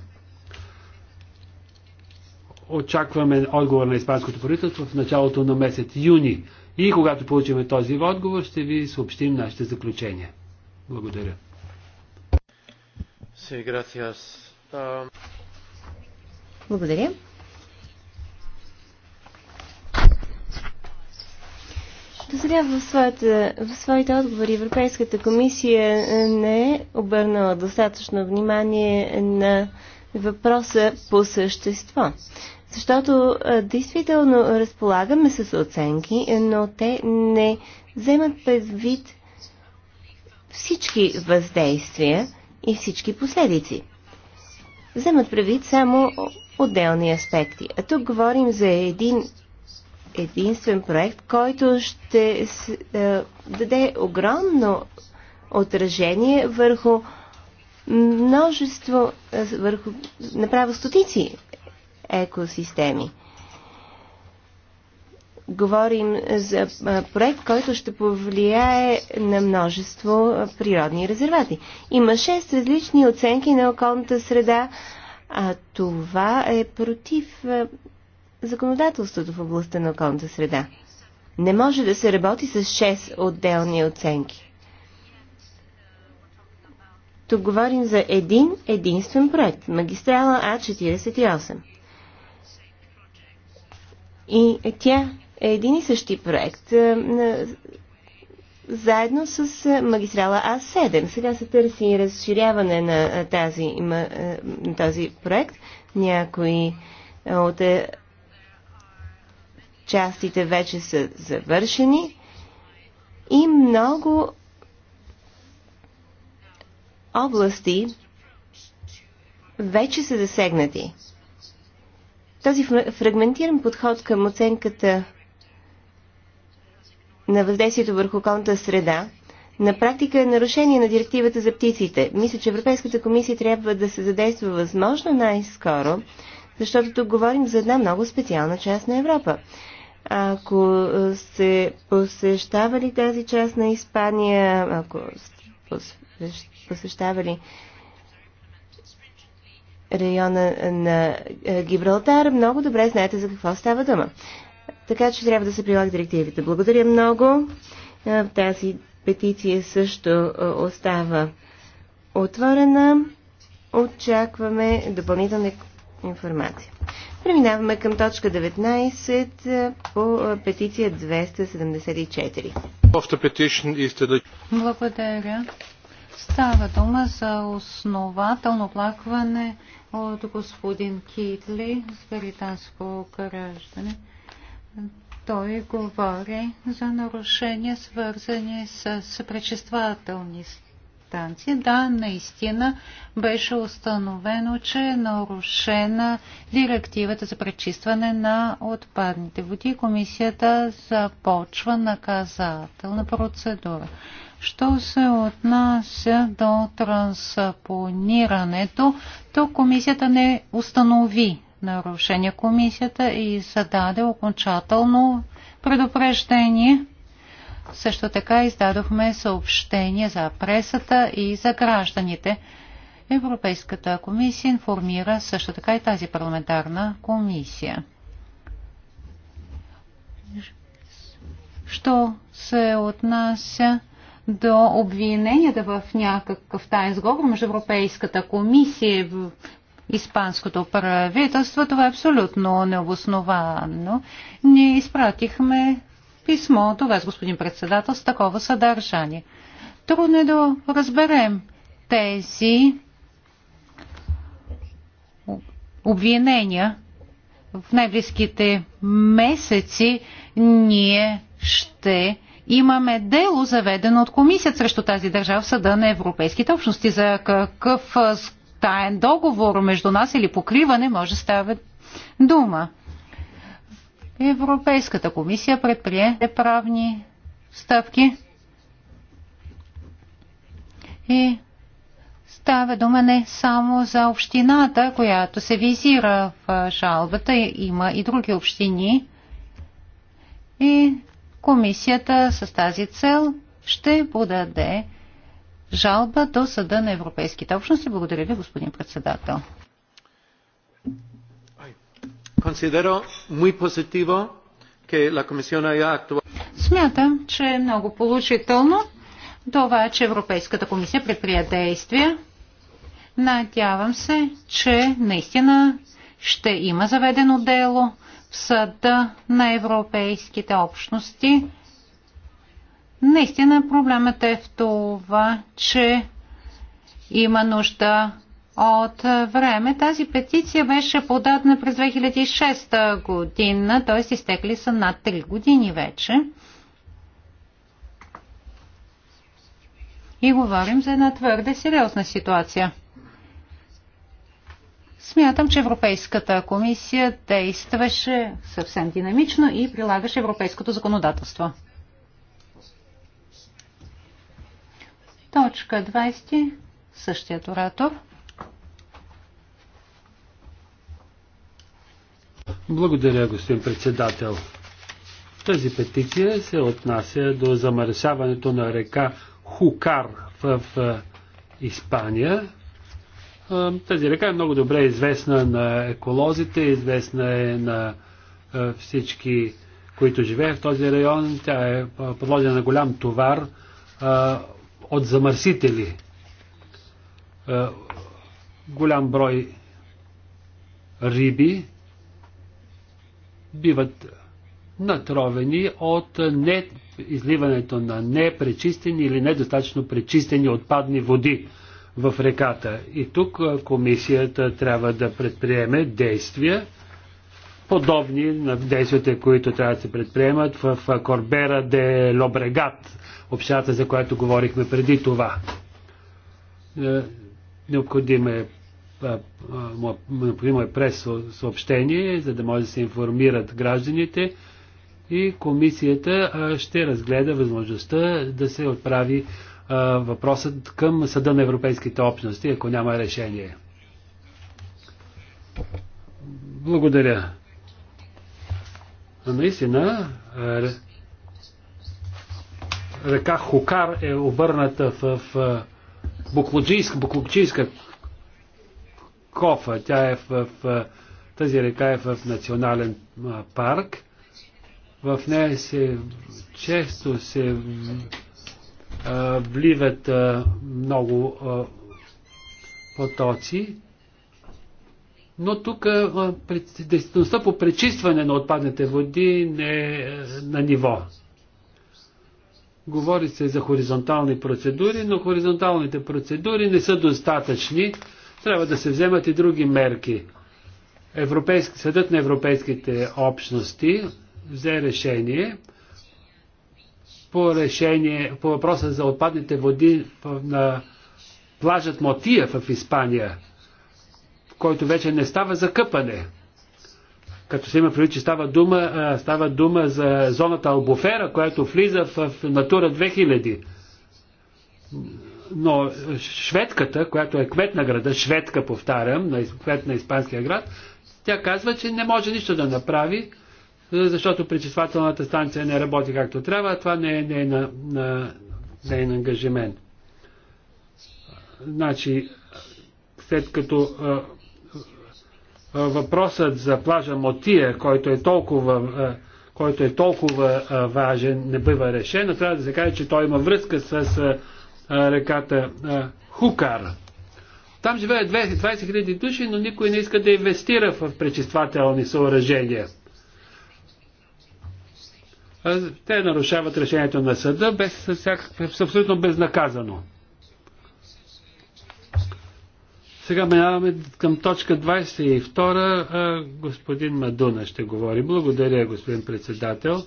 очакваме отговор на испанското правителство в началото на месец юни. И когато получим този отговор, ще ви съобщим нашите заключения. Благодаря. Благодаря. До сега в, своята, в своите отговори Европейската комисия е, не е обърнала достатъчно внимание на въпроса по същество. Защото действително разполагаме с оценки, но те не вземат предвид всички въздействия и всички последици. Вземат предвид само отделни аспекти. А тук говорим за един единствен проект, който ще даде огромно отражение върху множество, върху направо стотици екосистеми. Говорим за проект, който ще повлияе на множество природни резервати. Има 6 различни оценки на околната среда, а това е против законодателството в областта на околната среда. Не може да се работи с 6 отделни оценки. Тук говорим за един единствен проект – магистрала А48. И тя е един и същи проект е, заедно с е, магистрала А7. Сега се търси разширяване на е, тази, на този проект. Някои от частите вече са завършени и много области вече са засегнати. Този фрагментиран подход към оценката на въздействието върху околната среда на практика е нарушение на директивата за птиците. Мисля, че Европейската комисия трябва да се задейства възможно най-скоро, защото тук говорим за една много специална част на Европа. Ако е, се посещавали тази част на Испания, ако посещавали района на е, Гибралтар, много добре знаете за какво става дума. Така че трябва да се прилагат директивите. Благодаря много. Е, тази петиция също е, остава отворена. Очакваме допълнителна информация. Преминаваме към точка 19 по петиция 274. Благодаря. Става дума за основателно оплакване от господин Китли с британско граждане. Той говори за нарушения, свързани с пречествателни станции. Да, наистина беше установено, че е нарушена директивата за пречистване на отпадните води. Комисията започва наказателна процедура. Що се отнася до транспонирането, то комисията не установи нарушение. Комисията и зададе окончателно предупреждение. Също така издадохме съобщение за пресата и за гражданите. Европейската комисия информира също така и тази парламентарна комисия. Що се отнася до обвиненията в някакъв тайн сговор между Европейската комисия и Испанското правителство. Това е абсолютно необосновано. Ние изпратихме писмо до вас, господин председател, с такова съдържание. Трудно е да разберем тези обвинения. В най-близките месеци ние ще имаме дело заведено от комисията срещу тази държава в съда на европейските общности. За какъв таен договор между нас или покриване може става дума? Европейската комисия предприе правни стъпки и става дума не само за общината, която се визира в жалбата, има и други общини. И комисията с тази цел ще подаде жалба до Съда на Европейските общности. Благодаря ви, господин председател. Considero muy positivo que la Comisión haya actuado. Смятам, че е много получително това, че Европейската комисия предприя действия. Надявам се, че наистина ще има заведено дело в съда на европейските общности. Наистина проблемът е в това, че има нужда от време. Тази петиция беше подадена през 2006 година, т.е. изтекли са над 3 години вече. И говорим за една твърде сериозна ситуация. Смятам, че Европейската комисия действаше съвсем динамично и прилагаше европейското законодателство. Точка 20. Същият оратор. Благодаря, господин председател. Тази петиция се отнася до замърсяването на река Хукар в е, Испания, тази река е много добре известна на еколозите, известна е на всички, които живеят в този район. Тя е подложена на голям товар от замърсители. Голям брой риби биват натровени от не, изливането на непречистени или недостатъчно пречистени отпадни води в реката. И тук комисията трябва да предприеме действия, подобни на действията, които трябва да се предприемат в Корбера де Лобрегат, общата, за която говорихме преди това. Е, е, необходимо е, необходимо е прес съобщение, за да може да се информират гражданите и комисията ще разгледа възможността да се отправи въпросът към Съда на Европейските общности, ако няма решение. Благодаря. Наистина, река Хукар е обърната в буклуджийска, буклуджийска кофа. Тя е в, в тази река е в национален парк. В нея се често се вливат много потоци. Но тук действителността по пречистване на отпадните води не е на ниво. Говори се за хоризонтални процедури, но хоризонталните процедури не са достатъчни. Трябва да се вземат и други мерки. Европейски, съдът на европейските общности взе решение по решение, по въпроса за отпадните води на плажът Мотия в Испания, който вече не става за къпане. Като се има предвид, че става дума, става дума за зоната Албуфера, която влиза в Натура 2000. Но шведката, която е кмет на града, шведка повтарям, кмет на испанския град, тя казва, че не може нищо да направи, защото пречиствателната станция не работи както трябва, а това не е, нейна е на, не е на ангажимент. Значи, след като а, въпросът за плажа Мотия, който е толкова, а, който е толкова а, важен, не бива решен, но трябва да се каже, че той има връзка с а, реката а, Хукар. Там живеят 20 000 души, но никой не иска да инвестира в пречиствателни съоръжения те нарушават решението на съда без всякакъв, абсолютно безнаказано. Сега минаваме към точка 22. Господин Мадуна ще говори. Благодаря, господин председател.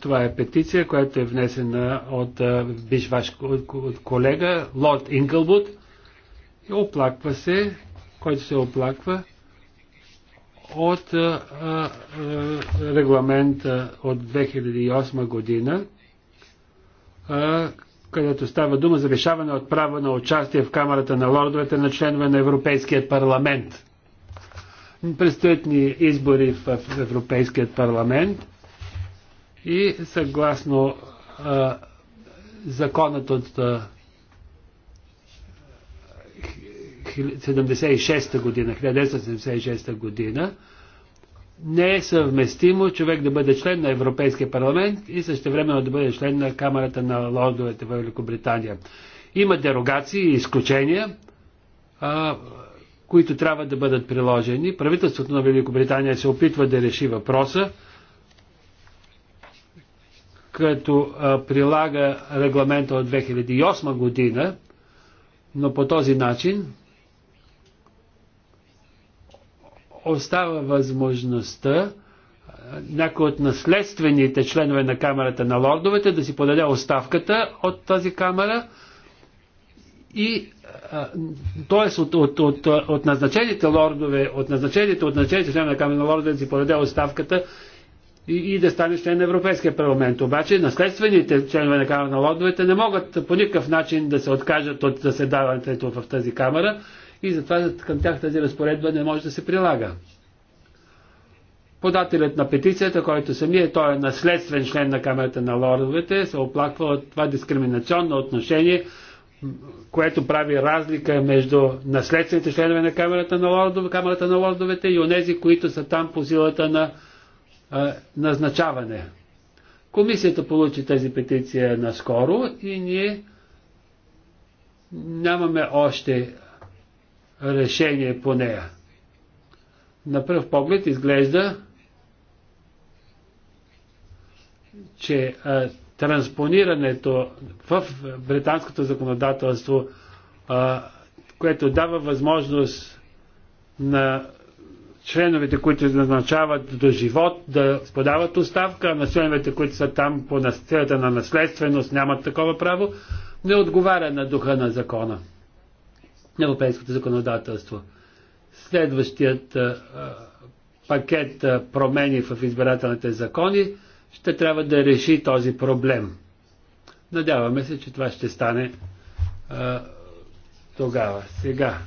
Това е петиция, която е внесена от биш ваш от колега Лорд Инглбуд. И оплаква се, който се оплаква, от а, а, регламента от 2008 година, а, където става дума за решаване от право на участие в Камерата на лордовете на членове на Европейския парламент. Предстоят ни избори в Европейският парламент и съгласно а, законът от а, 1976 година, 1976 година, не е съвместимо човек да бъде член на Европейския парламент и същевременно да бъде член на Камерата на лордовете в Великобритания. Има дерогации и изключения, а, които трябва да бъдат приложени. Правителството на Великобритания се опитва да реши въпроса, като а, прилага регламента от 2008 година, но по този начин остава възможността някой от наследствените членове на Камерата на лордовете да си подаде оставката от тази камера и т.е. От, от, от, от назначените лордове, от назначените, от назначените членове на Камера на лордовете да си подаде оставката и, и да стане член на Европейския парламент. Обаче наследствените членове на Камера на лордовете не могат по никакъв начин да се откажат от заседаването в тази камера и затова към тях тази разпоредба не може да се прилага. Подателят на петицията, който самия е, той е наследствен член на Камерата на лордовете, се оплаква от това дискриминационно отношение, което прави разлика между наследствените членове на Камерата на, лордов, камерата на лордовете и онези, които са там по силата на а, назначаване. Комисията получи тази петиция наскоро и ние нямаме още решение по нея. На пръв поглед изглежда, че а, транспонирането в британското законодателство, а, което дава възможност на членовете, които назначават до живот, да подават оставка, а на членовете, които са там по целата на наследственост, нямат такова право, не отговаря на духа на закона европейското законодателство. Следващият пакет промени в избирателните закони ще трябва да реши този проблем. Надяваме се, че това ще стане а, тогава. Сега.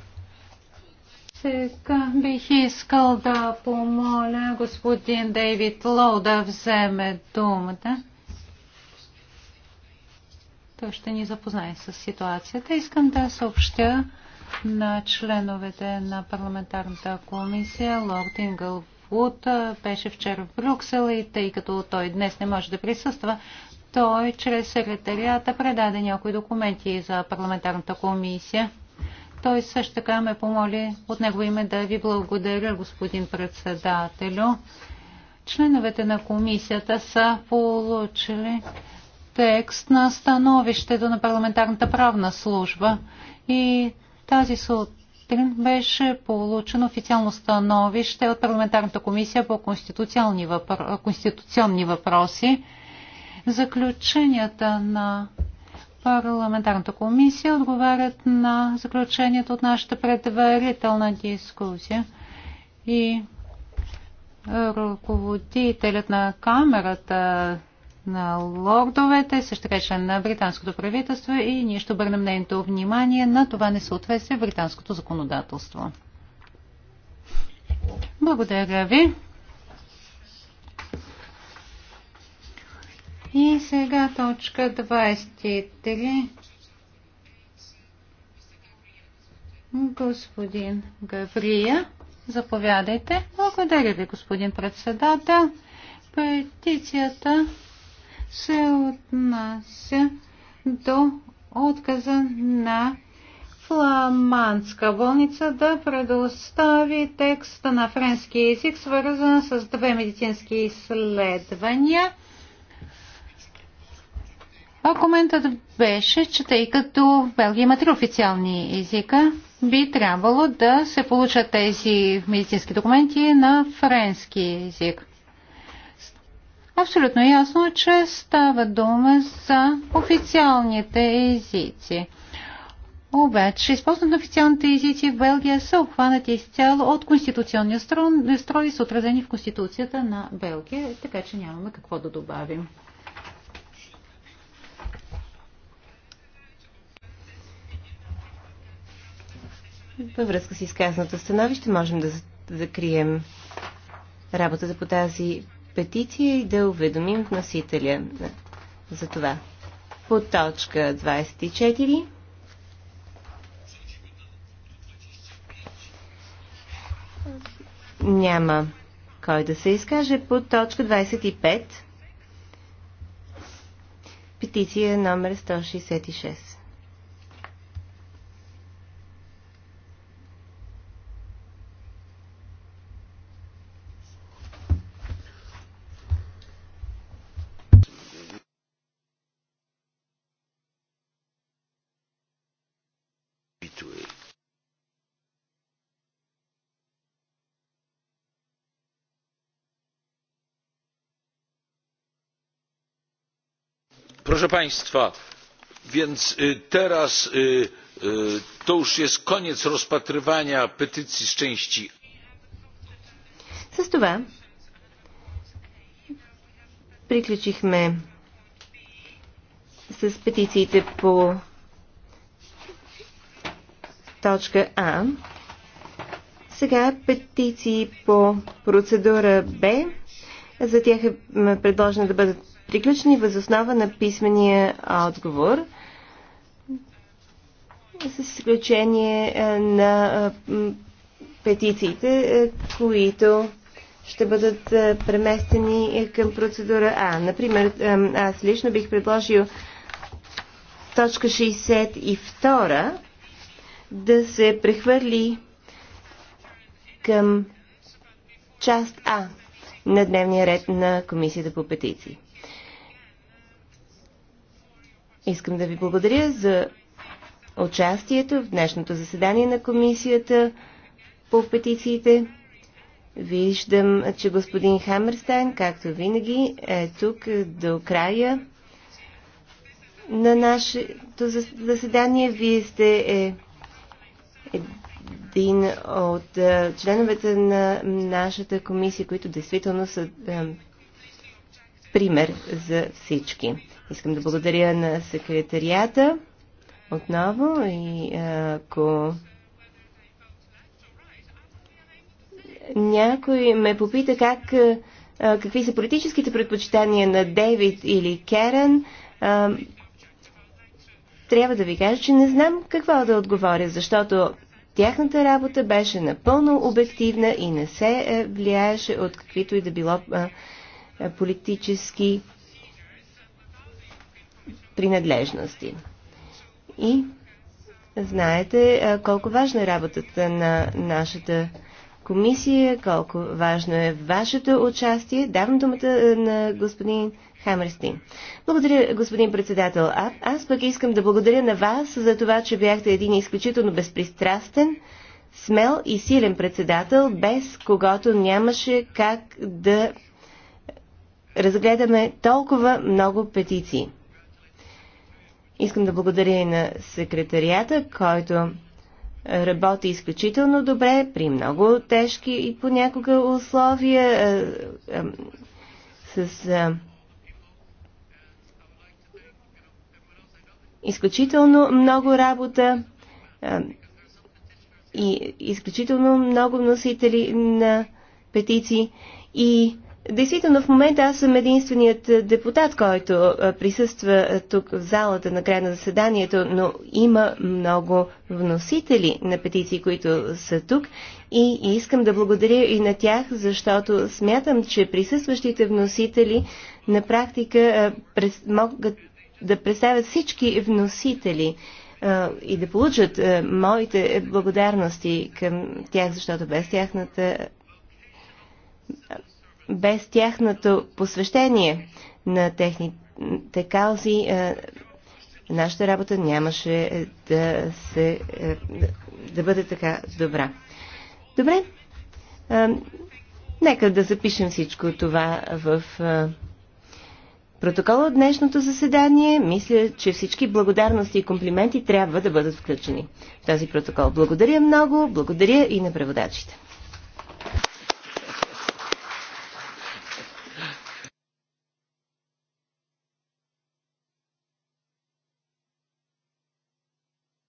Сега бих искал да помоля господин Дейвид Лоу да вземе думата. Той ще ни запознае с ситуацията. Искам да съобщя, на членовете на парламентарната комисия. Лорд Ингълвуд беше вчера в Брюксел и тъй като той днес не може да присъства, той чрез секретарията предаде някои документи за парламентарната комисия. Той също така ме помоли от него име да ви благодаря, господин председателю. Членовете на комисията са получили текст на становището на парламентарната правна служба и тази сутрин беше получено официално становище от Парламентарната комисия по конституционни, въпро... конституционни въпроси. Заключенията на парламентарната комисия отговарят на заключението от нашата предварителна дискусия. И е, ръководителят на камерата на лордовете, също така член на британското правителство и ние ще обърнем нейното внимание на това несъответствие в британското законодателство. Благодаря ви. И сега точка 23. Господин Гаврия, заповядайте. Благодаря ви, господин председател. Петицията се отнася до отказа на фламандска болница да предостави текста на френски език, свързан с две медицински изследвания. Аргументът беше, че тъй като в Белгия има три официални езика, би трябвало да се получат тези медицински документи на френски език абсолютно ясно, че става дума за официалните езици. Обаче, използването на официалните езици в Белгия са обхванати изцяло от конституционния строй и са отразени в Конституцията на Белгия, така че нямаме какво да добавим. Във връзка с изказаното становище можем да закрием работата по тази петиция и да уведомим вносителя за това. По точка 24 няма кой да се изкаже по точка 25. Петиция номер 166. proszę państwa więc teraz to już jest koniec rozpatrywania petycji z części С това приключихме с петициите по точка А. Сега петиции по процедура Б. За тях е предложено да бъдат приключени възоснова на писмения отговор, с изключение е, на е, петициите, е, които ще бъдат преместени към процедура А. Например, аз лично бих предложил точка 62 да се прехвърли към част А на дневния ред на Комисията по петиции. Искам да ви благодаря за участието в днешното заседание на комисията по петициите. Виждам, че господин Хамерстайн, както винаги, е тук до края на нашето заседание. Вие сте е, един от е, членовете на нашата комисия, които действително са е, пример за всички. Искам да благодаря на секретарията отново и ако някой ме попита как, какви са политическите предпочитания на Дейвид или Керен, трябва да ви кажа, че не знам какво да отговоря, защото тяхната работа беше напълно обективна и не се е, влияеше от каквито и да било е, политически принадлежности. И знаете е, колко важна е работата на нашата комисия, колко важно е вашето участие. Давам думата е, на господин Хамерстин. Благодаря, господин председател. А, аз пък искам да благодаря на вас за това, че бяхте един изключително безпристрастен, смел и силен председател, без когото нямаше как да разгледаме толкова много петиции. Искам да благодаря и на секретарията, който работи изключително добре при много тежки и понякога условия е, е, с е, изключително много работа и изключително много носители на петиции. И Действително, в момента аз съм единственият е, депутат, който е, присъства е, тук в залата на края на заседанието, но има много вносители на петиции, които са тук и искам да благодаря и на тях, защото смятам, че присъстващите вносители на практика могат да представят всички вносители и да получат моите благодарности към тях, защото без тяхната без тяхното посвещение на техните каузи, е, нашата работа нямаше е, да, се, е, да бъде така добра. Добре, нека да запишем всичко това в протокола от днешното заседание. Мисля, че всички благодарности и комплименти трябва да бъдат включени в този протокол. Благодаря много, благодаря и на преводачите.